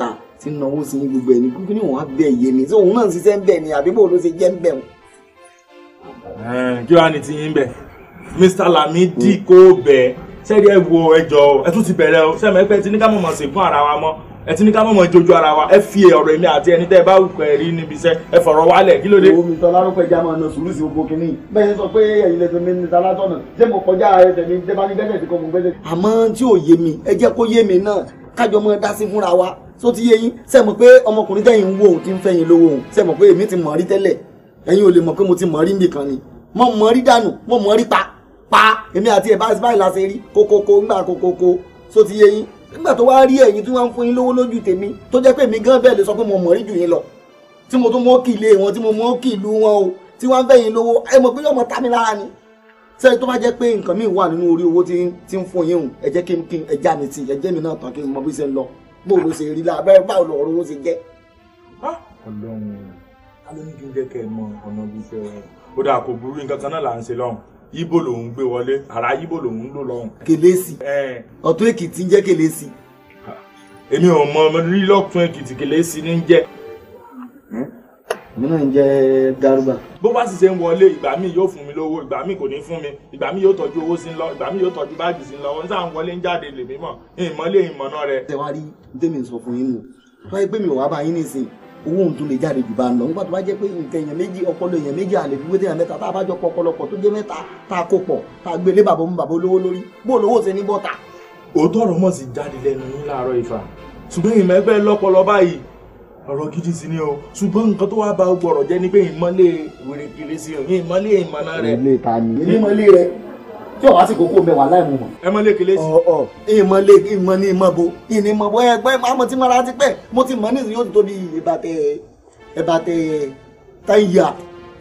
eh, tí ń náwó sí gbogbo ẹni gbogbo ni wọn á bẹ yé mi tí òun náà ṣiṣẹ́ ń bẹ̀ ni àbí bò ló ṣe jẹ́ ń bẹ̀ wọn kí wàá ní ti yín bẹ̀ Mr Lamidi kò bẹ̀ sẹ́ẹ̀dí ẹ̀ wo ẹjọ́ ẹ tún ti bẹ̀rẹ̀ o sẹ́mi ẹ pẹ́ ti ní ká mọ̀mọ́ sí fún ara wa mọ́ ẹ ti ní ká mọ̀mọ́ jojú ara wa ẹ fi ọ̀rọ̀ èmi àti ẹni tẹ́ ẹ bá wù kẹ́ rí níbi iṣẹ́ ẹ fọ̀rọ̀ wálẹ̀ kí ló dé. omi tọ́lá ló pẹja máa na sùúrù sí gbogbo kínní bẹ́ẹ̀ sọ pé ẹ̀yin lè tẹ̀mí ní talátọ̀nà ṣé mo kọjá ẹsẹ̀ mi débání gẹ́gẹ́ sí kò mú gbẹ́sẹ̀. àmọ́ tí ò yé mi ẹ jẹ́ kó yé mi náà kájọ mọ́ dá sí fúnra wa só yé yín sẹ́mo pé ọmọkùnrin tẹ́yìn ń wò ó ti ń fẹ́yìn lówó ó pé èmi ti mọ̀ rí tẹ́lẹ̀ ẹ̀yin ò lè mọ̀ pé mo ti mọ̀ rí nìkan ni mo mọ̀ rí dànù mo mọ̀ rí pa pa èmi àti ẹ̀ báyìí báyìí la ṣe rí kokoko ńgbà kokoko so ti yé yín nígbà tó wá rí ẹ̀yin tí wọ́n ń fún yín lówó lójú tèmi tó jẹ́ pé èmi gan bẹ́ẹ̀ lè sọ pé mo mọ̀ rí jù yín lọ tí mo tún mọ́ kì í lé wọn tí mo mọ́ kì í lu wọn o tí wọ́n ń bẹ̀ yín lówó ẹ mọ̀ pé yọ̀mọ̀ tá mi lára ni sẹ́yìn tó bá jẹ́ pé nǹkan míì wà nínú orí owó tí ń fún yín hùn ẹ jẹ́ kí n kí n ẹja mi ti ẹjẹ́ mi náà tán kí n mọ bí ṣe ń lọ bó ló ṣe rí lábẹ́ báwo lọ̀rọ̀ owó ṣe jẹ́. ọlọ́run ká ló ní kí n jẹ́ kẹ́ ẹ mọ ọ̀nà bí fẹ́ ẹ. ó dà kò burú nǹkan kan náà là ń ṣe lọ́hùn ibo lòún gbé wọlé àrà ibo lòún lò lọ́hùn. kèlésì ọ̀tún èkìtì ń jẹ́ kèlésì. èmi ò mọ ọmọ rí lọ́tún èkìtì kèlésì ní jẹ́. èmi náà ń jẹ garuba. bó bá sì ṣe ń wọlé ìgbà míì yóò fún mi lówó ìgbà míì kò ní fún mi ìgbà míì yóò tọ́jú owó sí ń lọ ìgbà míì yóò tọ́jú báàgì sí ń lọ wọn sáà ń wọlé ń jáde lè mímọ ìmọ̀lé ìmọ̀nà rẹ̀. ṣé wàá rí tèmi sọ fún yín nù wáyé pé mi ò wá bá yín nísìnyí owó òun tó lè jáde jù bá ń lọ nígbà tó bá jẹ́ pé nǹkan èèyàn méjì ọpọlọ èèyàn méjì àlè gbígbé téèyàn mẹ́ta tá a bá jọ pọ̀ ọ̀pọ̀lọpọ̀ tó jẹ́ mẹ́ta tá a kó pọ̀ tá a gbé bàbá mú bàbá olówó lórí bó lówó ṣe ní bọ́ta. òótọ́ ọ̀rọ̀ mọ̀ sí jáde lẹ́nu yín láàárọ̀ ìfà ṣùgbọ́n ìmọ̀ ẹgbẹ́ lọ́pọlọ báyìí ọ̀rọ̀ gidi sí ni o ṣùgbọ́n nǹkan tó wá ba gbọ̀rọ̀ jẹ́ ni pé ìmọ̀lé wèrèkèrè sí ìmọ̀lé ìmọ̀lá rẹ̀ ìmọ̀lé rẹ̀ tí ọ̀wá sì kókó mẹ́wàá láì mú mọ̀. ẹ mọ lékele sí. ọ ìmọ̀ lè ìmọ̀ ni ìmọ̀ bo ìní mọ̀ bọ́ ẹgbẹ́ àmọ́ tí mo ra ti pẹ́ mo ti mọ̀ nísìnyí yóò tó bí ìbàtẹ̀ ìbàtẹ̀ ten year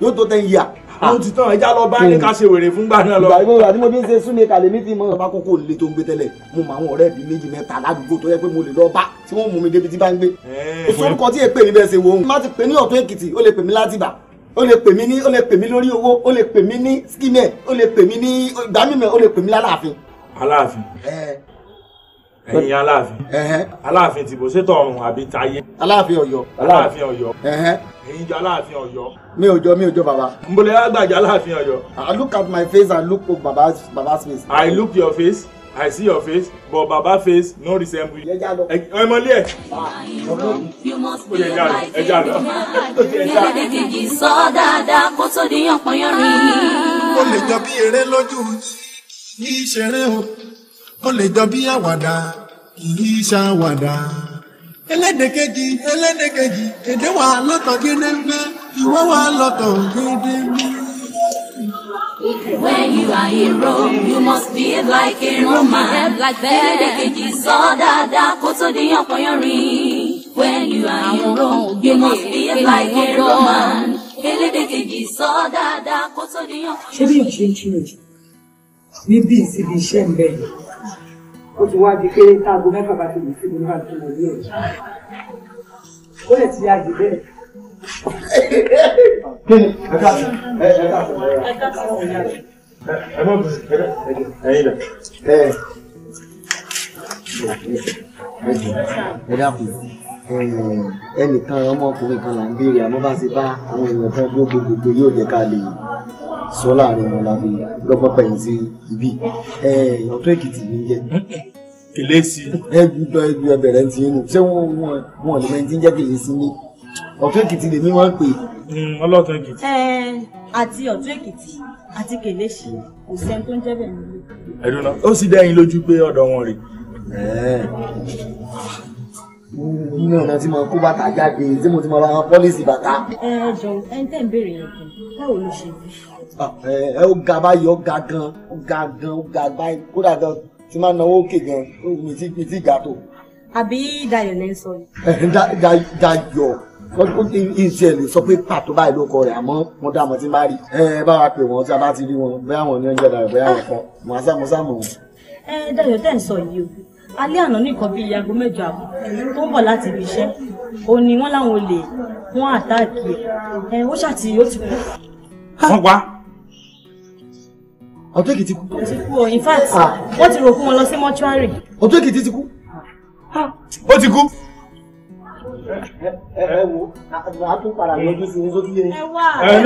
yóò tó ten year. mo ti tán ẹja lọ bá ní ká ṣe wèrè fún gbàdúrà lọ. ìgbà ìgbà tí mo fi ń ṣe súnmi kalẹ̀ mi ti mọ̀. ọba kókó le tó ń gbé tẹ́lẹ̀ mo mọ àwọn ọ̀rẹ́ mi méjì mẹ́ta ládùúgbò tó yẹ pé mo lè lọ bá tí wọ́n mú mi débi tí bá ń gbé. èso orúkọ tí èpè mi bẹ́ẹ̀ ṣe wo òun. má ti pè ní ọ̀tún èkìtì ó lè pè mí látìbà o lè pè mí ní o lè pè mí lórí owó o lè pè mí ní skimẹ o lè pè mí ní gbàmímẹ o lè pè mí láláàfin. aláàfin ẹ̀yin aláàfin aláàfin tìbò ṣètò ọrùn àbí tayé. aláàfin Ọ̀yọ́. aláàfin Ọ̀yọ́. ẹ̀yin jọ aláàfin Ọ̀yọ́. mi ò jọ mi ò jọ bàbá. n bolẹ̀ agbàjọ aláàfin Ọ̀yọ́. I look at my face and look at baba's baba's face. I look your face. I see your face but baba face no resemble you. ọmọ ilé ẹ. o yẹ jà lọ ẹ jà lọ. ìdílé sọ dáadáa kó tó di yànpọnyánrin. ó jọ bí eré lójú kì í ṣeré o ó lè jọ bí àwàdà kì í ṣàwàdà. wa lọ́tọ̀ gédéńgbé ìwọ When you are in Rome, you must behave like a Roman. Behave like that. Elédèkejì sọ dáadáa kó tó di yànpọ̀yánrin. When you are in Rome, you must behave like a Roman. Elédèkejì sọ dáadáa kó tó Ṣé bí yóò ń kí ni? Ní bí iṣẹ́ ń bẹ̀ Ó ti wá di pé táago mẹ́fà bá ti lè fi mi níwájú mọ̀ ní ẹ̀. Ó lè ti yá jù bẹ́ẹ̀ kí ẹnìkan ọmọkùnrin kan là ń béèrè àmọ́ bá ṣe bá àwọn èèyàn kan gbogbogbò yóò jẹ́ ká lè sọ láàrin wọn la fi pẹ̀yìn sí ibi ọ̀tún èkìtì ní jẹ́. kèlésì. ẹ ju ẹ bẹ̀rẹ̀ ti yín ṣé wọn wọn ní mẹ́ni tí ń jẹ́ kèlésì ní ọ̀tún èkìtì lèmi wọ́n ń pè. Mm, ọlọ́tún èkìtì. àti ọ̀tún èkìtì àti kèléṣì kò sẹ́ni tó ń jẹ́ bẹ̀ nílé. ẹ̀dùnà ó sì dá yín lójú pé ọ̀dọ̀ wọn rè. iná ọ̀nà tí mo kó bàtà jáde tí mo ti mọ àwọn pọ́lísì bàtà. ẹ jọ ẹ ń tẹ̀ ń béèrè yẹn kan báwo ló ṣe rí. Ah, ẹ ó ga báyìí ó ga gan ó ga gan ó ga báyìí kódà gan ti máa náwó òkè gan mi ti ga tó. àbí Dayọ̀ lẹ́ ń sọ ni. [LAUGHS] ìṣẹ̀lẹ̀ sọ pé pàtó báyìí ló kọ rẹ̀ àmọ́ mo dá àmọ́ tí má rí ẹ bá wa pè wọ́n tí a bá ti rí wọn bóyá wọn ní oúnjẹ dàrú bóyá wọn kọ mọ̀ ásámọ̀ sámọ̀ wọn. ẹ Dayọ̀ tẹ́ ń sọ yìí o alẹ́ àná nìkan bíi aago mẹ́jọ àbọ̀ tó ń bọ̀ láti ibi iṣẹ́ òun ni wọ́n láwọn olè wọ́n àtáàkì ẹ̀ ó ṣàtì ó ti kú. wọ́n wá ọ̀tún èkìtì kú. ó ti kú o in fact ah. wọ́n ti rò fún wọn lọ sí mọ́ṣúárì. ọ̀tún èkìtì ti kú. ó ti kú. É ẹ wo a tún padà é sí ojú yẹn ẹ wá ẹ é ẹ É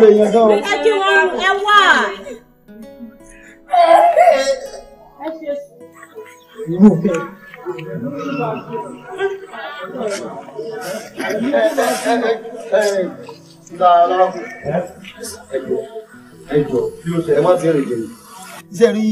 lè yẹn é o. ẹ kí wọ́n mú é o. irú bẹ́ẹ̀. Ẹjọ́ kí É ṣe É má É jẹ̀rẹ̀. Iṣẹ́ rí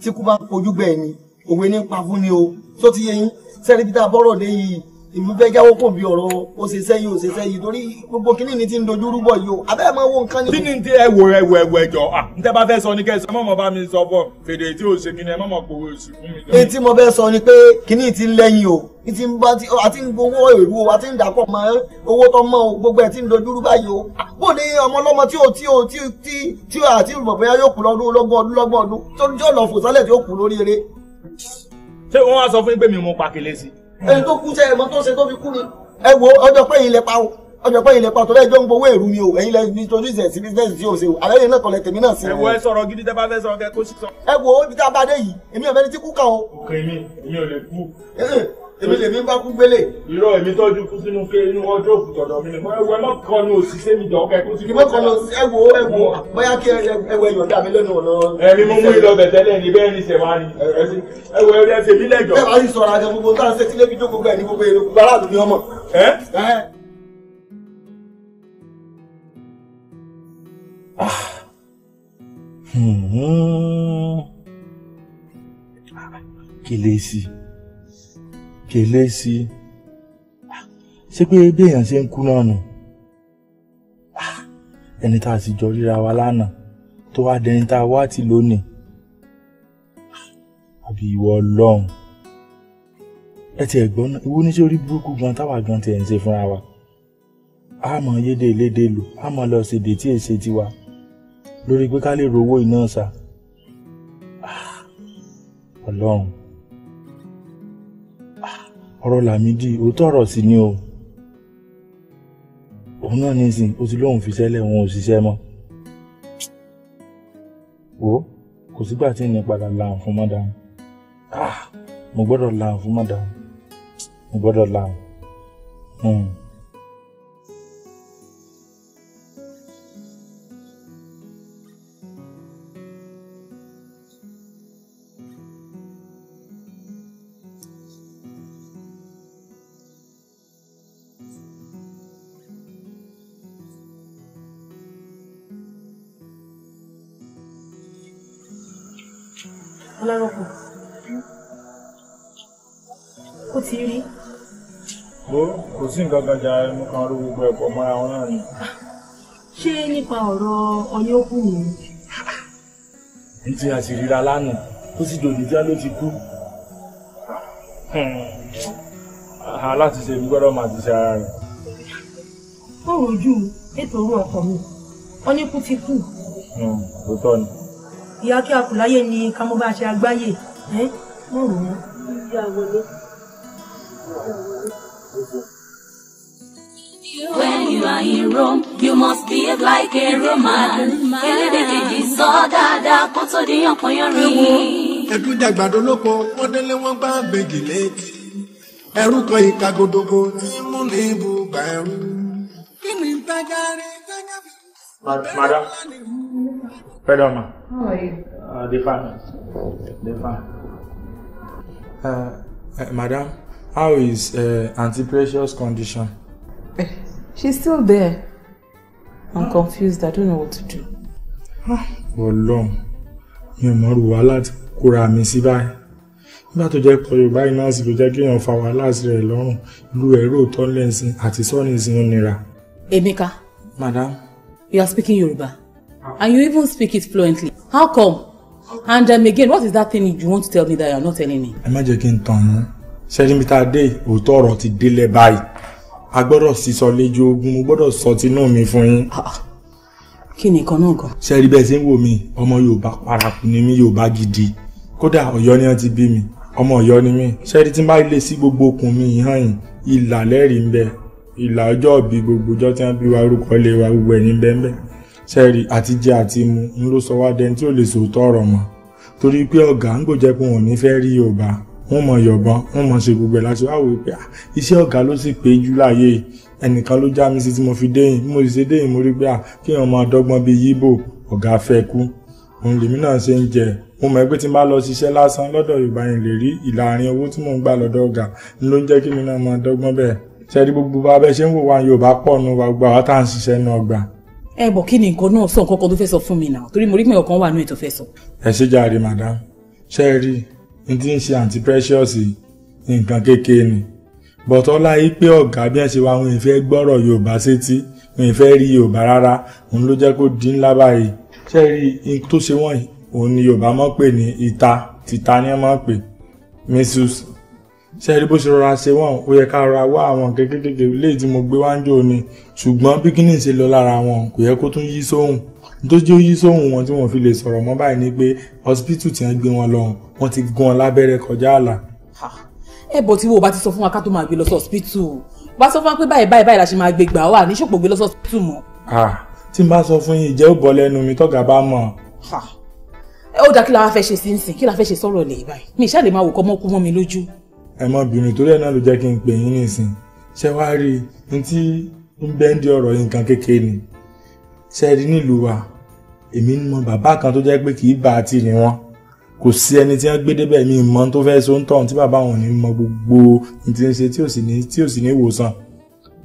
tí kú bá kojú gbẹ̀yìn ni òwe ní pa fún ni o tó ti yẹ yín sẹ́ni bí tá a bọ́rọ̀ dé yìí ìlú fẹ́ jáwọ́ kò bí ọ̀rọ̀ ó ṣe sẹ́yìn ó ṣe sẹ́yìn torí gbogbo kínní ni ti ń dojú rúbọ yìí o abẹ́rẹ́ máa wo nǹkan ni. kí ni ti ẹwọ ẹwọ ẹwọ ẹjọ à ah, ń tẹ́ bá fẹ́ sọ ní kẹsàn-án mọ̀mọ́ bá mi sọ bọ̀ fèdè tí o ṣe kí ni ẹ mọ̀mọ́ pòwe oṣù fún mi. èyí tí mo fẹ́ sọ ni pé kínní ti ń lẹ́yìn o ti ń bá àti ń gbowó èrú o àti ń dàpọ̀ mọ́ owó tó mọ́ o gbogbo ẹ̀ ti ń dojú rú báyìí o ah, bó ni ọmọ ọlọ́mọ tí o tí o tí tí tí o àti bọ̀bọ̀yá yóò kú lọ́dún lọ́gbọ̀n ọdún lọ́gbọ̀n ọdún tó ń jọ́ lọ fò sálẹ̀ tí ó kú lóríire. ṣé wọ́n wá sọ fún yín pé mi mú pa kele sí i ẹni tó kú sẹ ẹmọ tó ṣe tó fi kú ni. ẹ wo ọjọ́ pé yìí lẹ pa o ọjọ́ pé yìí lẹ pa o torí ẹjọ́ ń gbowó èrú ni o ẹ̀yin lẹ ní torí ìṣẹ̀ sí bísíǹsì tí o ṣe o àlẹ́ yìí náà kọ̀lẹ̀ tèmi náà sí. ẹ wo ẹ sọ̀rọ̀ gidi tẹ́ bá fẹ́ sọ̀rọ̀ kẹ́ kó sí sọ. ẹ wo ibi tá a bá dé yìí èmi ò fẹ́ ní tí kú kàn o. òkè mi èmi ò lè kú. Eh, eh èmi lèmi bá kú gbélé. irọ́ èmi tọ́jú kú sínú ké inú ọjọ́ òkú tọ̀dọ̀ mi ni mo ẹwọ ẹ má kọ ní òṣìṣẹ́ mi jọ ọkọ ẹkú sí. ìbọn kan lọ sí ẹwọ ẹwọ bóyá kí ẹwọ ẹyọ dà mí lẹ́nu ọ̀nà. ẹni mo mú ìlọbẹ tẹ́lẹ̀ ní bẹ́ẹ̀ ni sẹwàá ni ẹwọ ẹwọ ẹsẹ mi lẹjọ. bẹ́ẹ̀ bá yìí sọ̀rọ̀ àjẹ gbogbo tá à ń ṣe sílé fídíò gbogbo ẹ ní gbogbo èrè gbogbo aráàlú ni ọmọ. Ah. Hmm. Ah. kí lè sí i kèlé sí i ṣé pé bí èèyàn ṣe ń kú náà nù ẹni tá a sì jọ ríra wa lánàá tó wá dẹni tá a wá ti lónìí àbí ìwọ ọlọ́run ẹ ti ẹ̀gbọ́n náà ìwọ oníṣẹ́ orí burúkú gan táwa gan tiẹ̀ ń ṣe fúnra wa a mọ̀ yédè lédè lò a mọ̀ lọ ṣèdè tí èsè tiwa lórí pé ká lè rówó iná sá ọlọ́run ọ̀rọ̀ Lámídì òótọ́ ọ̀rọ̀ sì ni o òun náà nísìn ó ti lóun fi sẹ́lẹ̀ òun ò ṣiṣẹ́ mọ́ wo kò sígbà tí ìní padà la àfún mọ́ ah mo gbọ́dọ̀ la àfún mọ́ dáhùn mo gbọ́dọ̀ la àfún. ọlọ́rọ̀gbọ̀n ó ti rí. ó kò sí nǹkan kan jà ẹnu kan ló gbogbo ẹ̀pọ̀ mọ́ra wọn náà ni. ṣé nípa ọ̀rọ̀ ọyọ́ kù ni. ní ti àṣìríra lánàá ó sì dòdò tí a ló ti kú. aláṣiṣe mi gbọ́dọ̀ máa ti ṣe ara rẹ̀. ó rojú ètò orú ọkọ mi ọ ní kú ti kú. òótọ́ ni ìyá kí a kù láyé ni ká mọ bá a ṣe agbáyé mọ rò wọn. When you are in Rome, you must behave like a Roman. Elédè kejì sọ dáadáa kó tó di yànpọ̀yánrin. Ẹ̀dùn dàgbàdo lóko, wọ́n délé wọ́n gbá bègì létí. Ẹrú kan ìkagodogo tí múni ibùgbà ẹrú. Kí ni tágárẹ̀ tágárẹ̀? Madam. Pardon, ma. How ah, are you? Uh, the family. The family. Uh, uh, madam, how is uh, Auntie Precious' condition? Eh, she's still there. I'm uh, confused. I don't know what to do. Ah, Ọlọ́run mi ò mọ̀rù wàhálà tí kóra mi sí báyìí. Nígbà tó jẹ́ pọ̀ Yorùbá iná sì ló jẹ́ kí èèyàn fa wàhálà sí rẹ̀ lọ́rùn lu ẹ̀rọ tọ́lẹ̀sìn àti sọ́ọ̀nì sí ń nira. Emeka. Madam. You are speaking Yoruba and you even speak it fluently how come and um, again what is that thing you want to tell me that you are not telling me. ẹ má jẹ́ kí n tàn yín ṣẹ́ni mi ta dé òótọ́ ọ̀rọ̀ ti délẹ̀ báyìí a gbọ́dọ̀ sísọ lẹ́jọ́ ogun mo gbọ́dọ̀ sọ tinú mi fún yín. Ah, ah. kí ni nǹkan náà gan. ṣẹ́ni bẹ́ẹ̀ ṣe ń wò mí ọmọ Yorùbá paraku ni mí Yorùbá gidi kódà Ọ̀yọ́ ni wọ́n ti bí mi ọmọ Ọ̀yọ́ ni mí ṣẹ́ni tí n bá lè sí gbogbo okùn mi ìhàn yìí ìlà lẹ́rìí ń bẹ ìlà ọjọ́ bí gbogbo ọjọ́ tí wọ́n bí wa orúkọ lè wa gbogbo bẹ́ẹ̀ bẹ́ẹ̀ sẹ́ẹ̀rì àti jẹ àti mu ń ló sọ wá dẹni tí ò lè sòótọ́ ọ̀rọ̀ mọ́ torí pé ọ̀gá ń gbòjẹ́ pé wọn ò ní fẹ́ rí yorùbá wọn mọ yọ̀bọ̀n wọn mọ ṣe gbogbo ẹ̀ láti wá wò pé ah, iṣẹ́ ọ̀gá ló sì pé jù láàyè ẹnìkan ló já mi sí tí mo fi déyìn bí mo sì ṣe déyìn mo rí pé ah, kéèyàn máa dọ́gbọ́n bíi yíbò ọ̀gá fẹ́ kú òun lèmi náà ṣe ń jẹ mo mọ̀ pé tí n bá lọ ṣiṣẹ́ lásán lọ́dọ̀ yorùbá yẹn lè rí ìlàrin owó tí mò ń gbà lọ́dọ̀ ọ̀gá ń ló ń jẹ́ kí mi náà máa dọ́gbọ́n bẹ́ẹ̀ ṣẹ́ẹ́rí gbogbo bá ṣe ń wò wá yorùbá pọ̀ nù wá gbà wá tá à ń ṣiṣẹ́ náà gbà ẹ bọ̀ kí ni nǹkan náà sọ nǹkan kan tó fẹ́ sọ fún mi náà torí mo rí pé ọ̀kan wà nínú ètò fẹ́ sọ. ẹ ṣe jàre madam ṣe é rí n ti ń ṣe àǹtí precious nǹkan kékeré ni bọ̀tọ́ láyé pé ọ̀gá bí wọ́n ṣe wá wọn ìfẹ́ gbọ́rọ̀ yorùbá sétí wọn ìfẹ́ rí yorùbá rárá òun ló jẹ́ kó di ńlá báyìí ṣe rí n tó ṣe wọ́n òun ni yorùbá mọ̀ pé ní ìta tìta ni wọ́n mọ̀ pé mrs ṣe rí bó ṣe rọra ṣe wọn ó yẹ ká ra wá àwọn kékékèké léyìí tí mo gbé wá ń jò ni ṣùgbọ́n bí kíní ṣe lọ lára wọn kò yẹ kó tún yí sóhùn tó jẹ́ yí sóhùn wọn tí wọ́n fi lè sọ̀rọ̀ mọ́ báyìí ni pé hospital tí wọ́n gbé wọn lọ́hùn wọ́n ti gún ọ lábẹ́rẹ́ kọjá àlà. ẹ bọ̀ tí wo bá ti sọ fún wa ká tó máa gbé lọ sí hospital bá sọ fún wa pé báyìí báyìí báyìí la ṣe máa gbé gbà wà ní gbé lọ hospital mọ́. tí n bá sọ fún yín ìjẹ́ ò bọ́ lẹ́nu mi tọ́gà bá mọ̀ ó dá kí la wá fẹ́ ṣe sí nsìn kí la fẹ́ ṣe sọ̀rọ̀ lè báyìí mi ìṣàlè máa wò kọ́ mọ́kú mọ́ mi lójú ẹ má bínú torí ẹ náà ló jẹ́ kí n pè yín nísìn ṣé wàá rí i tí ń bẹ́ ń di ọ̀rọ̀ yìí nǹkan kékeré ni ṣe rí nílùú wa èmi ń mọ bàbá kan tó jẹ́ pé kì í bá àti rìn wọn kò sí ẹni tí wọ́n gbé débẹ̀ mi mọ́ tó fẹ́ so ń tọ̀hún tí bàbá wọn ò ní mọ gbogbo ní ti ń ṣe tí ò sì ní ìwòsàn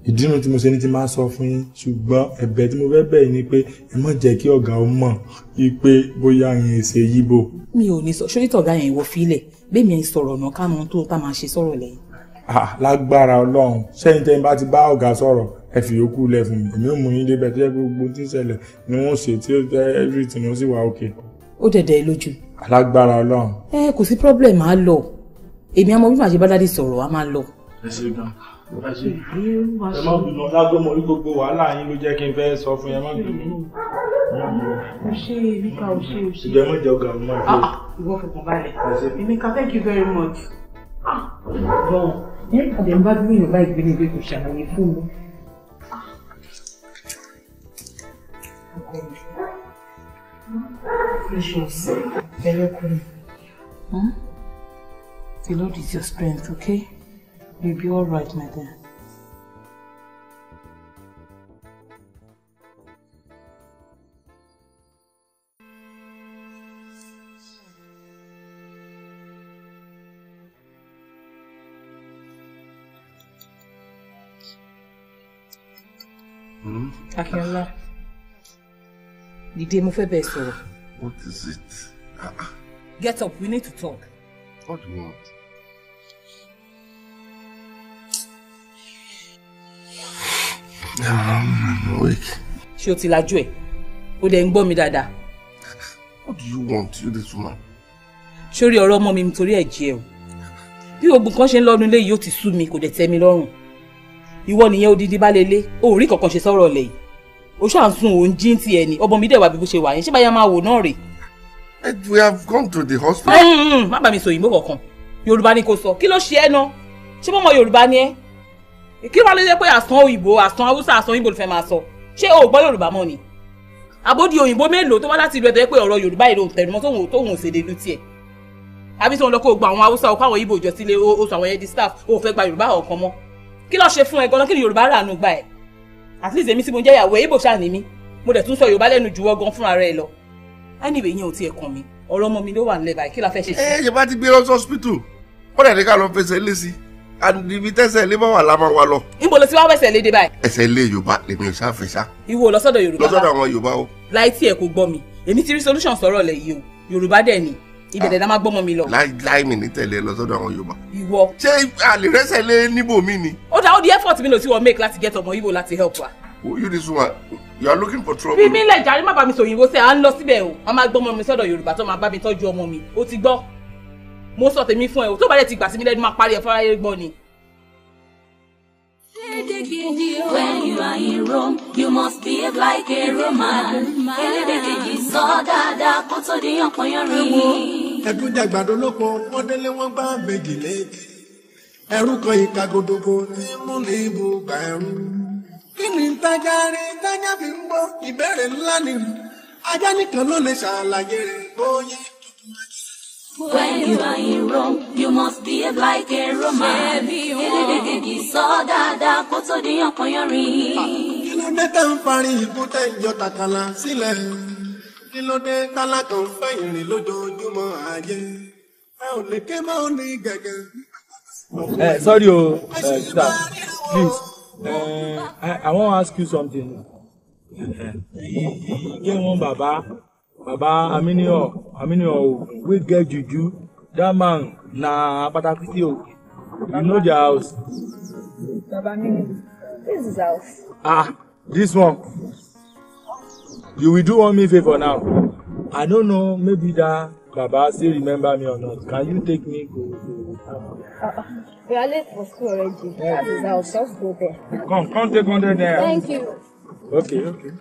ìdínú tí mo ṣe ní ti máa sọ fún yín ṣùgbọ́n ẹ̀bẹ̀ tí mo fẹ́ bẹ̀ yín ni pé ẹ má jẹ́ kí ọ̀gá ó mọ̀ i pé bóyá yẹn ṣe yíbo. mi ò ní sọ ṣé onítọ̀gá yẹn ìwọ filẹ̀ bẹ́ẹ̀ mi ẹ̀ sọ̀rọ̀ ọ̀nà ká mọ tó tá máa ṣe sọ̀rọ̀ lẹ́yìn. lágbára ọlọ́run sẹ́yìn tẹ́yìn bá ti bá ọ̀gá sọ̀rọ̀ ẹ fi yòókù lẹ̀ fún mi èmi ò mú yín débẹ̀ tó gbogbo tí ń ni wọ́n ṣe tí everything ó sì wà okay. ó dẹ̀dẹ̀ lójú. alágbára ọlọ́run. ẹ kò sí problem máa lọ èmi àmọ́ bí màá ṣe bá dádì sọ̀rọ̀ a máa lọ. ẹ ṣe gan ẹ má bínú lágbọ́mọ orí gbogbo wàhálà yín ló jẹ́ kí n fẹ́ sọ fún yẹn má bínú. ṣé nípa òṣè òṣè. ọgá mi máa ìwọ fọkàn balẹ̀ Emeka thank you very much. bọ́n ah, ẹ ọ̀dẹ̀ ń bá gbìyànjú báyìí gbé níbi kò ṣàlàyé fún mi. Ah, Precious, very cool. Hmm? The Lord is your strength, okay? You'll be all right, my dear. Hmm? Akinola, dìde mo fẹ́ bẹ̀ sọ̀rọ̀. What is it? Ah, ah. Get up, we need to talk. What do you want? I'm um, awake. Ṣé o ti lajú ẹ̀? O dẹ̀ ń gbọ́ mi dáadáa. What do you want, you this woman? Sórí ọ̀rọ̀ ọmọ mi nítorí ẹ̀ jẹ́ o. Bí oògùn kan ṣe ń lọ́nu ilé yìí ó ti sú mi kò dẹ̀ tẹ́ mi lọ́rùn. Ìwọ nìyẹn odidi bá lélé, o ò rí kankan ṣe sọ̀rọ̀ ọ̀lẹ̀ yìí. O ṣáà ń sun òun jí ti ẹ̀ ní ọmọ mi dẹ̀ wà bí bó ṣe wà yẹn. Ṣé báyà máa wò náà rè? We have gone to the hospital. Mm, mm, mm. Má bàa mi sòyìnbó kankan. Yorùbá ni kò sọ. Kí ló ṣe ẹ́ náà? Ṣé bọ́mọ Yorùbá ni ẹ́? kí wàá lè jẹ́ pé àsán òyìnbó àsán haúsá àsán òyìnbó ló fẹ́ máa sọ ṣé o gbọ́ yorùbá mọ́ ni àbódi òyìnbó mélòó tó wá láti ìlú ẹ̀ tó yẹ pé ọ̀rọ̀ yorùbá ìlú tẹ̀lùmọ́ tóun tóun ò ṣèdè lu tiẹ̀ àbí sọ̀rọ̀ kó gba àwọn haúsá o kó àwọn ibo jọ o sọ àwọn yẹn di staff o fẹ́ gba yorùbá ọ̀kan mọ́ kí lọ́ọ́ ṣe fún ẹ gan-an kí ni yorùbá rà nù gba ẹ̀ at least èmi tí mo jẹ́ ìyàwó ibo ṣáà ní mí mo dẹ̀ tún sọ yorùbá lẹ́nu jù wọ́n gan fúnra rẹ̀ lọ anyway yẹn ò tiẹ̀ kàn mí ọ̀rọ̀ ọmọ mi ló wà nílẹ̀ báyìí kí la fẹ́ ṣe sí. ẹ ẹ ṣe bá ti gbé lọ sí hospital ó dẹ̀ ní ká lọ fẹsẹ̀ lé sí i àdìbí tẹsẹ̀ lé bá wà lámà wa lọ. níbo ló ti wá wẹsẹ̀ léde báyìí. ẹsẹ̀ lé yorùbá lèmi ò ṣàfẹ́ sá. ìwọ lọ́sọ̀dọ̀ yorùbá lọ́sọ̀dọ̀ àwọn yorùbá o. láì tí ẹ kò gbọ́ mi èmi ti rí solution sọ̀rọ̀ lẹ̀ yìí o yorùbá dẹ̀ ni ibẹ̀dẹ̀ dá má gbọ́mọ mi lọ. láì láì mi ní tẹ̀lé lọ́sọ̀dọ̀ àwọn yorùbá. ìwọ. ṣé àlè rẹ́sẹ̀ lé níbò mí ni. ó dá ó di effort mi lò tí wọ́n make láti get ọmọ ibo láti help wa. o you this woman you are looking for trouble. fi mí lẹ̀ jàre má bá mi sòyìnbó sẹ́ à ń lọ síbẹ̀ o wọ́n máa gbọ́mọ mi sọ́dọ̀ yorùbá tó máa bá mi tọ́jú ọmọ mi ó ti gbọ́ mo sọ tèmi fún ẹ o tó bá dẹ̀ ti gbà sí mi lẹ́nu máa parí ẹ̀ fúnra yẹn gbọ́n ni. When you are in Rome, you must behave like a Roman. Elédèkejì sọ dáadáa kó tó di yànpọ̀yánrin. Ẹ̀dùn jàgbàdo ló pọ̀, wọ́n délé wọ́n gbá méjì léèkì. Ẹ̀rú kan ìka gòdògò ní múlò ibùgbà ẹ̀rú. Kí ni tájà rí tájà fi ń bọ́? Ìbéèrè ńlá nìyí. Ajá nìkan ló lè ṣàlàyé rẹ̀ bóyá. When you are in Rome, you must behave like a Roman. Elégége sọ dáadáa kó tó di ọkàn yọrin. Kí ló tá ń parí ikú tẹ̀ ń tàkàlà sílẹ̀? Kí tálákà ń fẹ́ ìrìn lójoojúmọ́ ayé? Ẹ ò lè ké máa ń ní gẹ̀gẹ̀. Eh, sorry o, oh, uh, sir, please, uh, I, I wan ask you something. Ìyé wọn bàbá. Baba Aminiyo, Aminiyo Ogun, we get juju. That man na apata kiti o. You know the house. Baba Aminiyo, this is house. Ah, this one. You will do one me favor now. I don't know, maybe that Baba still remember me or not. Can you take me go uh, uh, We are late for school already. Yeah. That is house, just go there. Come, come take 100 there. Thank you. Okay, okay.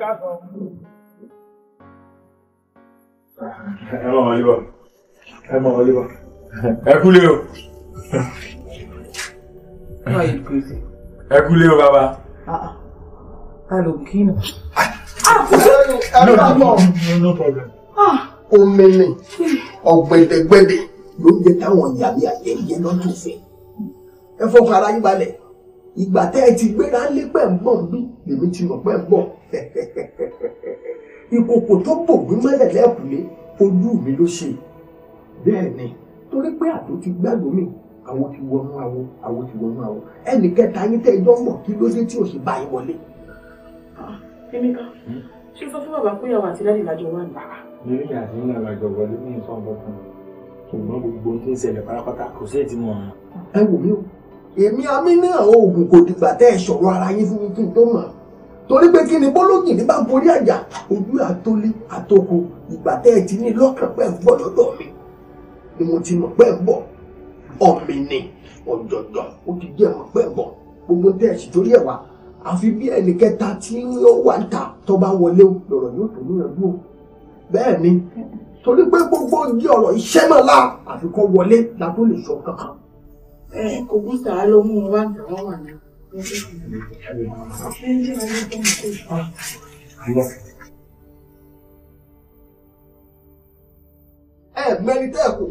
káàsán. ẹ mọ̀ wọlé bọ̀ ẹ mọ̀ o. ẹ kúlé o bàbá. Ah, ah. ta ló kí ni. Ah, no no problem. omi ni ọ̀gbẹ̀dẹ̀gbẹ̀dẹ̀ ló jẹ́ táwọn ìyàwó ayé yẹn lọ́dún fẹ́ ẹ fọ́ fara yín balẹ̀ ìgbà tẹ́ ẹ ti gbéra lé pẹ̀ ń bọ̀ ń bí èmi ti rò pé ń bọ̀ [LAUGHS] ìkòkò tó bò mí mọ́lẹ̀ lẹ́kùn mi ojú mi ló ṣe bẹ́ẹ̀ ni torí pé àtò ti gbàgbọ́ mi àwọn ti wọnú àwọn àwọn ti wọnú àwọn ẹnì kẹta yín tẹ ẹjọ́ mọ̀ kí ló dé tí ò sì bá yín wọlé. Ah, Emeka hmm? ṣé sọ fún bàbá péyàwó àti dáàdì lájọ wà ní. mi ò yà sí ní àgbàjọ wọlé ní ìfọ̀n kankan ṣùgbọ́n gbogbo tó ń ṣẹlẹ̀ pátápátá kò sí ètí mọ̀ ẹ wò mí o èmi amí náà oògùn kò dìgbà tẹ́ ẹ sọ̀rọ̀ ara yín fún kí n tó mọ̀ torí pé kí ni bọ́lọ́gì ní bá borí àjà ojú àtólé àtòkò ìgbà tẹ́ ẹ ti ní lọ́kàn pẹ́ ń bọ̀ lọ́dọ̀ mi ni mo ti mọ̀ pẹ́ ń bọ̀ ọ̀mì ni ọ̀jọ̀jọ̀ ó ti jẹ́ mọ̀ pẹ́ ń bọ̀ gbogbo tẹ́ ẹ sì torí ẹ̀ wá àfi bí ẹnì kẹta tí ó wà ń ta tó bá wọlé lọ̀rọ̀ yóò tó níyanjú o bẹ́ẹ̀ ni torí pé gbogbo ojú ọ̀rọ̀ iṣẹ́ náà lá àfikọ́ wọlé la tó lè sọ kankan. ẹ kò ẹ mẹ́ni tẹ́ ẹ̀ kù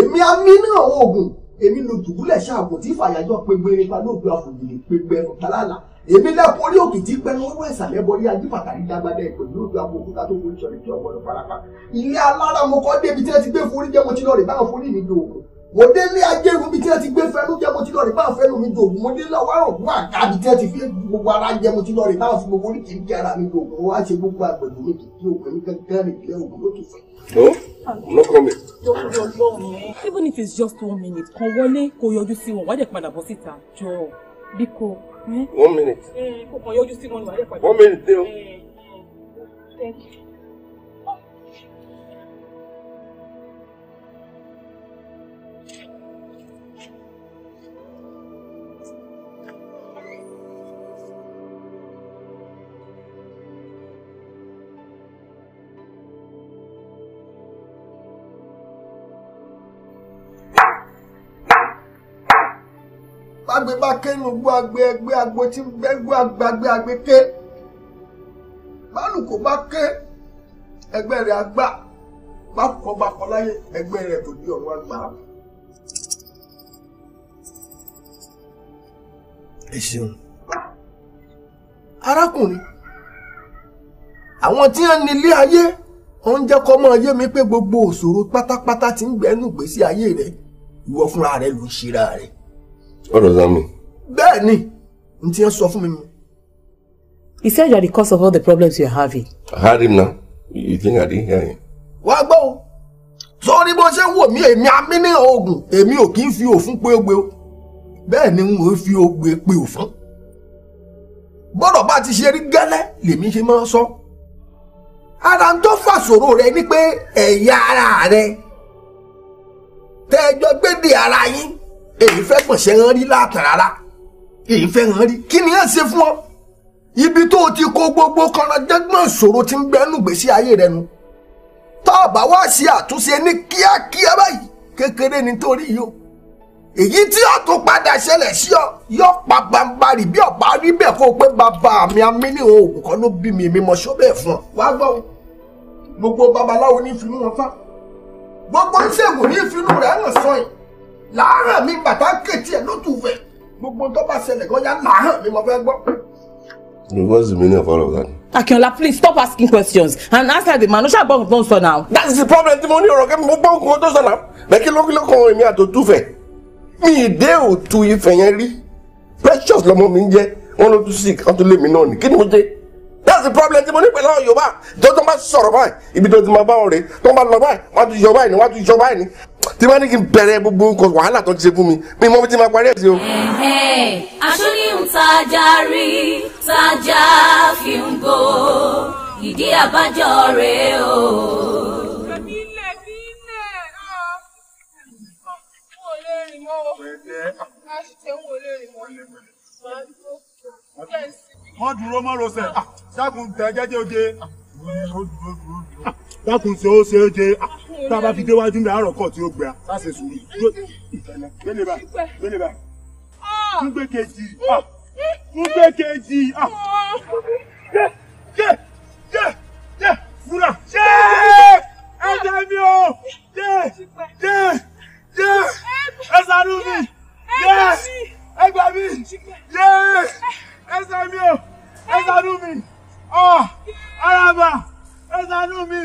èmi á mí ní àwọn oògùn èmi ló dùbúlẹ̀ ṣáàbò tí fàyàjọ pegbe nípa lóògbé àfòjìlè pegbe ọ̀tálàlà èmi lẹ́kọ̀ọ́ orí òkè tí pẹ́ lọ́wọ́ ìsàlẹ̀ bọ́ ní ajífàtàrí dágbádá ìpèlú lóògbé àbòkúta tó forí sọ̀rọ̀ tí ọ̀gbọ̀n farapa ilé alára mo kọ́ débi tí wọ́n ti gbé forí jẹ́ mo ti lọ rè báwọn forí mi dùn òkun mo délé ajérun bíi tí wọ́n ti gbé fẹ́nu jẹ́ mo ti lọ rí bá fẹ́nu mi dògùn mo délé ọwọ́ àrùn wà kábi tí wọ́n ti fi gbogbo ara jẹ́ mo ti lọ rí bá fi gbogbo oríkèéríkè ara mi dògùn wá ṣe gbogbo àgbẹ̀dùn mi kìkì ògùn mi gángan rè bí ògùn ló tún fẹ́. no comment. even if it's just one minute kan wọlé kó yọjú sí wọn wájà padà bọ́ síta jọ bí kò. Eh? one minute. kó eh, kan yọjú sí wọn wájà padà. one minute dé o. Eh, thank you. tágbé bá kẹ́nu gbọ́ agbe ẹgbẹ́ agbo tí gbẹ́gbẹ́ agbágbé agbe ké bálùkò bá ké ẹgbẹ́ rẹ̀ agbá bákọ̀ bákọ̀ láyé ẹgbẹ́ rẹ̀ tó di ọ̀run agbá. ẹ ṣeun arákùnrin àwọn tí wọn nílé ayé wọn ń jẹ́ kó mọ̀ ayé mi pé gbogbo òṣòro pátápátá ti ń gbẹ́nú gbèsè ayé rẹ̀ ìwọ fúnra rẹ̀ ló ń ṣera rẹ̀. What does that mean? Bẹ́ẹ̀ni, n ti yẹn sọ fún mi. He said you are the cause of all the problems you are having. I heard him now. You think I didn't hear him? Wá gbọ́ o. Sọ́ọ́rí bó ṣe ń wò mí èmi amíní oògùn èmi ò kì í fi òfun pé ogbe o. Bẹ́ẹ̀ ni n ò fi ogbe pé òfun. Bọ́dọ̀ bá ti ṣe rí gẹ́lẹ́ lèmi ṣe máa ń sọ. Ara ń tó fàṣòro rẹ ni pé ẹ̀yà ara rẹ tẹ́ ẹ jọ gbédè ara yín èyí fẹ́ gbọ̀nsẹ̀ hàn rí láàtàn rárá èyí fẹ́ hàn rí kí ni yẹn ṣe fún ọ ibi tó o ti kó gbogbo kanra jẹ́gbọ́n ìṣòro ti ń gbẹ́nu gbèsè ayé rẹ nu tá a bá wá sí àtúnṣe ní kíákíá báyìí kékeré nítorí yìí o èyí tí ó tún padà ṣẹlẹ̀ sí ọ yóò pa gbàǹbarì bí ọ̀bá rí bẹ́ẹ̀ kó o pé bàbá mi amíníhun òògùn kan ló bí mi èmi mọ̀ ṣó bẹ́ẹ̀ fún ọ wá gbọ́ o gbogbo babaláwo ní ìfinú wọn fá gbogbo oníṣègùn ní ìfinú rẹ̀ hàn sọ́yìn láàárọ̀ mi bàtà kẹ̀tì ẹ̀ lójú rẹ̀ gbogbo tó bá ṣẹlẹ̀ gan ya mi mo fẹ́ gbọ́. What's the meaning of all of that? Akinola, please stop asking questions and answer the man. No ṣàgbọ́n nǹkan tó ń sọ náà. That is the problem The money ní ọ̀rọ̀ kí mo gbọ́ to tó sọ you look kí ló kí ló kan èmi àtòtú fẹ̀? Mi ìdé òtú ìfẹ́ yẹn Precious lọmọ mi ń jẹ́. Wọ́n ló tún sick, wọ́n tún lé mi náà ni. Kí That's the problem The money ní pẹ̀lú Yorùbá. Tó tó máa sọ̀rọ̀ báyìí, ibi tó ti don't bá wọn rè é. Tó máa lọ báyìí, wọ́n á tún tí bá ní kí n bẹ̀rẹ̀ gbogbo nǹkan wàhálà tó ti ṣe fún mi mi mọ́ bí ti máa parí ẹ̀ sí o. aṣọ ní ń tajà rí tajà fi ń bo ìdí àbájọ rèé o. wọ́n dúró mọ́ rosẹ̀ ah, ṣáàkùn tẹ̀ jẹ́jẹ́ oje. Ah, dákun ṣe ó ṣe é jẹ ah, tá a bá fi déwájú mi àárọ̀ kọ̀ tí ó gbà á ṣe sùúrù gbélé bá gbélé bá ah! tún gbé kejì ah! tún gbé kejì yé yé yé yé fúnra ṣé ẹ jẹ mi o yé yé yé ẹ ṣàánú mi yé ẹ gbà mí yé ẹ ṣàánú mi o ẹ ṣàánú mi ọ araba ẹ ṣàánú mi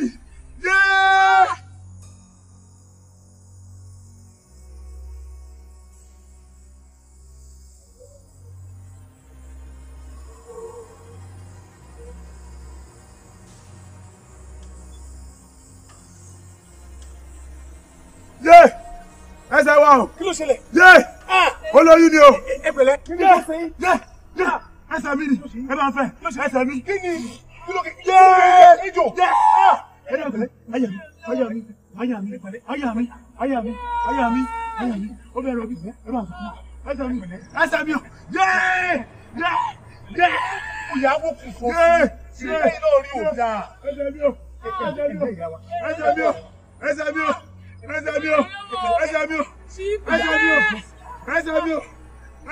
ẹsẹ̀ wa o. kí ló ṣẹlẹ̀. yé ah. olóyún ni o. ẹ pẹ̀lẹ́ kí ni kò sẹ́yìn. yé yé ẹsẹ̀ mi ni ẹ bá fẹ́ ẹsẹ̀ mi. kí ni kí ló kí. yé ijó. yé ẹ̀rọ ọ̀bẹ àyà mi àyà mi àyà mi àyà mi àyà mi àyà mi àyà mi ó bẹ ẹrọ bí bẹ ẹrọ àgbà ẹsẹ mi ẹsẹ mi o yéé yéé yéé ìyàwó kù fọ yéé yéé ilé orí ò dáa ẹsẹ mi o ẹsẹ mi o ẹsẹ mi o ẹsẹ mi o ẹsẹ mi o ẹsẹ mi o ẹsẹ mi o ẹsẹ mi o ẹsẹ mi o ẹsẹ mi o ẹsẹ mi o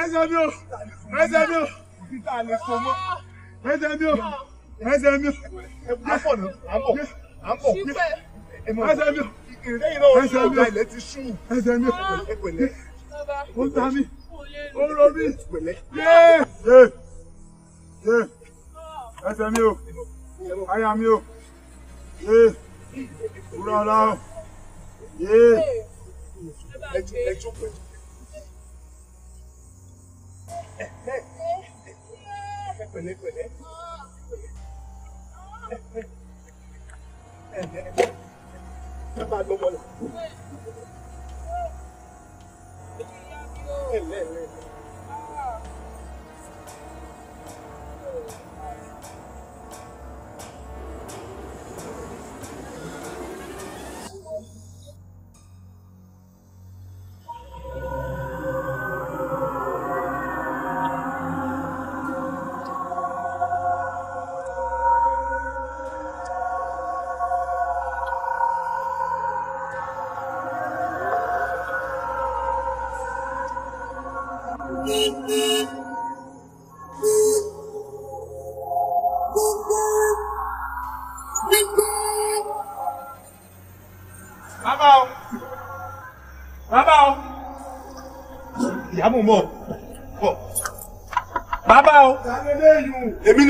ẹsẹ mi o ẹsẹ mi o à ń bọ̀ kí ẹsẹ̀ mi ìrẹ́yìn náà ẹsẹ̀ mi ilẹ̀ ti ṣú ẹsẹ̀ mi pẹ̀lẹ́ ó ta mi ó rọ mi pẹ̀lẹ́ yé yé yé ẹsẹ̀ mi o àyà mi o yé wúrọ̀ ọ̀la o yé ẹjọ́ pẹ̀lẹ́ ẹ bá lọ́mọ là.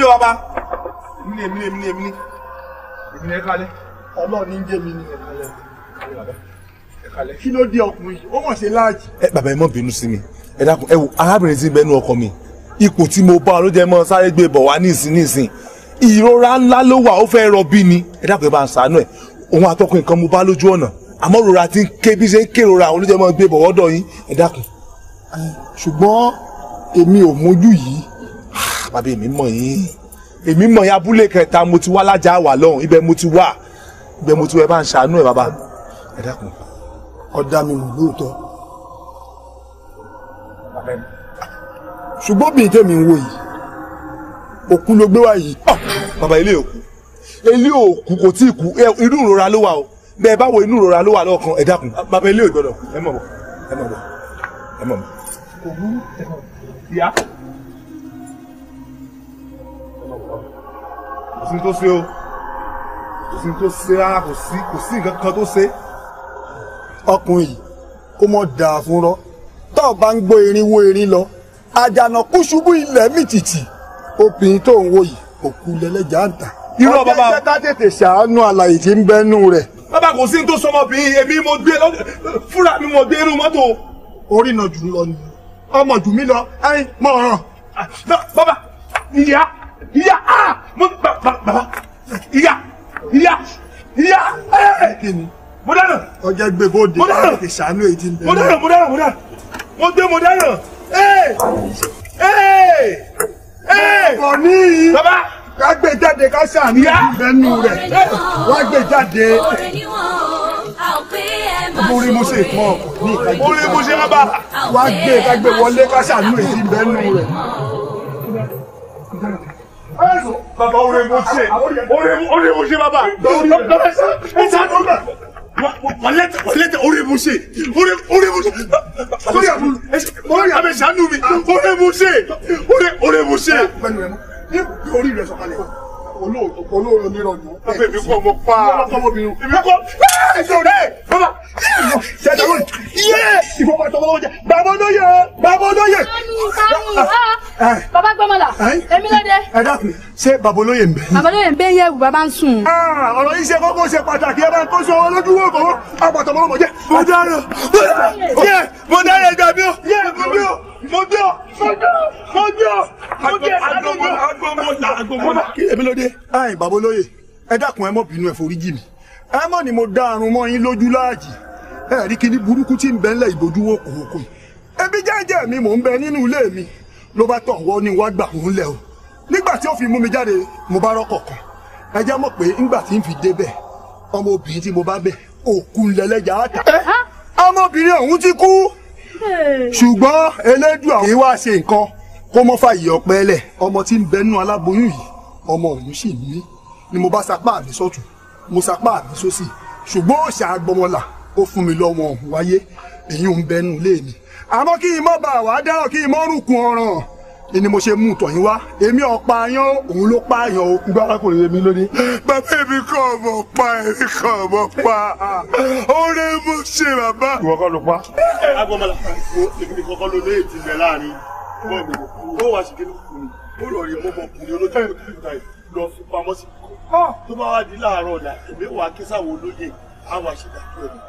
bàbá. èmi ni èmi ni èmi ni èmi ni èmi ni ẹ kalẹ̀. ọlọ́ọ̀ni ń jẹ́ mi ni ẹ kalẹ̀ ẹ kalẹ̀ kí ló dé ọkùnrin ó mọ̀ ṣe láàjì. ẹ bàbá ẹ má bínú sí mi ẹ dákun ẹ wo arábìnrin tí ń bẹnu ọkọ mi ipò tí mo bá ló jẹ mọ sáré gbé bọ̀ wá nísìn nísìn ìrora ńlá ló wà ó fẹ́ rọbí ni ẹ dákun ẹ bá ń sàánú ẹ òun àtọkùn nǹkan mo bá lójú ọ̀nà àmọ́ rora ti ń ké bí ṣe ń ké rora àwọn olójẹ́mọ́ gbé bọ̀ wọ́dọ̀ yín ẹ dákun. ṣùgbọ́n èmi ò mójú yìí ah, bàbá èmi mọ̀ yín èmi mọ̀ ya abúlé kẹta mo ti wá lájà wà lọ́hùn ibẹ̀ mo ti wà ibẹ̀ mo ti wà ẹ bá ń ṣàánú ẹ bàbá mi ẹ dákun. ọ̀dà mi mọ̀ lóòótọ́ ṣùgbọ́n bíi tèmi ń wò yìí òkú ló gbé wá yìí. Ah! bàbá ilé òkú ilé òkú kò tí ì kú inú ìrora ló wà o bẹ́ẹ̀ báwo inú ìrora ló wà lọ́kàn ẹ dákun ah, bàbá ilé ò gbọ́dọ̀ ẹ mọ̀ bọ̀ ẹ mọ̀ bọ̀ ẹ mọ̀ bọ̀. kò burú ìyá. kò sí tó ṣe o kò sí tó ṣe rárá kò sí kò sí nǹkan kan tó ṣe. ọkùnrin yìí kó mọ̀ dáa fún rọ tó o bá ń gbọ́ irinwó irin lọ àjànà kú ṣubú ilẹ̀ mìtìtì obìnrin tó ń wò yìí òkú lẹ́lẹ́jà ń tà. irú bàbá ọjọ́ ìjẹta tètè ṣàánú àlàyé tí ń bẹ́nu rẹ̀. bàbá kò sí ní tó sọmọbìnrin èmi mo gbé fúnra mi mo gbé irú mọ́tò. orí náà jù lọ ni ọmọ jù mí lọ ẹyin mọ̀ ọ̀ràn. bàbá ìyá ìyá ah mo bàbá ìyá ìyá ìyá ẹ́ẹ̀ mo dáná. ọjà gbé bóde mo dáná ìṣàánú èyí ti ń bẹ. mo dáná mo dáná mo dáná mo dé mo dáná ẹ́ẹ̀ ẹ́ẹ̀ ẹ́ẹ̀. ọ̀pọ̀ ní í. bàbá ká gbé jáde ká ṣàánú ìbẹ́nu rẹ̀ eh! wá gbé jáde. ọ̀rẹ́ ni orí mo ṣe ìpọn ní ìkájọ orí mo ṣe rábà wá gbé ká wọlé ká ṣàánú èyí bẹ́ẹ̀ nù rẹ̀. Bàbá orí mo ṣe orí mo ṣe bàbá. Ẹ ṣáà tó gbà. Wàlẹ́tẹ̀ wàlẹ́tẹ̀ orí mo ṣe orí orí mo ṣe. Sọ́yà mo orí àmì ṣàánú mi orí mo ṣe orí orí mo ṣe. Orí rẹ̀ sọ̀kalẹ̀ olóòrò nírọ̀ nù. abẹ́ mi kọ́ mo pa. ọlọ́kọ́ mo bìrù. èmi kọ́ ẹ̀ẹ́dọ̀rẹ́ bàbá ṣẹ̀dọ̀ lónìí. iye ìfowópamọ́ ìtọ́wọ́lọ́wọ́ jẹ bàbá olóyè bàbá olóyè. bàbá ah, ah, eh. gbọ́mọ̀lá eh? èmi lóde. Eh, ẹ dákun ṣé bàbá olóyè ń bẹ. bàbá olóyè ń bẹ yẹ wù bàbá ń sùn. Ah, ọ̀rọ̀ yìí ṣe kókó ṣe pàtàkì ẹ bá ń kó sọ olódùwọ̀ kọ́ àpàtàmọ́lọ́mọ jẹ́. mo dára mo dára ẹgbẹ́ mi o mo jọ mo jọ mo jọ mo jẹ agbọmọlá agbọmọlá agbọmọlá. kí èmi ló dé ayin bàbá olóye ẹ dákun ẹ mọ bínú ẹ forí jì mí ẹ mọ ni mo dá àrùn mọ yín lójú láàjì ẹ rí kíní burúkú tí ń bẹ ńlẹ̀ ìbojú wo kò ebi jẹ́jẹ́ mi mò ń bẹ nínú ilé mi ló bá tọ̀ wọ́ ni wá gbà òun lẹ̀ o nígbà tí ó fi mú mi jáde mo bá rọ́kọ̀ kan ẹ jẹ́ mọ̀ pé ńgbà tí ń fi débẹ̀ ọmọbìnrin tí mo bá bẹ̀ òkú ńlẹ̀lẹ́jà á ta ọmọbìnrin ọ̀hún ti kú ṣùgbọ́n elédùn àwọn ìwà ṣe nǹkan kó mọ́ fàyè ọ̀pẹ lẹ̀ ọmọ tí ń bẹnu aláboyún yìí ọmọ òun sì ní ni mo bá sapá mi sọ́tún mo sapá mi sósì ṣùgbọ́n òòṣà agbọmọlà ó fún mi lọ́wọ́ wáyé èyí ń bẹnu lé mi àmọ́ kí n mọ́ bá wàá dáràn kí n mọ́ rùkùn ọ̀ràn ni mo ṣe mú tọ̀yìn wá èmi ọ̀pá yan òun ló pa yan o. ìgbà arákùnrin èmi ló bàbá èmi kọ́ ọmọ pa èmi kọ́ ọmọ pa ọ̀rẹ́ mo ṣe bàbá. ìwọ kọ́ ló pa. agbọmọlá wo èmi ló lóye ti bẹ láàrin bọ́ọ̀lù ó wàá ṣe kéde kùnú ó lọ rí mọ́mọ́kùnrin olójú ìta yìí lọ fi pamọ́ sí ah! tó bá wá di láàárọ̀ ọ̀la èmi wàá kí sáwọn olóye á wàá ṣèdájọ́ ẹ̀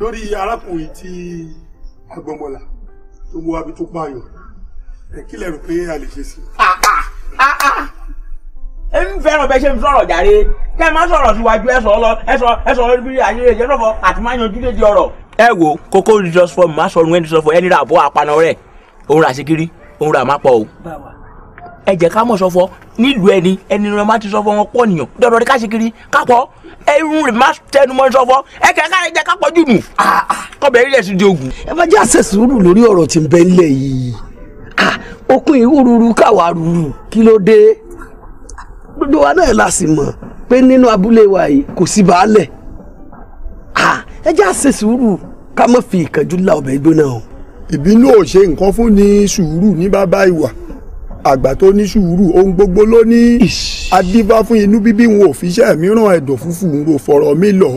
lórí arákùnrin tí agbọmọlà tó mú abi tó pààyàn ẹ kí lẹ rò pé a lè ṣe sí. èmi fẹ́ràn bẹ́ẹ̀ ṣe ń sọ̀rọ̀ jàre kẹ́ ẹ má sọ̀rọ̀ síwájú ẹ sọ̀rọ̀ ẹ sọ̀rọ̀ ẹ sọ̀rọ̀ bí ayé ẹ̀jẹ̀ sọ̀fọ̀ àti má yanjú dédé ọ̀rọ̀. ẹ wo kókó jesus fọ má sọrun ẹni sọfọ ẹni rà bọ àpànà rẹ òun rà síkiri òun rà má pọ o. báwa ẹ jẹ́ ká mọ̀ sọ́fọ́ nílùú ẹni ẹni rẹ̀ má ti sọ́fọ́ wọn pọ̀ nìyàn dọ̀dọ̀ ní ká ṣe kiri kápọ̀ ẹrù rẹ̀ má tẹnu mọ́ sọ́fọ́ ẹ kẹ́ ká jẹ́ kápọ̀ jù nù kọ́bẹ̀ rí ẹ̀sìn di ogun. ẹ bá jẹ́ àṣẹ sùúrù lórí ọ̀rọ̀ tí ń bẹ nílẹ̀ yìí okun ìwú ruru káwa ruru kí ló dé gbogbo wa náà la sì mọ̀ pé nínú abúlé wa yìí kò sí baálẹ̀ ẹ jẹ́ àṣẹ sùúrù ká má fi ìkánjú la ọbẹ̀ gbóná o. ìbínú ò ṣe nǹkan fún ni sùúrù ní bàbá ìwà àgbà tó ní sùúrù ohun gbogbo ló ní adífá fún inú bíbí wọn ò fi iṣẹ́ mìíràn ẹ̀dọ̀ fúnfù ń ro fọ̀rọ̀ mi lọ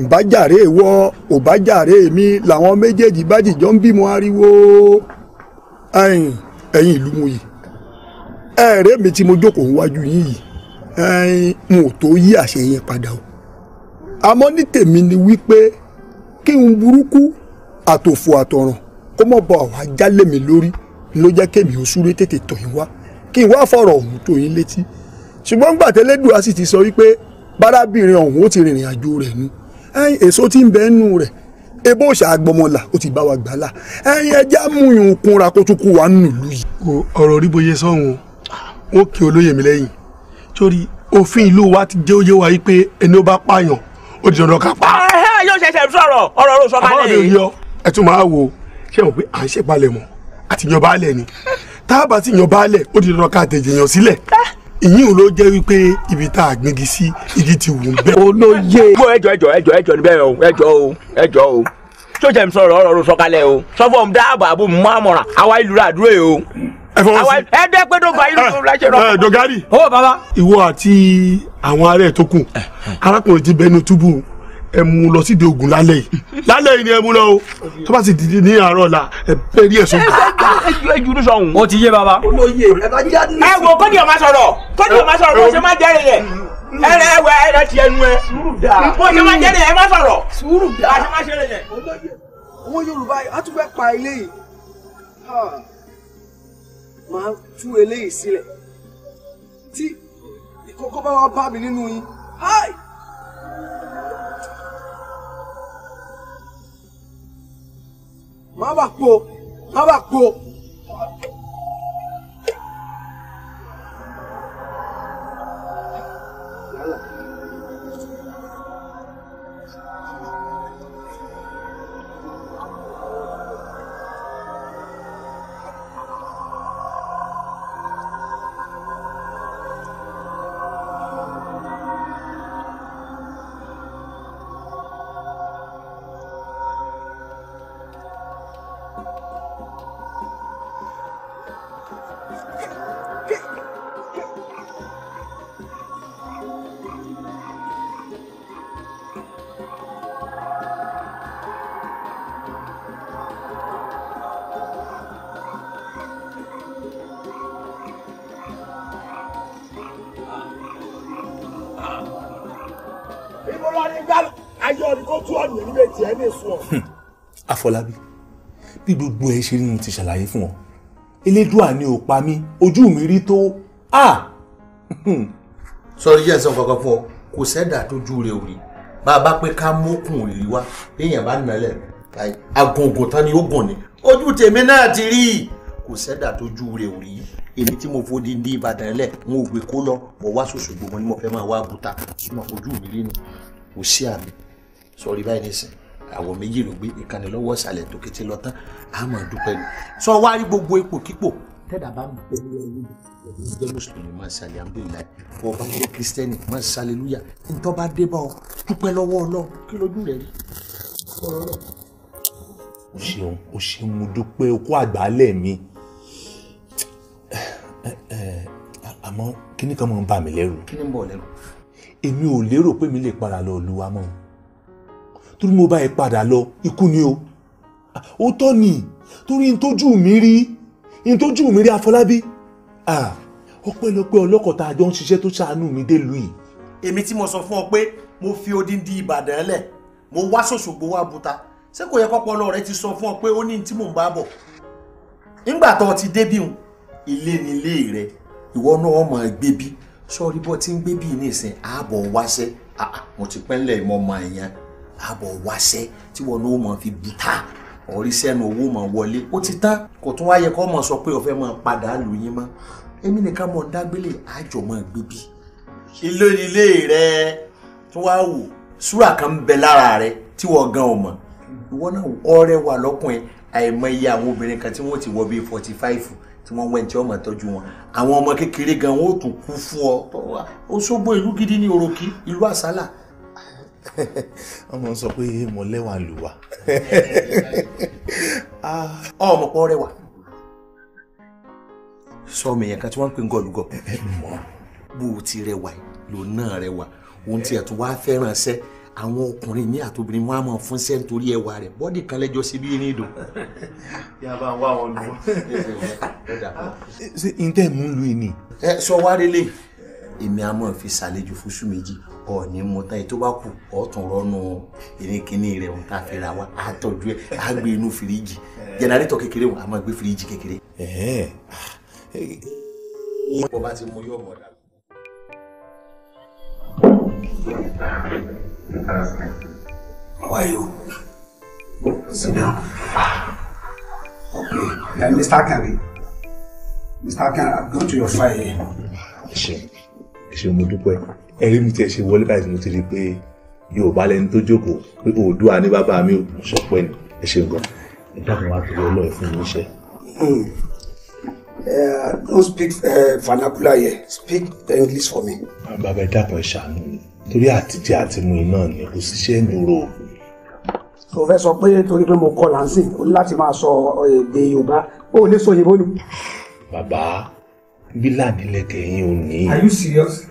ìbájàre wọ òbájàre mi làwọn méjèèjì bá dìjọ ń bímọ ariwo ẹ̀yin ẹ̀yin ìlú mu yìí ẹ̀rẹ́ mi tí mo jókòó wájú yín yìí ẹ̀yin n ò tó yí àṣẹ yẹn padà o àmọ́ ní tèmi ni wípé kí n burúkú àtòfò àtọ̀ràn kó mọ̀ bọ̀ wá jálè mi lórí ló jẹ́ kémi ó súré tètè tọ̀ yín wá kí n wá fọ̀rọ̀ ọ̀hún tó yín létí ṣùgbọ́n gbàtẹ́lẹ́dùá sì ti sọ wípé bárábìnrin ọ̀hún ó ti rìnrìn àjò rẹ̀ nu ẹ̀yìn èso tí ń bẹ nù rẹ̀ ebó ṣàgbọmọlà ó ti bá wa gbà lá ẹ̀yìn ẹja múyùn kunra kó tún kú wa nù lù yìí. ọ̀rọ̀ rí bóyá sọ́hun ó kí olóyè mi lẹ́yìn torí òfin ìlú wa ti jẹ́ òye wa yìí pé ẹni ó bá pààyàn ó di dandan ká pa. yóò ṣẹ̀ṣẹ̀ sọ̀rọ̀ ọ̀rọ̀ ló sọ kalẹ̀ àbọ̀rọ̀ mi ò yọ ẹ̀ tún máa wo ṣé wọn pé à ń ṣèpalẹ̀mọ́ àtìyàn baálẹ̀ ni tá a bá ti yàn baálẹ̀ ó di dandan ká tẹ̀jẹ̀yàn sílẹ̀ ìyín ló jẹ́ wípé ibi tá a gbégi sí igi ti wù ń bẹ́. olóye. mo ẹjọ ẹjọ ẹjọ ẹjọ níbẹ̀ o ẹjọ o ẹjọ o tó jẹ́ mi sọ̀rọ̀ ọ̀rọ̀ sọ̀kalẹ̀ o sọ́fọ̀ mi dáàbò àbò mi mú àmọ̀ràn àwa ìlú rà dúró yìí o. ẹ fọwọ́ sí ẹ dẹ́ pé dọ́gba ìlú tó láṣẹ rọ. Eh, dọ̀gárì. owó baba. ìwọ àti àwọn ará ẹ̀ tó kù eh, eh. arákùnrin ti bẹnu túbú ẹ mú lọ sídìí ogun lálẹ́ yìí lálẹ́ yìí ni ẹ mú lọ o tó bá sì dìde ní àárọ̀ la ẹ bẹ́ẹ̀rí ẹ̀sùn kan. ẹjú ẹjú ló sọ̀hún. o ti yé baba. olóye ẹ bá já ní. ẹ wo kọ́ni ọ̀ máa sọ̀rọ̀ kọ́ni ọ̀ máa sọ̀rọ̀ bó ṣe máa jẹ́ rẹ̀ ẹrẹ ẹwẹ ẹrẹ ti ẹnu ẹ bó ṣe máa jẹ́ rẹ̀ ẹ má sọ̀rọ̀ sùúrù dá bá ṣe máa ṣe rẹ̀ yẹn. owó Yorùbá a tún fẹ́ pa eléyìí máa tú eléyìí sílẹ̀ tí ìkọ́kọ́ bá wá bá mi nínú yín má bà po má bà po. Fọlábí bí gbogbo ẹ ṣe rí mo ti ṣàlàyé fún ọ elédùà ni ò pa mí ojú mi rí tó a. sọrí jẹ́ ìsọ̀kan kankan fún ọ kò sẹ́dà tójú rẹ̀ ò bá a bá pé ká mókun ò rí wá èèyàn bá nàlẹ̀ agùngùn tán ni ó gùn ni ojú tèmi náà ti rí kò sẹ́dà tójú rẹ̀ ò rí èmi tí mo fòdì ní Ìbàdàn lẹ̀ n ò gbé kó lọ mo wá ṣòṣògbò mo ní mo fẹ́ máa wá àbúta mo fojú mi rí ni kò sí àmì sọrí báyìí nísìnyí àwọ̀ méjì ló gbé ìkànnì lọ́wọ́ ìsàlẹ̀ tó kété lọ́tán àmọ́ dúpẹ́ ni sọ wá rí gbogbo ipò kípò tẹ́dà bá mi pẹ̀lú ẹlẹ́yìn jẹ́ mùsùlùmí máa ṣe alihamudulilayi fọ ọba jẹ́ kristẹni máa ṣe aleluya ntọ́ bá dé bá ọ dúpẹ́ lọ́wọ́ ọlọ́run kí lójú rẹ̀ rí o ṣeun o ṣeun mo dúpẹ́ okó àgbálẹ̀ mi àmọ́ kíní kan máa ń bà mí lẹ́rù. kíní ń bọ̀ lẹ́rù. èmi ò lérò pé mi lè para lọ lu wa mọ́ torí mo bá ẹ padà lọ ikú ni o ó tọ́ ni torí n tójú mi rí n tójú mi rí Afọlábí ọpẹ́lọpẹ́ ọlọ́kọ̀ tá a jọ ń ṣiṣẹ́ tó ṣàánú mi délùú yìí. èmi tí mo sọ fún ọ pé mo fi odindi Ìbàdàn lẹ̀ mo wá ṣòṣògbó wá buta ṣé kò yẹ kọ́pọ̀lọ́ rẹ ti sọ fún ọ pé ó ní tí mò ń bá bọ̀ nígbà tó ti débí hun ilé ni ilé rẹ ìwọ náà mọ̀ ẹ́ gbébí sọ́ọ́rí bọ́ ti ń gbébí ní ìsìn ààbọ̀ wáṣẹ́ mo ti pẹ́ńlẹ̀ ìmọ̀ ọmọ ẹ̀yẹn àbọ̀ wáṣẹ́ tí wọn ló mọ̀ fi bùtà ọ̀rí sẹ́nu owó mọ̀ wọlé ó ti tán kò tún wáyé kọ́ mọ̀ sọ pé o fẹ́ mọ̀ padà lù yín mọ́ èmi nìkan mọ̀ ń dágbélé àjọ mọ̀ gbé bí. ilé ilé rẹ tó wá wò súrà kan ń bẹ lára rẹ tí wọn gan ò mọ̀ ìwọ náà ọ̀rẹ́ wà lọkùnrin àìmọye àwọn obìnrin kan tí wọn ti wọ bíi forty five tí wọ́n wẹ̀ tí wọ́n máa tọ́jú wọn àwọn ọmọ kékeré gan wọn ò tún kú fún ọ ó sógbó ìlú gidi ní òròkì ìlú àsálà ọmọ sọ pé mo lẹ́wà lù wá ọmọ pọ́n rẹwà sọ ọmọ èèyàn kan tí wọ́n ń pè ń gọ̀lùgọ̀ bó o ti rẹwà lò náà rẹwà ohun tí ẹ̀ tún wá fẹ́ràn sẹ́ àwọn ọkùnrin mi àtòbìnrin wọn a máa fún sẹ́ nítorí ẹwà rẹ̀ bọ́dì kan lẹ́jọ́ sí bí ní ìdùn. yà bá ń wá wọn lù wọn. ṣé ntẹ́ mú lu ìní. ẹ sọ wá délé èmi a máa fi ṣàlejò fóṣù méjì ọ̀ọ́ni mọ́tà yìí tó bá kù ọ̀ọ́tún rọ́nù ìrìnkìnnì rẹ̀ ń ta fẹ́ra wa àtọ́jú ẹ̀ á gbé inú fìríjì eh. jẹnẹrétọ̀ kékeré wọn a máa gbé fìríjì kékeré. Eh. Ah. you? Sit Okay. Uh, eh, Mr. Akari, Mr. Akari, I've gone to your fire. Sure ẹ ṣé mo dúpẹ́ ẹ rí mi tí ẹ ṣe wọlé báyìí tí mo ti rí i pé yorùbá lẹni tó jókòó pé oòdùà ní bàbá mi ò sọ pé ni ẹ ṣé gan ẹ dákun wá fi ọlọ́ọ̀ fún mi iṣẹ́. Hmm. Eh, don't speak eh, vernacular here speak english for me. Ah, bàbá ẹ dákun ẹ ṣàánú mi torí àtijọ́ àti mu iná ni kò sí ṣe ń dúró o tó fẹ́ sọ pé torí pé mo kọ lansing o ní láti máa sọ eh, èdè yorùbá o lè sọ òyìnbó ni. bàbá bílà nílẹ̀ tẹ̀yìn ò ní. are you serious.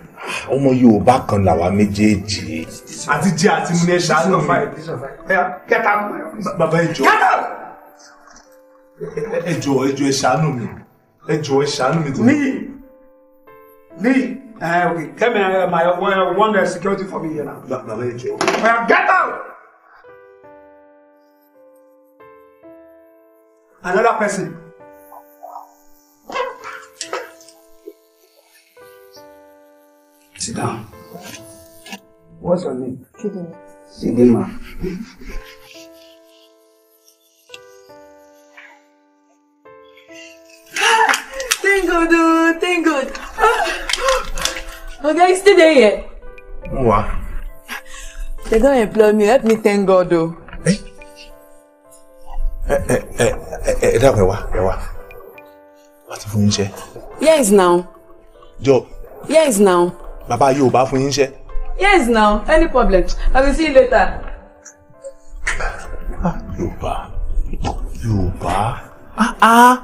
ọmọ yorùbá kan làwa méjèèjì. àti jẹ àti mu ní ẹṣà ló fà ẹ kẹta bàbá ẹjọ ẹjọ ẹjọ ẹ ṣàánú mi ẹjọ ẹ ṣàánú mi. mi mi ẹ ok kẹmi uh, my uh, one uh, one security for me here now. bàbá ẹjọ. get out. another person. Sit down. What's your name? Chidima. Chidima. thank God, oh, thank God. Oga, you still there yet? What? They don't employ me. Help me thank God, oh. Eh? Eh, eh, eh, eh, eh, that way, what? What? What if we Yes, now. Job. Yes, now bàbá Yorùbá fún yín ṣẹ́. yes now any problem i will see you later. ah Yorùbá Yorùbá ah ah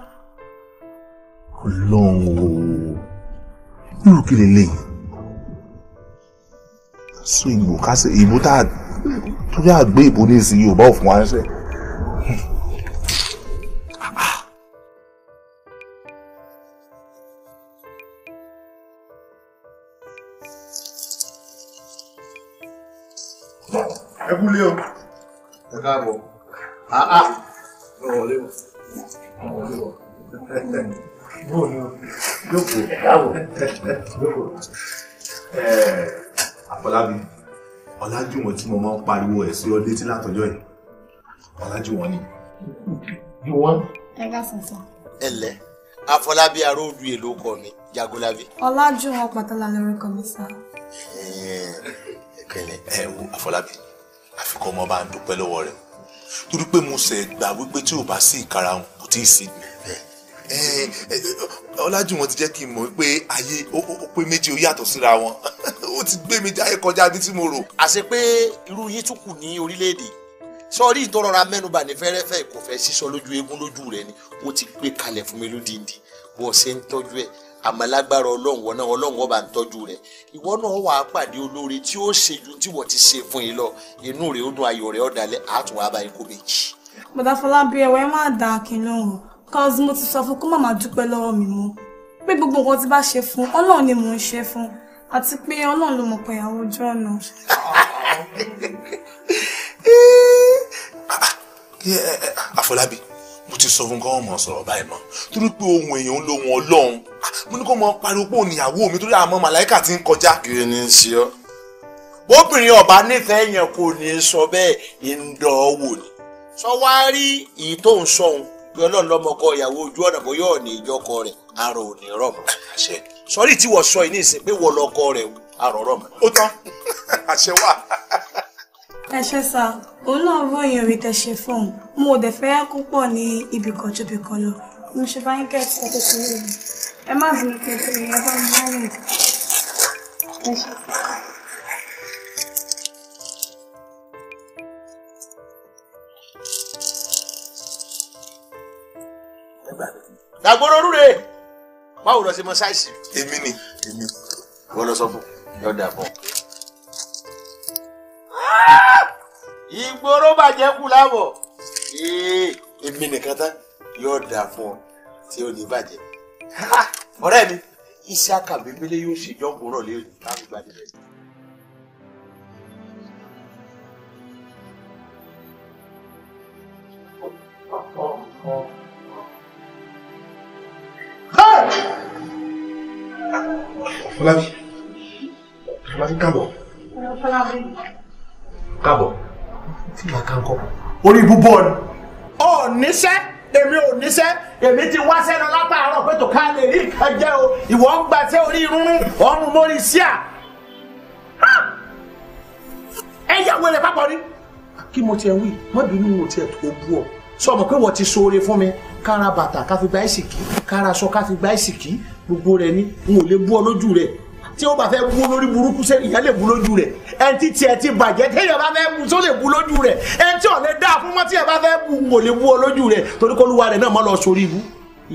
Ọlọ́run o irú kí lélẹ́yìn sọ ìbò kásẹ̀ ìbò tá a tó yà gbé ìbò ní ìsìn Yorùbá ò fún wa ṣẹ́. ẹ kúlé o. ẹ káàbọ̀ àá ẹ wọlé wọ ẹ wọlé wọ. bó ni o jókòó káàbọ̀ jókòó. àfọlábí ọlájúwọ̀n tí mo máa ń pariwo ẹ̀ sí ọ létí látọjọ́ yìí ọlájúwọ̀n ni. bí wọ́n. ẹ ká sàn sàn. ẹ lẹ àfọlábí aróòdù èlò kọ mi jagolabi. ọlájúwọ̀n pàtàlà lórúkọ mi sá. ẹ ẹ kẹlẹ ẹ wo àfọlábí àfi kọ́ ọmọ bá ń dúpẹ́ lọ́wọ́ rẹ̀ torí pé mo sẹ̀ gbà wípé tí o bá sí ìkarahun kò tí ì sí ọlájúwọn ti jẹ́ kí n mọ̀ pé ayé ó pé méjì ó yàtọ̀ síra wọn [LAUGHS] ó ti gbé mi jáyé kọjá bí tí mo rò. àṣé pé irú yín tún kù ní orílẹ̀-èdè sọ́ọ́rí ìtọ́rọra mẹ́nuba ní fẹ́rẹ́fẹ́ kò fẹ́ sísọ lójú eégún lójú rẹ̀ ni ó ti gbé kalẹ̀ fún mi lódìndín bó ṣe ń tọ́jú ẹ̀ àmọ́ lágbára ọlọ́run wọn náà ọlọ́run ọba ń tọ́jú rẹ̀ ìwọ náà wà á pàdé olóore tí ó ṣe ju tí wọ́n ti ṣe fún yín lọ inú rẹ̀ ó dùn ayọ̀ rẹ̀ ọ̀dàlẹ̀ àtún wàá bá ikú méjì. bọ̀dá fọlábí ẹ̀wọ̀ ẹ má dà kí n mo ti sọ fún kó má má dúpẹ́ mi mọ́ pé gbogbo nǹkan tí bá ṣe fún ọlọ́run ni mò ń ṣe fún àti pé ọlọ́run ló mọ̀ pé àwọn ojú ọ̀nà. àfọlábí ti sọ fún kọ́ ọmọ sọ̀rọ̀ báyìí mọ́ torí pé ohun èèyàn ń lo ohun ọlọ́run mo ní kó mọ pariwo pé òníyàwó mi torí àmọ́ màláìkà ti ń kọjá. kí ni ń ṣe ọ́. bóbìnrin ọba nífẹ̀ẹ́ yẹn kò ní sọ bẹ́ẹ̀ ń dán ọ wò ni. sọ wá rí èyí tó ń sọ òun bí ọlọ́run lọ́mọkọ ìyàwó ojú ọ̀nà bóyá ọ̀nà ìjọkọ rẹ̀ àrò ò ní sọrí tí wọ́n sọ yìí ìsìn pé wọ́n lọ́kọ rẹ̀ àrò rọ̀ ó tán [LAUGHS] àṣẹ wà. ẹ ṣe sá òun náà ròyìn orí tẹ ṣe fún un mo dẹ̀ fẹ́ kó pọ̀ ní ibìkan ju ibìkan lọ mo ṣe bá ń kẹ́kọ̀ọ́ kékeré mi ẹ má bínú kékeré ẹ bá mi bá rìn ẹ ṣe. dàgbòrò rúre báwo lọ sí mọ ṣáìsì. èmi ni èmi wọ́n lọ sọ fún yọ̀dà bọ̀. ìgboro bàjẹ́ kù láwọ̀ èmi nìkan tán yóò dà fún ọ tí ò ní bàjẹ́ ọ̀rẹ́ mi iṣẹ́ àkàbíbélé yóò ṣe jọ́kùnrọ̀ lérò láti gbàdúrà. Fọlábí, Fọlábí káàbọ̀. Fọlábí. Káàbọ̀ tí màá kàn kọ́ orí ibú bọ́ọ̀lù. ọ níṣẹ́ èmi ò níṣẹ́ èmi ti wá sẹ́nu látàárọ̀ pé tó ká lè rí nǹkan jẹ́ o ìwọ ń gbà tẹ́ orí irúnrún ọ̀run mórí sí à. ẹ yàwó rẹ̀ papọ̀ ni. kí mo tiẹ̀ wí mọ́ bínú mo tiẹ̀ tó bú ọ sọ mọ̀ pé wọ́n ti ṣoore fún mi kára bàtà ká fi gba ìsìkí kára aṣọ ká fi gba gbogbo rẹ̀ ni n ò lè bú ọ lójú rẹ̀ tí ó bá fẹ́ wú lórí burúkú sẹ́ni ìyá lè wú lójú rẹ̀ ẹni tí tiẹ̀ ti bàjẹ́ téèyàn bá fẹ́ wú tó lè wú lójú rẹ̀ ẹni tí ọ̀lẹ́ dáa fún mọ́ tí ẹ bá fẹ́ wú kò lè wú ọ lójú rẹ̀ torí kó lúwa rẹ̀ náà mọ́ lọ sórí ibú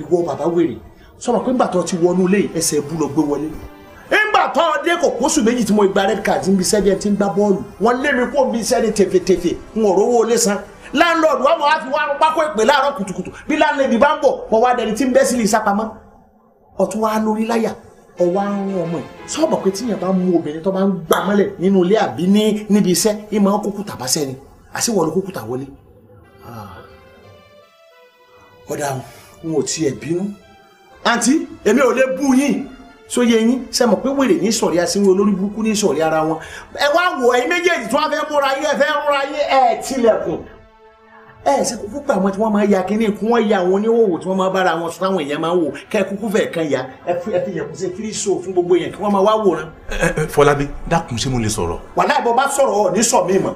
ìwọ bàbá wèrè sọmọ pé ńgbà tó ti wọnú ilé ẹsẹ̀ ibú lọ gbé wọlé ńgbà tó dé kò kóṣù méjì tí mo gba red card níbi sẹ́ni ti ń gbá bọ́ọ̀lù wọ́n lé mi kó mi sẹ́ni tèfètèfè n ò rówó olé san bí láńlẹ́dì ọwọ́ á rún ọmọ ẹ̀ sọ́ọ̀bọ̀ pé tíyẹn bá mú obìnrin tó bá ń gbà mọ́lẹ̀ nínú ilé àbí ní níbi iṣẹ́ ẹ máa ń kúkú tàbá sẹ́ni àṣewọ̀ ló kúkú tà wọlé. Ah. ọ̀dà n ò tiẹ̀ bínú àǹtí èmi ò lè bú yín sóye yín ṣe mọ̀ pé wèrè ní sọ̀rí aṣẹ́wó olórí burúkú ní sọ̀rí ara wọn ẹ wá wò ẹ̀yin méjèèjì tó wá fẹ́ múra yín ẹ fẹ́ múra yín ẹ̀ tilẹ̀kùn ẹ ṣe kúkú pa àwọn tí wọ́n máa ya kínní kí wọ́n ya àwọn oníwòwò tí wọ́n máa bára wọn sọ táwọn èèyàn máa ń wò kẹ́ ẹ kúkú fẹ̀ kan ya ẹ fi ẹ fi yẹn kó ṣe fírí so fún gbogbo èèyàn kí wọ́n máa wá wòran. ẹ ẹ Fọlábí dákun ṣé mo lè sọ̀rọ̀. wàhálà ìbọn bá sọ̀rọ̀ ọ ní sọ mi mọ.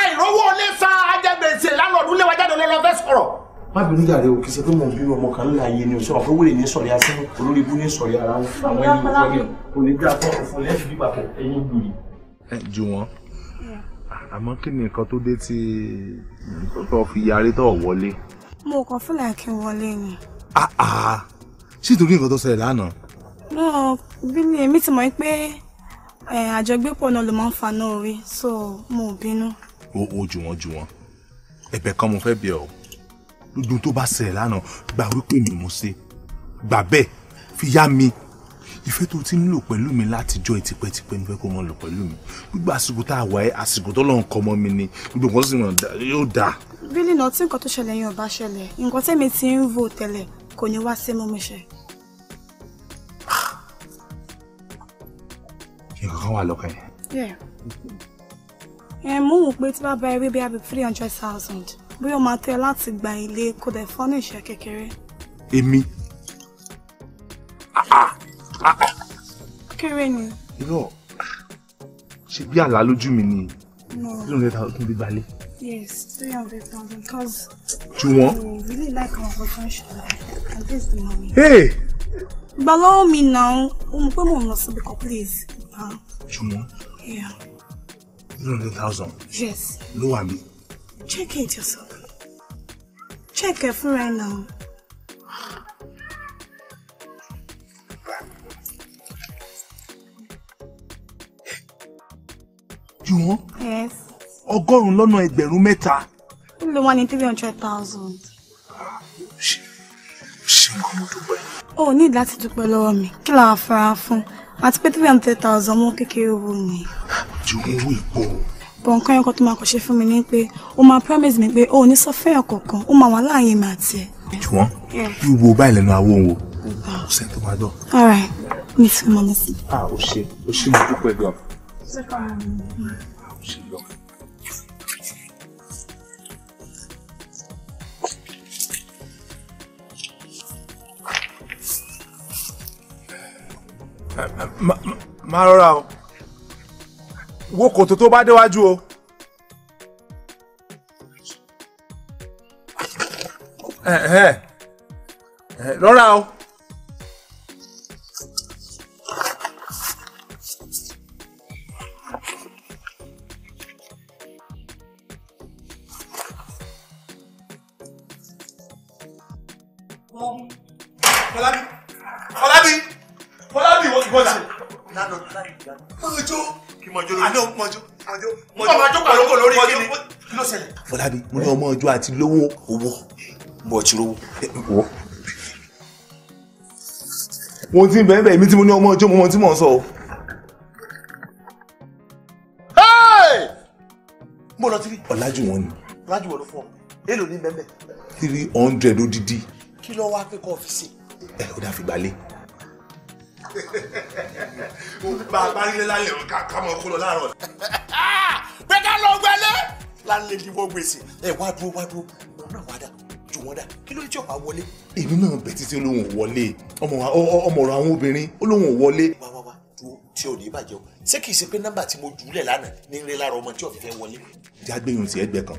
àìrówó lè sa ajẹgbèsè lánàá ọdún léwájá lọ́lọ́ fẹ́ sọ̀rọ̀. má bínú jàre o kì í ṣe pé mò ń bí ọmọ kan láàyè ni o sọ pé wèrè ní sọ̀rí asín olórí ibú ní sọ̀rí ara àwọn ẹni wọlé onídàá fọlọ fọlẹ ẹni bíbà pọ ẹni gbòòrì. ẹ jù wọn àmọ́ kí ni nǹkan tó dé tí tó fi yarí tó wọlé. mo kàn fúnra kí n wọlé ni. Ah, ah. ṣé ìtòrí nǹkan tó ṣẹlẹ̀ lánàá. náà bí ni èmi ti mọ̀ pé àjọgbépọ̀ náà ló máa ń faná orí so mo bínú. o ò jù wọ́n jù wọ́n ẹ̀bẹ̀ kan mo fẹ́ bẹ̀ ọ́ dùn tó bá ṣẹlẹ̀ lánàá gbà wípé mi mo ṣe gbà bẹ́ẹ̀ fi yá mi ìfẹ́ tó ti ń lò pẹ̀lú mi látijọ́ ìtipẹ́tipẹ́ nífẹ̀ẹ́ kó mọ̀ lò pẹ̀lú mi gbogbo àsìkò tá a wà ẹ́ àsìkò tó lọ́n kọ́ mọ́ mi ni gbogbo nǹkan sì yóò dáa. bílí náà tí nǹkan tó ṣẹlẹ̀ yẹn ò bá ṣẹlẹ̀ nǹkan tẹ́mi ti ń vò tẹ́lẹ̀ kò ní wá sí mú mi ṣe. nǹkan kan wà lọ́kàn yẹn. ẹ mú wù pé tí bá ẹ rí bí i three hundred thousand bóyá o máa tẹ láti gba ilé kó dẹ̀ fọ́ kéré ni. irọ́ ṣe bí àlá lójú mi ni three hundred thousand big balẹ̀. yes three hundred thousand because. ju wọn. i really like our profession and this the money. hey. gba lọ́wọ́ mi náà o mọ̀ pé mo lọ síbi kan please. ju wọn. three hundred thousand. yes. ló wà mí. check it yourself check it fúnra ẹ náà. jùwọ́n ọgọ́rùn-ún lọ́nà ẹgbẹ̀rún mẹ́ta. ló wà ní three hundred thousand. ṣé mo mú dúpẹ́. o ò ní láti dúpẹ́ lọ́wọ́ mi kí la wàá fara fún àti pé three hundred thousand mú kékeré owó mi. jùwọ́n owó ìpò. bọ̀ nǹkan ẹ̀kọ́ tó máa kọ́ ṣe fún mi ni pé o máa promise mi pé o ò ní sọ fẹ́yàn kankan o máa wà láàyè mi àti ẹ̀. jùwọ́n yíwo báyìí lẹ́nu awó wo kò sẹ́ni tó máa dọ̀. all right mi ti mọ̀ ní sí. a ò ṣe ò ṣe mo dúpẹ́ gan-an. Sit down. o wo kòtò tó bá déwájú o. rọra o. Fọlábí mo ní ọmọ ọjọ́ àti lówó owó bọ̀ ti rówó. mo ti bẹ̀rẹ̀ bẹ̀rẹ̀ mi tí mo ní ọmọ ọjọ́ mo mọ tí mò ń sọ mo lọ tiri. ọ̀làjú wọn ni. ọ̀làjú wọn ló fún èlò ní bẹ́ẹ̀ bẹ́ẹ̀. three hundred odidi. kí ló wá pé kó o fi ṣe. ẹ ó dà fi gbalẹ̀ bá a bá lálẹ́ ká ká kó lọ láàárọ̀ láńlẹ́dì wọ́n gbèsè ẹ wá dúró wá dúró wọn náà wá dá ju wọn dá kí ló dé tí ọ̀pá wọlé. èmi náà bẹ títí olóhùn wọlé ọmọ ọ̀rọ̀ àwọn obìnrin olóhùn wọlé. wá wá wá dúró tí ò ní bàjẹ́ o ṣé kì í ṣe pé nọ́mbà tí mo jù ú lẹ̀ lánàá ní ń rẹ́ lára ọmọ tí ò fi fẹ́ wọlé. jágbéyùn sí ẹgbẹ́ kan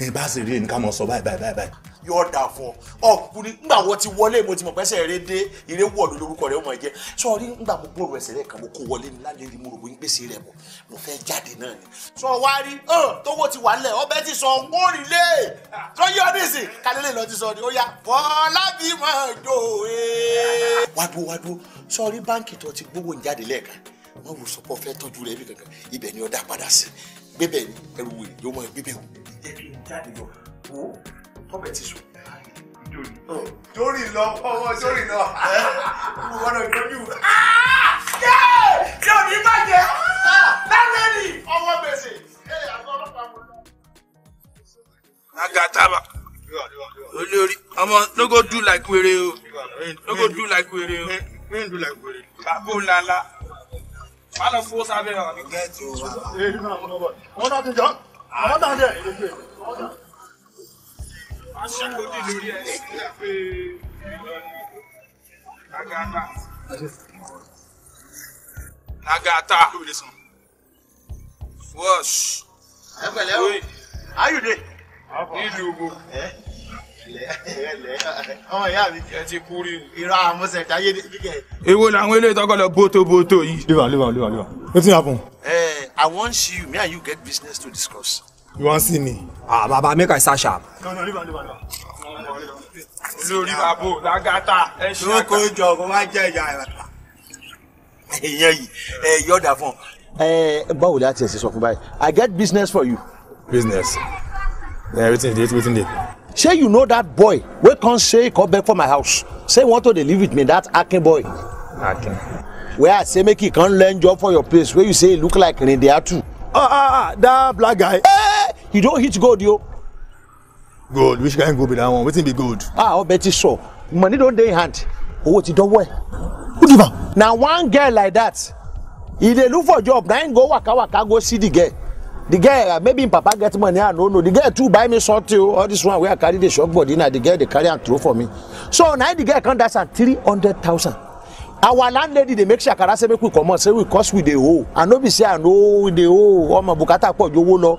ẹ bá sì rí ẹni ká mọ̀ sọ báyìí báyìí báyìí yóò dà fún ọ ọkùnrin nígbà wọn ti wọlé mo ti mọ̀ pẹ́sẹ̀ eré dé eré wọ̀lú lórúkọ rẹ̀ ó mọ̀ jẹ́ sọ rí nígbà mo gbòòrò ẹsẹ̀ rẹ̀ kan mo kó wọlé ní lálẹ́ rí mo rò bóyá gbèsè rẹ̀ bọ̀ mo fẹ́ jáde náà ni. sọ wá rí tówó ti wà lẹ̀ ọbẹ̀ ti sọ wọ́ọ̀rì lé tó yọ nísì kálílẹ̀ lọ ti sọ ni ó yá bọ́lá bí mà á dò é. wádùú wádùú sọ rí báǹkì tó ti gbówó ń jáde lẹ́ẹ̀kan wọ́n wò sọ́pọ̀ fẹ́ tọ́jú rẹ̀ bí kankan ibẹ̀ ni ó dá padà sí gbébẹ̀ ẹrù wèrè yóò mọ gbébẹ̀ wò jẹ́ kí n jáde lọ wo tọ́bẹ̀ ti sùn. Dórí oh. lọ ọwọ́ dórí lọ. Mo gbọ́dọ̀ ìtọ́jú. Ah! Ṣé òní bàjẹ́? Lálẹ́rì ọwọ́ gbèsè. Agataba. Olórí ọmọ no go do like wèrè o. No go do like wèrè o. Men do like wèrè. Bàbá lala. Má lọ fowó sábẹ́ rẹ̀ wà ní. Wọ́n náà ti jọ àwọn náà dẹ̀ gbogbo ẹ̀. a ṣàkóso lórí ẹ sílẹ̀ pé lágàtà lágàtà wọ́ọ̀ṣì. ẹ pẹ̀lẹ́ o ayùdè. ìlú gbogbo ọmọ ìyá mi ẹ ti kú rí irọ́ àwọn mọ́sẹ̀tì ayé nígbẹ̀. èwo làwọn eléyìí tọkọ lọ bótó bótó yìí. lewa lewa lewa lewa wetin happen. ẹ eh, i wan see you me and you get business to discuss. you wan see me. ah baba make i search am. no no lewa lewa lewa. lórí bàbá làgàtà ẹ ṣe àgbà. lóko jọ kó má jẹ ìyá rẹ. ìyẹn yìí ẹ yọ̀dà fún ọ. ẹ eh, báwo ni a ti ẹ̀ ṣe sọ fún báyìí i get business for you. business. everything dey wetin dey. Say you know that boy wey come say come beg for my house say he want to dey live with me That akin boy akin wey i say make he come learn job for your place wey you say he look like rindiatu ah ah ah dat black guy eh he don hit gold yo. gold which kind gold be dat one wetin be gold. ah obeti sọ money don dey hand owó ti dọwọ ẹ. who give am. na one girl like dat e dey look for job na im go waka waka go see the girl the girl uh, maybe im papa get money i no know the girl too buy me something oh. all this one wey i carry dey shop body na the girl dey carry am throw for me so na the girl come dash am three hundred thousand our landlady dey make shakara say make we comot say we cause we dey owe and no be say i no dey owe ọmọ bùkátà pọ̀ ju owó lọ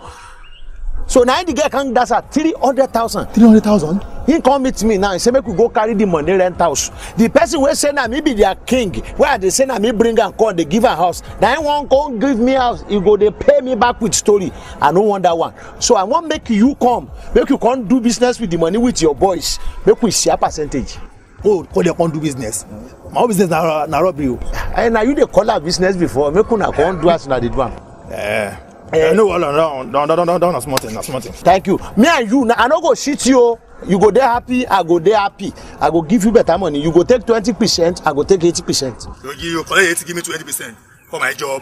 so na the girl come gas her three hundred thousand. three hundred thousand. he come meet me now he say make we go carry the money rent house the person wey say na me be their king wey i dey say na me bring am come dey give am house na him wan come give me house he go dey pay me back with story i no want that one so i wan make you come make you come do business with the money with your boys make we share percentage. oh call dem come do business my own business na na robbery o. Oh. Eh, na you dey call am business before make una come do as una dey do am. Eh. Eh, no wahala no no no no no na small thing na small thing. thank you me and you na i no go shit you o you go dey happy i go dey happy i go give you better money you go take twenty percent i go take eighty percent. you you collect eighty give me twenty percent for my job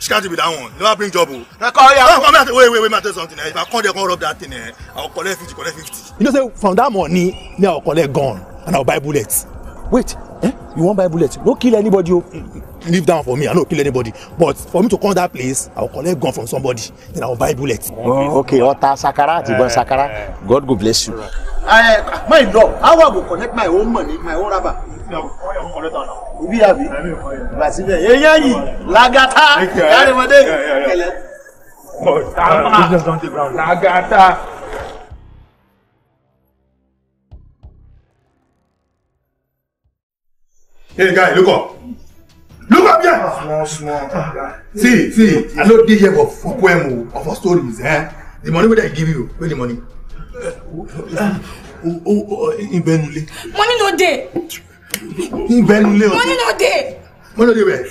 she can't be that one never bring job o. na call ya. come here wait wait wait ma tell you something eh if i come there come rub that thing eh i go collect fifty collect fifty. you know say from that money me i go collect gun and i go buy bullet. wait eh you wan buy bullet no kill anybody o. Mm -hmm leave that one for me i no kill anybody but for me to come that place i will collect gun from somebody then i will buy bullet. Oh, okay ọta sakara àti eh, sakara eh. god go bless you. Uh, my dog. how i go collect my own money my own rubber. ibi abi gbàsíbẹ̀ yẹ́yẹ́ yìí lagata yàrá-ìmọ̀dé kẹlẹ́. Uh, lagata. Hey guy, look up. Look up here. Ah, small, small. Ah, see, see, I know this here for, for poem or stories. Eh? The money that I give you, where the money? Ah, oh, oh, oh, in Ibenule. Money no day. In Ibenule. Money no day. Money no day where?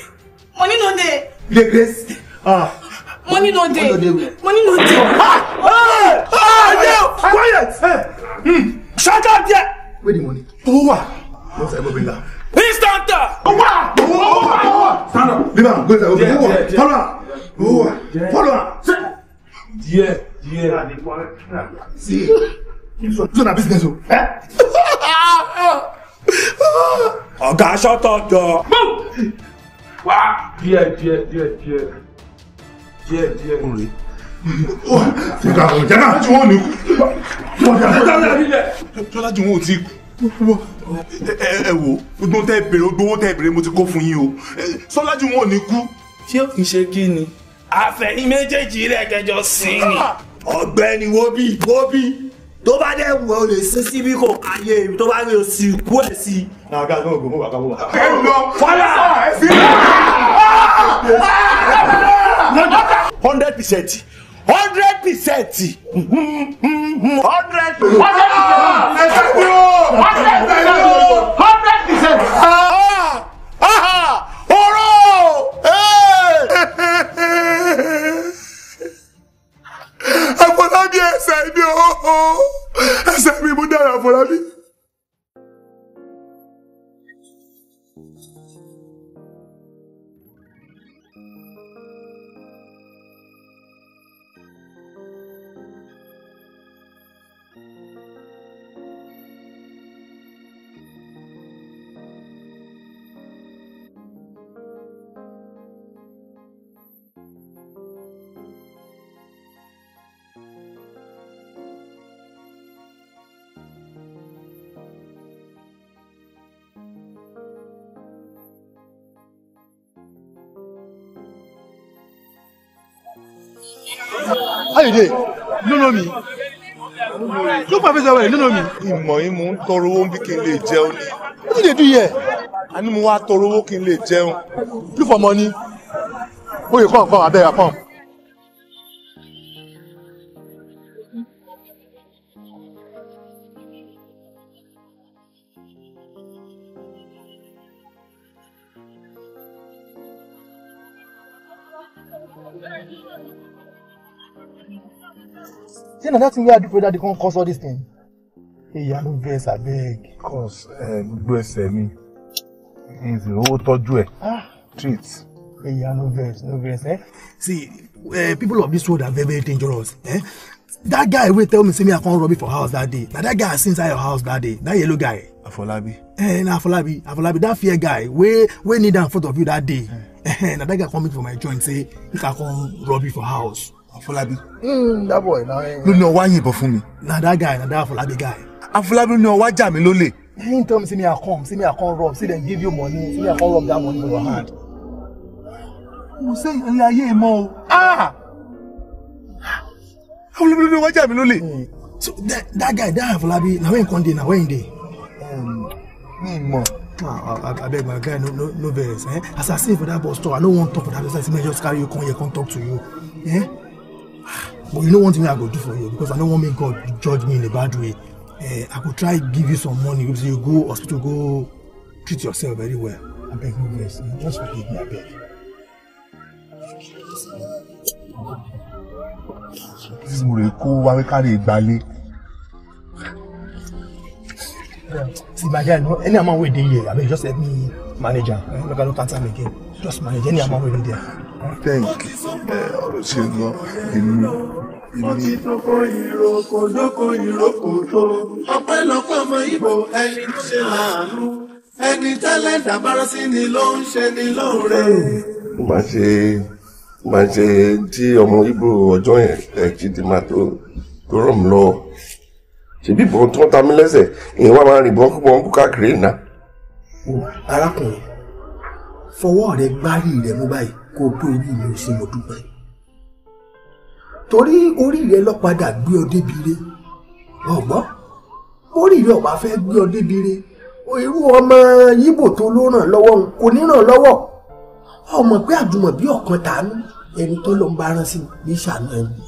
Money no day. The dey grace? Ah. Money no day. Money no day. Ah! Ah! Ah! No! Quiet! Hey. Eh. Hmm. Shut up there! Where the money? Owó what? Wọ́n sọ ẹ bọ́ bí Instanta! Owa! Owa! Owa! Stand up. Leave him. Go there. Open. Owa. Follow him. Owa. Follow him. Yeah. Yeah. See. Do na business Oh eh? [LAUGHS] Ọ̀gá shut up Move! Oh! jọ. Wá. Díẹ̀ díẹ̀ díẹ̀ díẹ̀. Díẹ̀ díẹ̀. Orin. Ṣé ká ọ̀jẹ̀ náà tí wọ́n ní kú? Ṣọlá tí wọ́n ò tí kú ẹ wo gbogbo tẹ bèrè gbogbo tẹ bèrè mo ti kó fún yín o Sọlájú wọn ò ní kú. ṣé o kì í ṣe kí ni. àfẹ̀yìn méjèèjì rẹ̀ kẹjọ sí ni. Ah, ọ̀gbẹ́ni wo bí wo bí tó bá dẹ̀ wọ̀ ọ́ lè sin síbí kò káyé e, tó bá rí o sì kú ẹ̀ sí i. àga ló gbọ́ wà káwọ́ wà. ẹ lọ fọlá ah, ẹ sí i. Ah! hundred percent hundred percent. hundred percent. hundred percent. ọ̀rọ̀ àfọlábí ẹsẹ̀ mi ó ẹsẹ̀ mi mú dára àfọlábí. how you dey you no know me look no me. ìmọ̀ yín mò ń tọrọ owó bí kí n lè jẹun ni. what you dey do here. a ní mo wá tọrọ owó kí n lè jẹun. look for money. oye come come abeg i come. See now that thing wey i do for that dey come cause all this thing. Hey, èyí àánú I beg. cause eh, gbogbo ẹsẹ mi easy owó tọ́jú ẹ ah. treat. èyí àánú vex no vex. Eh? see uh, people of this world are very very dangerous. Eh? that guy will tell me say me i come rubbish for house that day Now that guy has see inside your house that day that yellow guy. afolabi. Eh, na afolabi afolabi that fair guy wey wey kneel down in front of you that day eh. Eh, na that guy coming for my joint say make i come rubbish for house. Afolabi. Mm, that boy na. Eh. ló ní ọwá yìnbọn fún mi. na that guy na that Afolabi guy. Afolabi ló ní ọwá jà mí lólè. He tell me say me i come say me i come rob say dem give you money say me i come rob that money for your hand. mo sẹ́ ilé ayé mọ́ o. Ah! Afolabi ló ní ọwá jà mí lólè. Hmm. so that, that guy that Afolabi na when he come dey na when he dey. mi mọ. abeg my guy no no no vex eh? as i say for that bus stop i no wan talk for that person say make i just carry you come here come talk to you. Eh? But you know one thing I go do for you because I don't want me God to judge me in a bad way. Uh, I go try give you some money. so you go hospital, go treat yourself very well. I beg no grace. Just forgive me, I beg. mo rè kó wá wí kárí ìgbàlè. See my guy, no, any amount wey dey here, abeg just help me manage am. Eh, Make I no cancel am again. Just manage any amount wey dey there. Thank you ṣe lọ inú. Mo ti dóko ìrókò dóko ìrókò tó. Ọpẹ́lọpẹ́ ọmọ Ìbò ẹni tó ṣe láàánú. Ẹni tẹ́lẹ̀ dàbára sí ni ló ń ṣe ni ló ń rẹ̀. Mo máa ṣe máa ṣe tí ọmọ Ìbò ọjọ́ yẹn ẹ̀jìdì máa tó tó rọ̀ mí lọ. Ṣèbí ìbọn tó ń ta mí lẹ́sẹ̀ ìyẹn wá máa rìn bọ́n kú bọ́n kú káàkiri ìná. Arákùnrin, fọwọ́ rẹ gbárí rẹ mú báyìí kó o tó ìlú sí mo dúpẹ́ torí orí rẹ lọ padà gbé ọ débi re ọgbọ́n orí rẹ ọba fẹ́ gbé ọ débi re irú ọmọ yíbò tó ló ràn lọ́wọ́ kò ní ràn lọ́wọ́ ọmọ pé àjùmọ̀bí ọ̀kan tàánú ẹni tó lọ ń bá rán sí ní sànú ẹni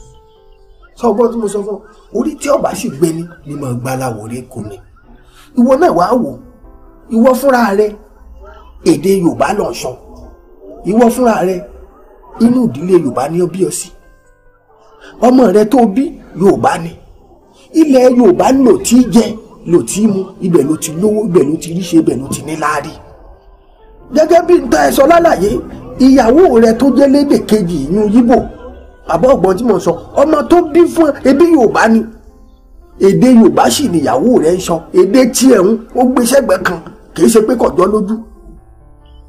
sọgbọ́n tí mo sọ fún ọ orí tí ọba sì gbé ni ni mo gba aláwòrán èkó ni ìwọ náà wàá wò ìwọ fúnra rẹ èdè yorùbá lọ sọ ìwọ fúnra rẹ inú ìdílé yorùbá ni ó bí ọmọ rẹ tó bí yorùbá ni ilẹ̀ yorùbá lò tí jẹ lò tí mu ibẹ̀ ló ti lówó ibẹ̀ ló ti ríṣe ibẹ̀ ló ti ní láárí gẹ́gẹ́ bí n ta ẹ sọ lálàyé ìyàwó rẹ tó jẹ́ lédè kejì ìyún yíbò bàbá ọ̀gbọ́n tí mo sọ ọmọ tó bí fún ẹbí yorùbá ni èdè yorùbá sì nìyàwó rẹ ń sọ èdè tiẹ̀ ń ó gbé sẹ́gbẹ̀ẹ́ kan kì í ṣe pé kọjọ́ lójú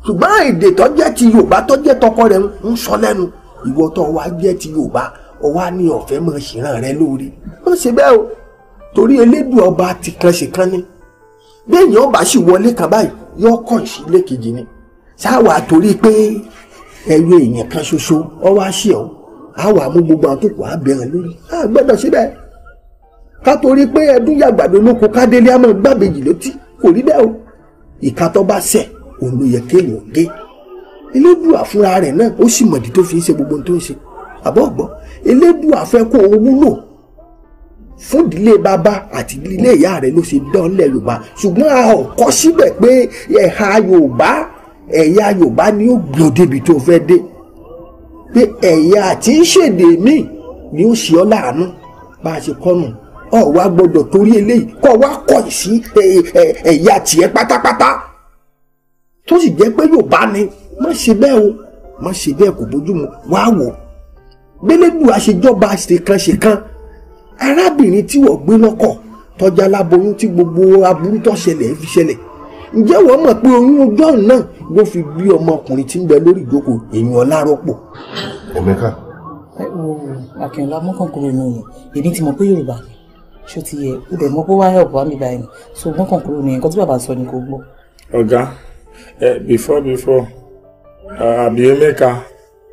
ṣùgbọ́n èdè tó jẹ́ ti yorùbá tó jẹ́ tọkọ rẹ̀ ń sọ lẹ́nu ìwọ tó jẹ́ ti yorùbá ó wá ní ọ̀fẹ́ mọ̀ ṣìràn rẹ lórí ó ṣe bẹ́ẹ̀ o torí elédùn ọba ti kan ṣe kan ní bẹ́ẹ̀ni ọba sì wọlé kan báyìí yọ kàn sí lẹ́kejì ni ṣáwa torí pé ẹyọ èèyàn kan ṣoṣo ọ wá ṣe ọ á wà mú gbogbo àwọn tó kù á bẹ̀rẹ̀ lórí á gbọ́dọ̀ síbẹ̀ ká torí pé ẹdún yàgbàdo lóko kádélé á mọ̀ gbàbèjì létí kò rí bẹ́ẹ̀ o ìka tó bá ṣẹ̀ òun ló yẹ kéèyàn gé elédùn àfúnra rẹ̀ náà ó sì mọ̀dí tó fi ń ṣe gbogbo ohun tó ń ṣe àbọ̀ ọ̀gbọ́n elédùà fẹ́ kó o wúlò fún ìdílé bàbá àti ìdílé ìyá rẹ ló ṣe dán lẹ yorùbá ṣùgbọ́n a ò kọ́ síbẹ̀ pé ẹ̀ha yorùbá ẹ̀yà yorùbá ni ó gbìn débi tó fẹ́ dé pé ẹ̀yà tí ń ṣèdè míì ni ó ṣe ọ́ láàánú bá a ṣe kọ́nù ọ̀ wá gbọ́dọ̀ torí eléyìí kọ́ wá kọ̀ sí ẹ̀yà tiẹ̀ pátápátá tó sì jẹ́ pé yorùbá ni má ṣe bẹ́ẹ̀ o má ṣe bẹ́ẹ̀ kò bójú mu wá wò ó gbélédùn àṣejọba ṣèkan ṣèkan arábìnrin tí wọ́n gbé lọ́kọ̀ tọ́jà láboyún tí gbogbo aburú tó ṣẹlẹ̀ fi ṣẹlẹ̀ ǹjẹ́ wọ́n mọ̀ pé oyún ọjọ́ náà ló fi bí ọmọkùnrin tí ń bẹ lórí ìjókòó èèyàn ọlárọ́pò. ẹ̀mẹ́ká. àkìnlá mọ́kànkúrò ni òyìn èmi ti mọ̀ pé yorùbá ni ṣó ti yẹ ó dẹ̀ mọ́ pé wá help wá mi báyìí ni so mọ́kànkúrò ni nǹkan tí bàbá sọ ni kò gbọ́. ọ̀gá before before uh, àbí ẹ̀mẹ́ká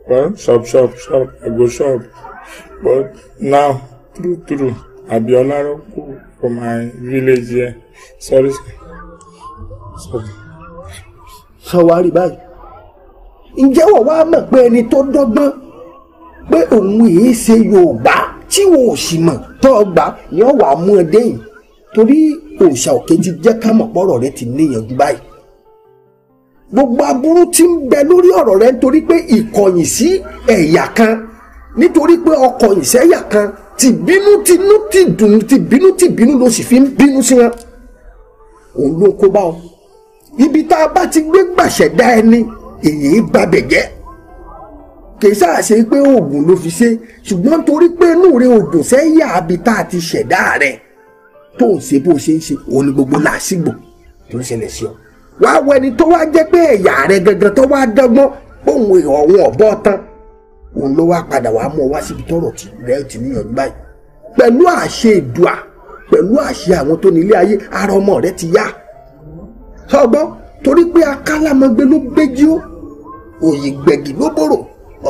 well shop shop shop i go shop but now true true abiola roku for my village here sorry sorry. sọ wá rí báyìí ǹjẹ́ wọ́n wá mọ̀ pé ẹni tó dọ́gbọ́n pé òun yìí ṣe yorùbá tí wọn ò sì mọ̀ tó gbà ni ọ̀wà mú ẹ dẹ́yìn torí òòṣà òkè ti jẹ́ ká mọ̀ pọ̀rọ̀ rẹ ti níyànjú báyìí gbogbo aburú tí ń bẹ lórí ọ̀rọ̀ rẹ nítorí pé ìkọ̀yìn sí ẹ̀yà kan nítorí pé ọkọ̀yìn sẹ́yà kan tìbínú tinú tìdùn tìbínú tìbínú ló sì fi ń bínú sí wọn òun ló kó bá ọ ibi tá a bá ti gbé gbàṣẹ̀dá ẹni èyí gbàbẹ̀ jẹ́ kìí ṣàṣe pé oògùn ló fi ṣe ṣùgbọ́n torí pé inú rẹ oògùn sẹ́yà àbí tá a ti ṣẹ̀dá rẹ tó ń ṣe bó ṣe ń ṣe òun ni gbogbo làásìgbò tó ń ṣẹlẹ̀ sí ọ wàá wọ ẹni tó wá jẹ́ pé ẹ̀yà rẹ̀ gangan tó wá dọ́gbọ́n bóun ọ̀hún ọ̀bọ tán òun ló wá padà wàá mú ọ wá síbi tọ́rọ̀ rẹ̀ ti níyànjú báyìí pẹ̀lú àṣẹ ìdùà pẹ̀lú àṣẹ àwọn tó nílé ayé ara ọmọ rẹ̀ ti yá ọgbọ́n torí pé akálámọgbé ló gbéjí ó òye gbẹ̀gì ló bòrò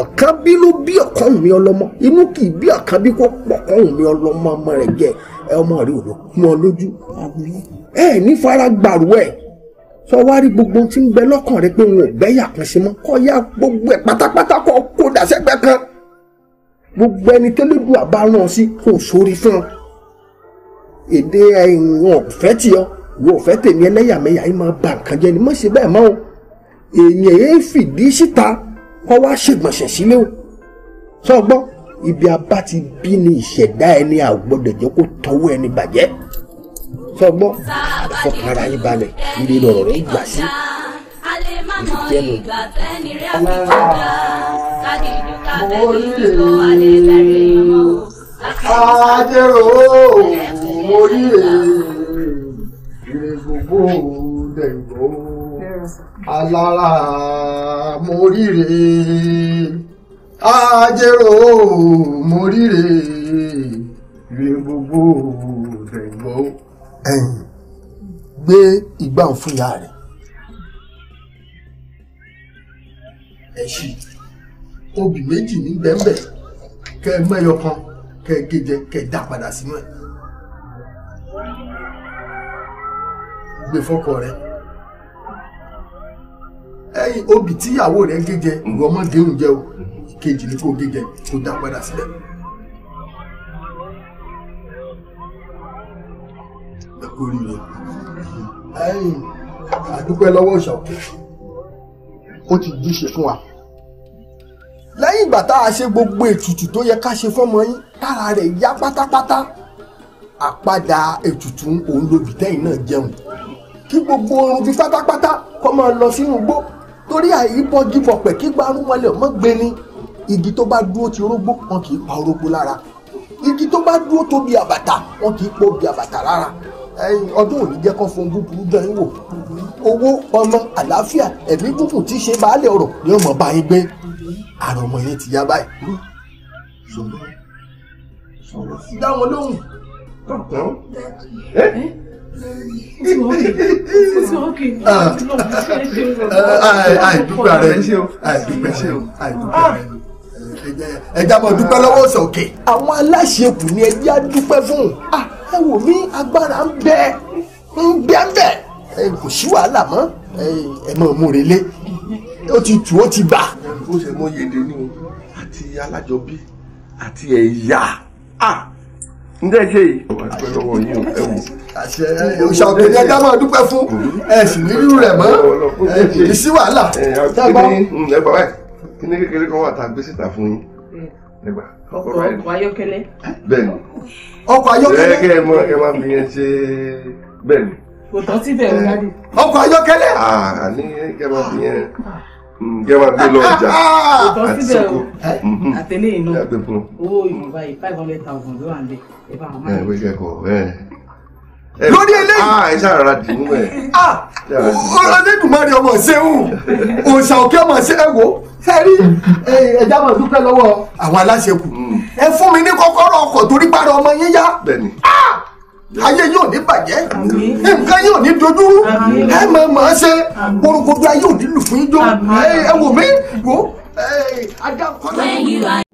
ọ̀kan bí ló bí ọ̀kan mi ọlọ́mọ inú kì í bí ọ̀kan bí kò pọ̀ ọ̀kan mi ọlọ́mọ ọmọ rẹ̀ jẹ́ ọmọ rẹ̀ ò lọ mọ́ lójú ẹ ní fara gbàrú ẹ̀ sọ wá rí gbogbo tí ń bẹ lọ́kàn rẹ pé òun ò gbẹ́yà kan sí mọ́ kọ́ ya gbogbo ẹ̀ pátápátá kọ́ kó dàsẹ́gbẹ́ kan gbogbo ẹni tẹ́lẹ́dù àbá rán sí kò sórí fún un èdè ẹ̀yìn ọ̀fẹ́ tì ọ́ ìwọ ọ̀fẹ́ tèmi ẹlẹ́yàmẹ̀yà yìí máa ba nǹkan jẹ́ ni má ṣe bẹ́ẹ̀ mọ́ o èèyàn yẹn fìdí síta kọ́ wá ṣègbọ̀nsẹ̀ sílé o sọ gbọ́ ibi abá ti bí ni ìṣẹ̀dá ẹni àgbọ̀dọ̀ jẹ́ kó tọwọ́ ẹni bàjẹ́ sọ gbọ́ ẹ fọkàn balẹ̀ ire lọ̀rọ̀ rẹ̀ gbà sí ìjẹnu. Ajẹ́rò mo rí èrè e. gbogbo dẹ̀gbò alára mo rí èrè ajẹ́rò mo rí èrè gbogbo dẹ̀gbò ẹ̀yìn gbé igbá ń fún ìyá rẹ̀. ẹ̀sì obì méjì ní bẹ́ẹ̀nbẹ́ẹ̀ kẹ́ ẹ mẹ́yọ kan kẹ́ ẹ géjẹ kẹ́ ẹ dá padà sínú ẹ̀. gbé fọ́kọ rẹ̀ ẹyin obì tíyàwó rẹ̀ géjẹ ìwọ ọmọ géun jẹ o ìkejì ni kò géjẹ kó dá padà sílẹ̀. ẹ kórìíra ẹ̀yin àdúpẹ́ lọ́wọ́ òòṣà òkè ó ti jíṣe fún wa lẹ́yìn ìgbà tá a ṣe gbogbo ètùtù tó yẹ ká ṣe fọ́mọ yín tára rẹ̀ yá pátápátá àpadà ètùtù òun lòbí tẹ́yìn náà jẹun kí gbogbo oorun fi pátápátá kọ́ máa lọ sínú igbó torí àìbọ́jú fọ̀pẹ̀ kí gbarún wọlé ọmọ gbé ni igi tó bá dúró ti orógbó wọn kì í pa orógbó lára igi tó bá dúró tóbi àbàtà wọn kì í pa obì àbàtà lára ọdún òní jẹ́ kó fún búburú dán yín wò owó ọmọ àlàáfíà ẹ̀mí gúngùn tí ṣe baálé ọ̀rọ̀ ni ọmọ bá yín gbé àrò ọmọ yẹn ti yá báyìí. dá wọn lóhùn. àìdúpẹ́ rẹ àìdúpẹ́ ṣe o àìdúpẹ́ rẹ ẹ jábọ̀ dúpẹ́ lọ́wọ́ sọ̀kè. àwọn aláṣẹ kù ni ẹ jẹ́ àdúpẹ́ fún un ẹ wò mí agbára ń bẹ ń bẹ ń bẹ ẹ kò sí wàhálà mọ́ ẹ mọ̀ mú relé ó ti tù ó ti bà. ó ṣe mọ yèdè ni o àti alájọbí àti ẹ̀yà n ṣe yìí. o ẹ wò. àṣẹ òṣà òkè ni ẹja máa dúpẹ́ fún ẹ sì ní rírú rẹ̀ mọ́ ẹ kì í sí wàhálà. ẹ bàbá ẹ kíní kékeré kan wà tá a gbé síta fún yín nígbà. ọkọ̀ ọkọ̀ ayọ́kẹ́lẹ́. bẹ́ẹ̀ni ọkọ̀ ẹ kẹ ẹ mọ fi yẹn ṣe bẹ́ẹ̀ni. kò tọ́ síbẹ̀ o dádì. ọkọ̀ ayọ́kẹ́lẹ́. àní kẹ máa fi yẹn mm, kẹ máa gbé lọ ọjà àti sọkọ. àtẹlẹ́yìn náà owó ìmọ̀ba yìí five hundred thousand ló wà ń bẹ̀ ẹ bá wọn máa. ẹ wẹ́kẹ̀ lórí eléyìí. Ah, ẹ ṣàrà dùn mẹ. Olódùmarè ọmọ ṣéhùn òòṣà òkè ọmọ ṣéhùn sẹ́rí ẹ̀já máa dúpẹ́ lọ́wọ́ àwọn aláṣẹkù hmm. ẹ fún mi ní kọ́kọ́rọ́ ọkọ̀ torí pàrọ̀ ọmọ yín yá ah, ayé yóò ní bàjẹ́ nǹkan yóò ní dojúrú ẹ máa máa ṣe gbogbo ayé ò ní lù fún yín jó ẹ wò mí wò ẹ adá kọ́lá.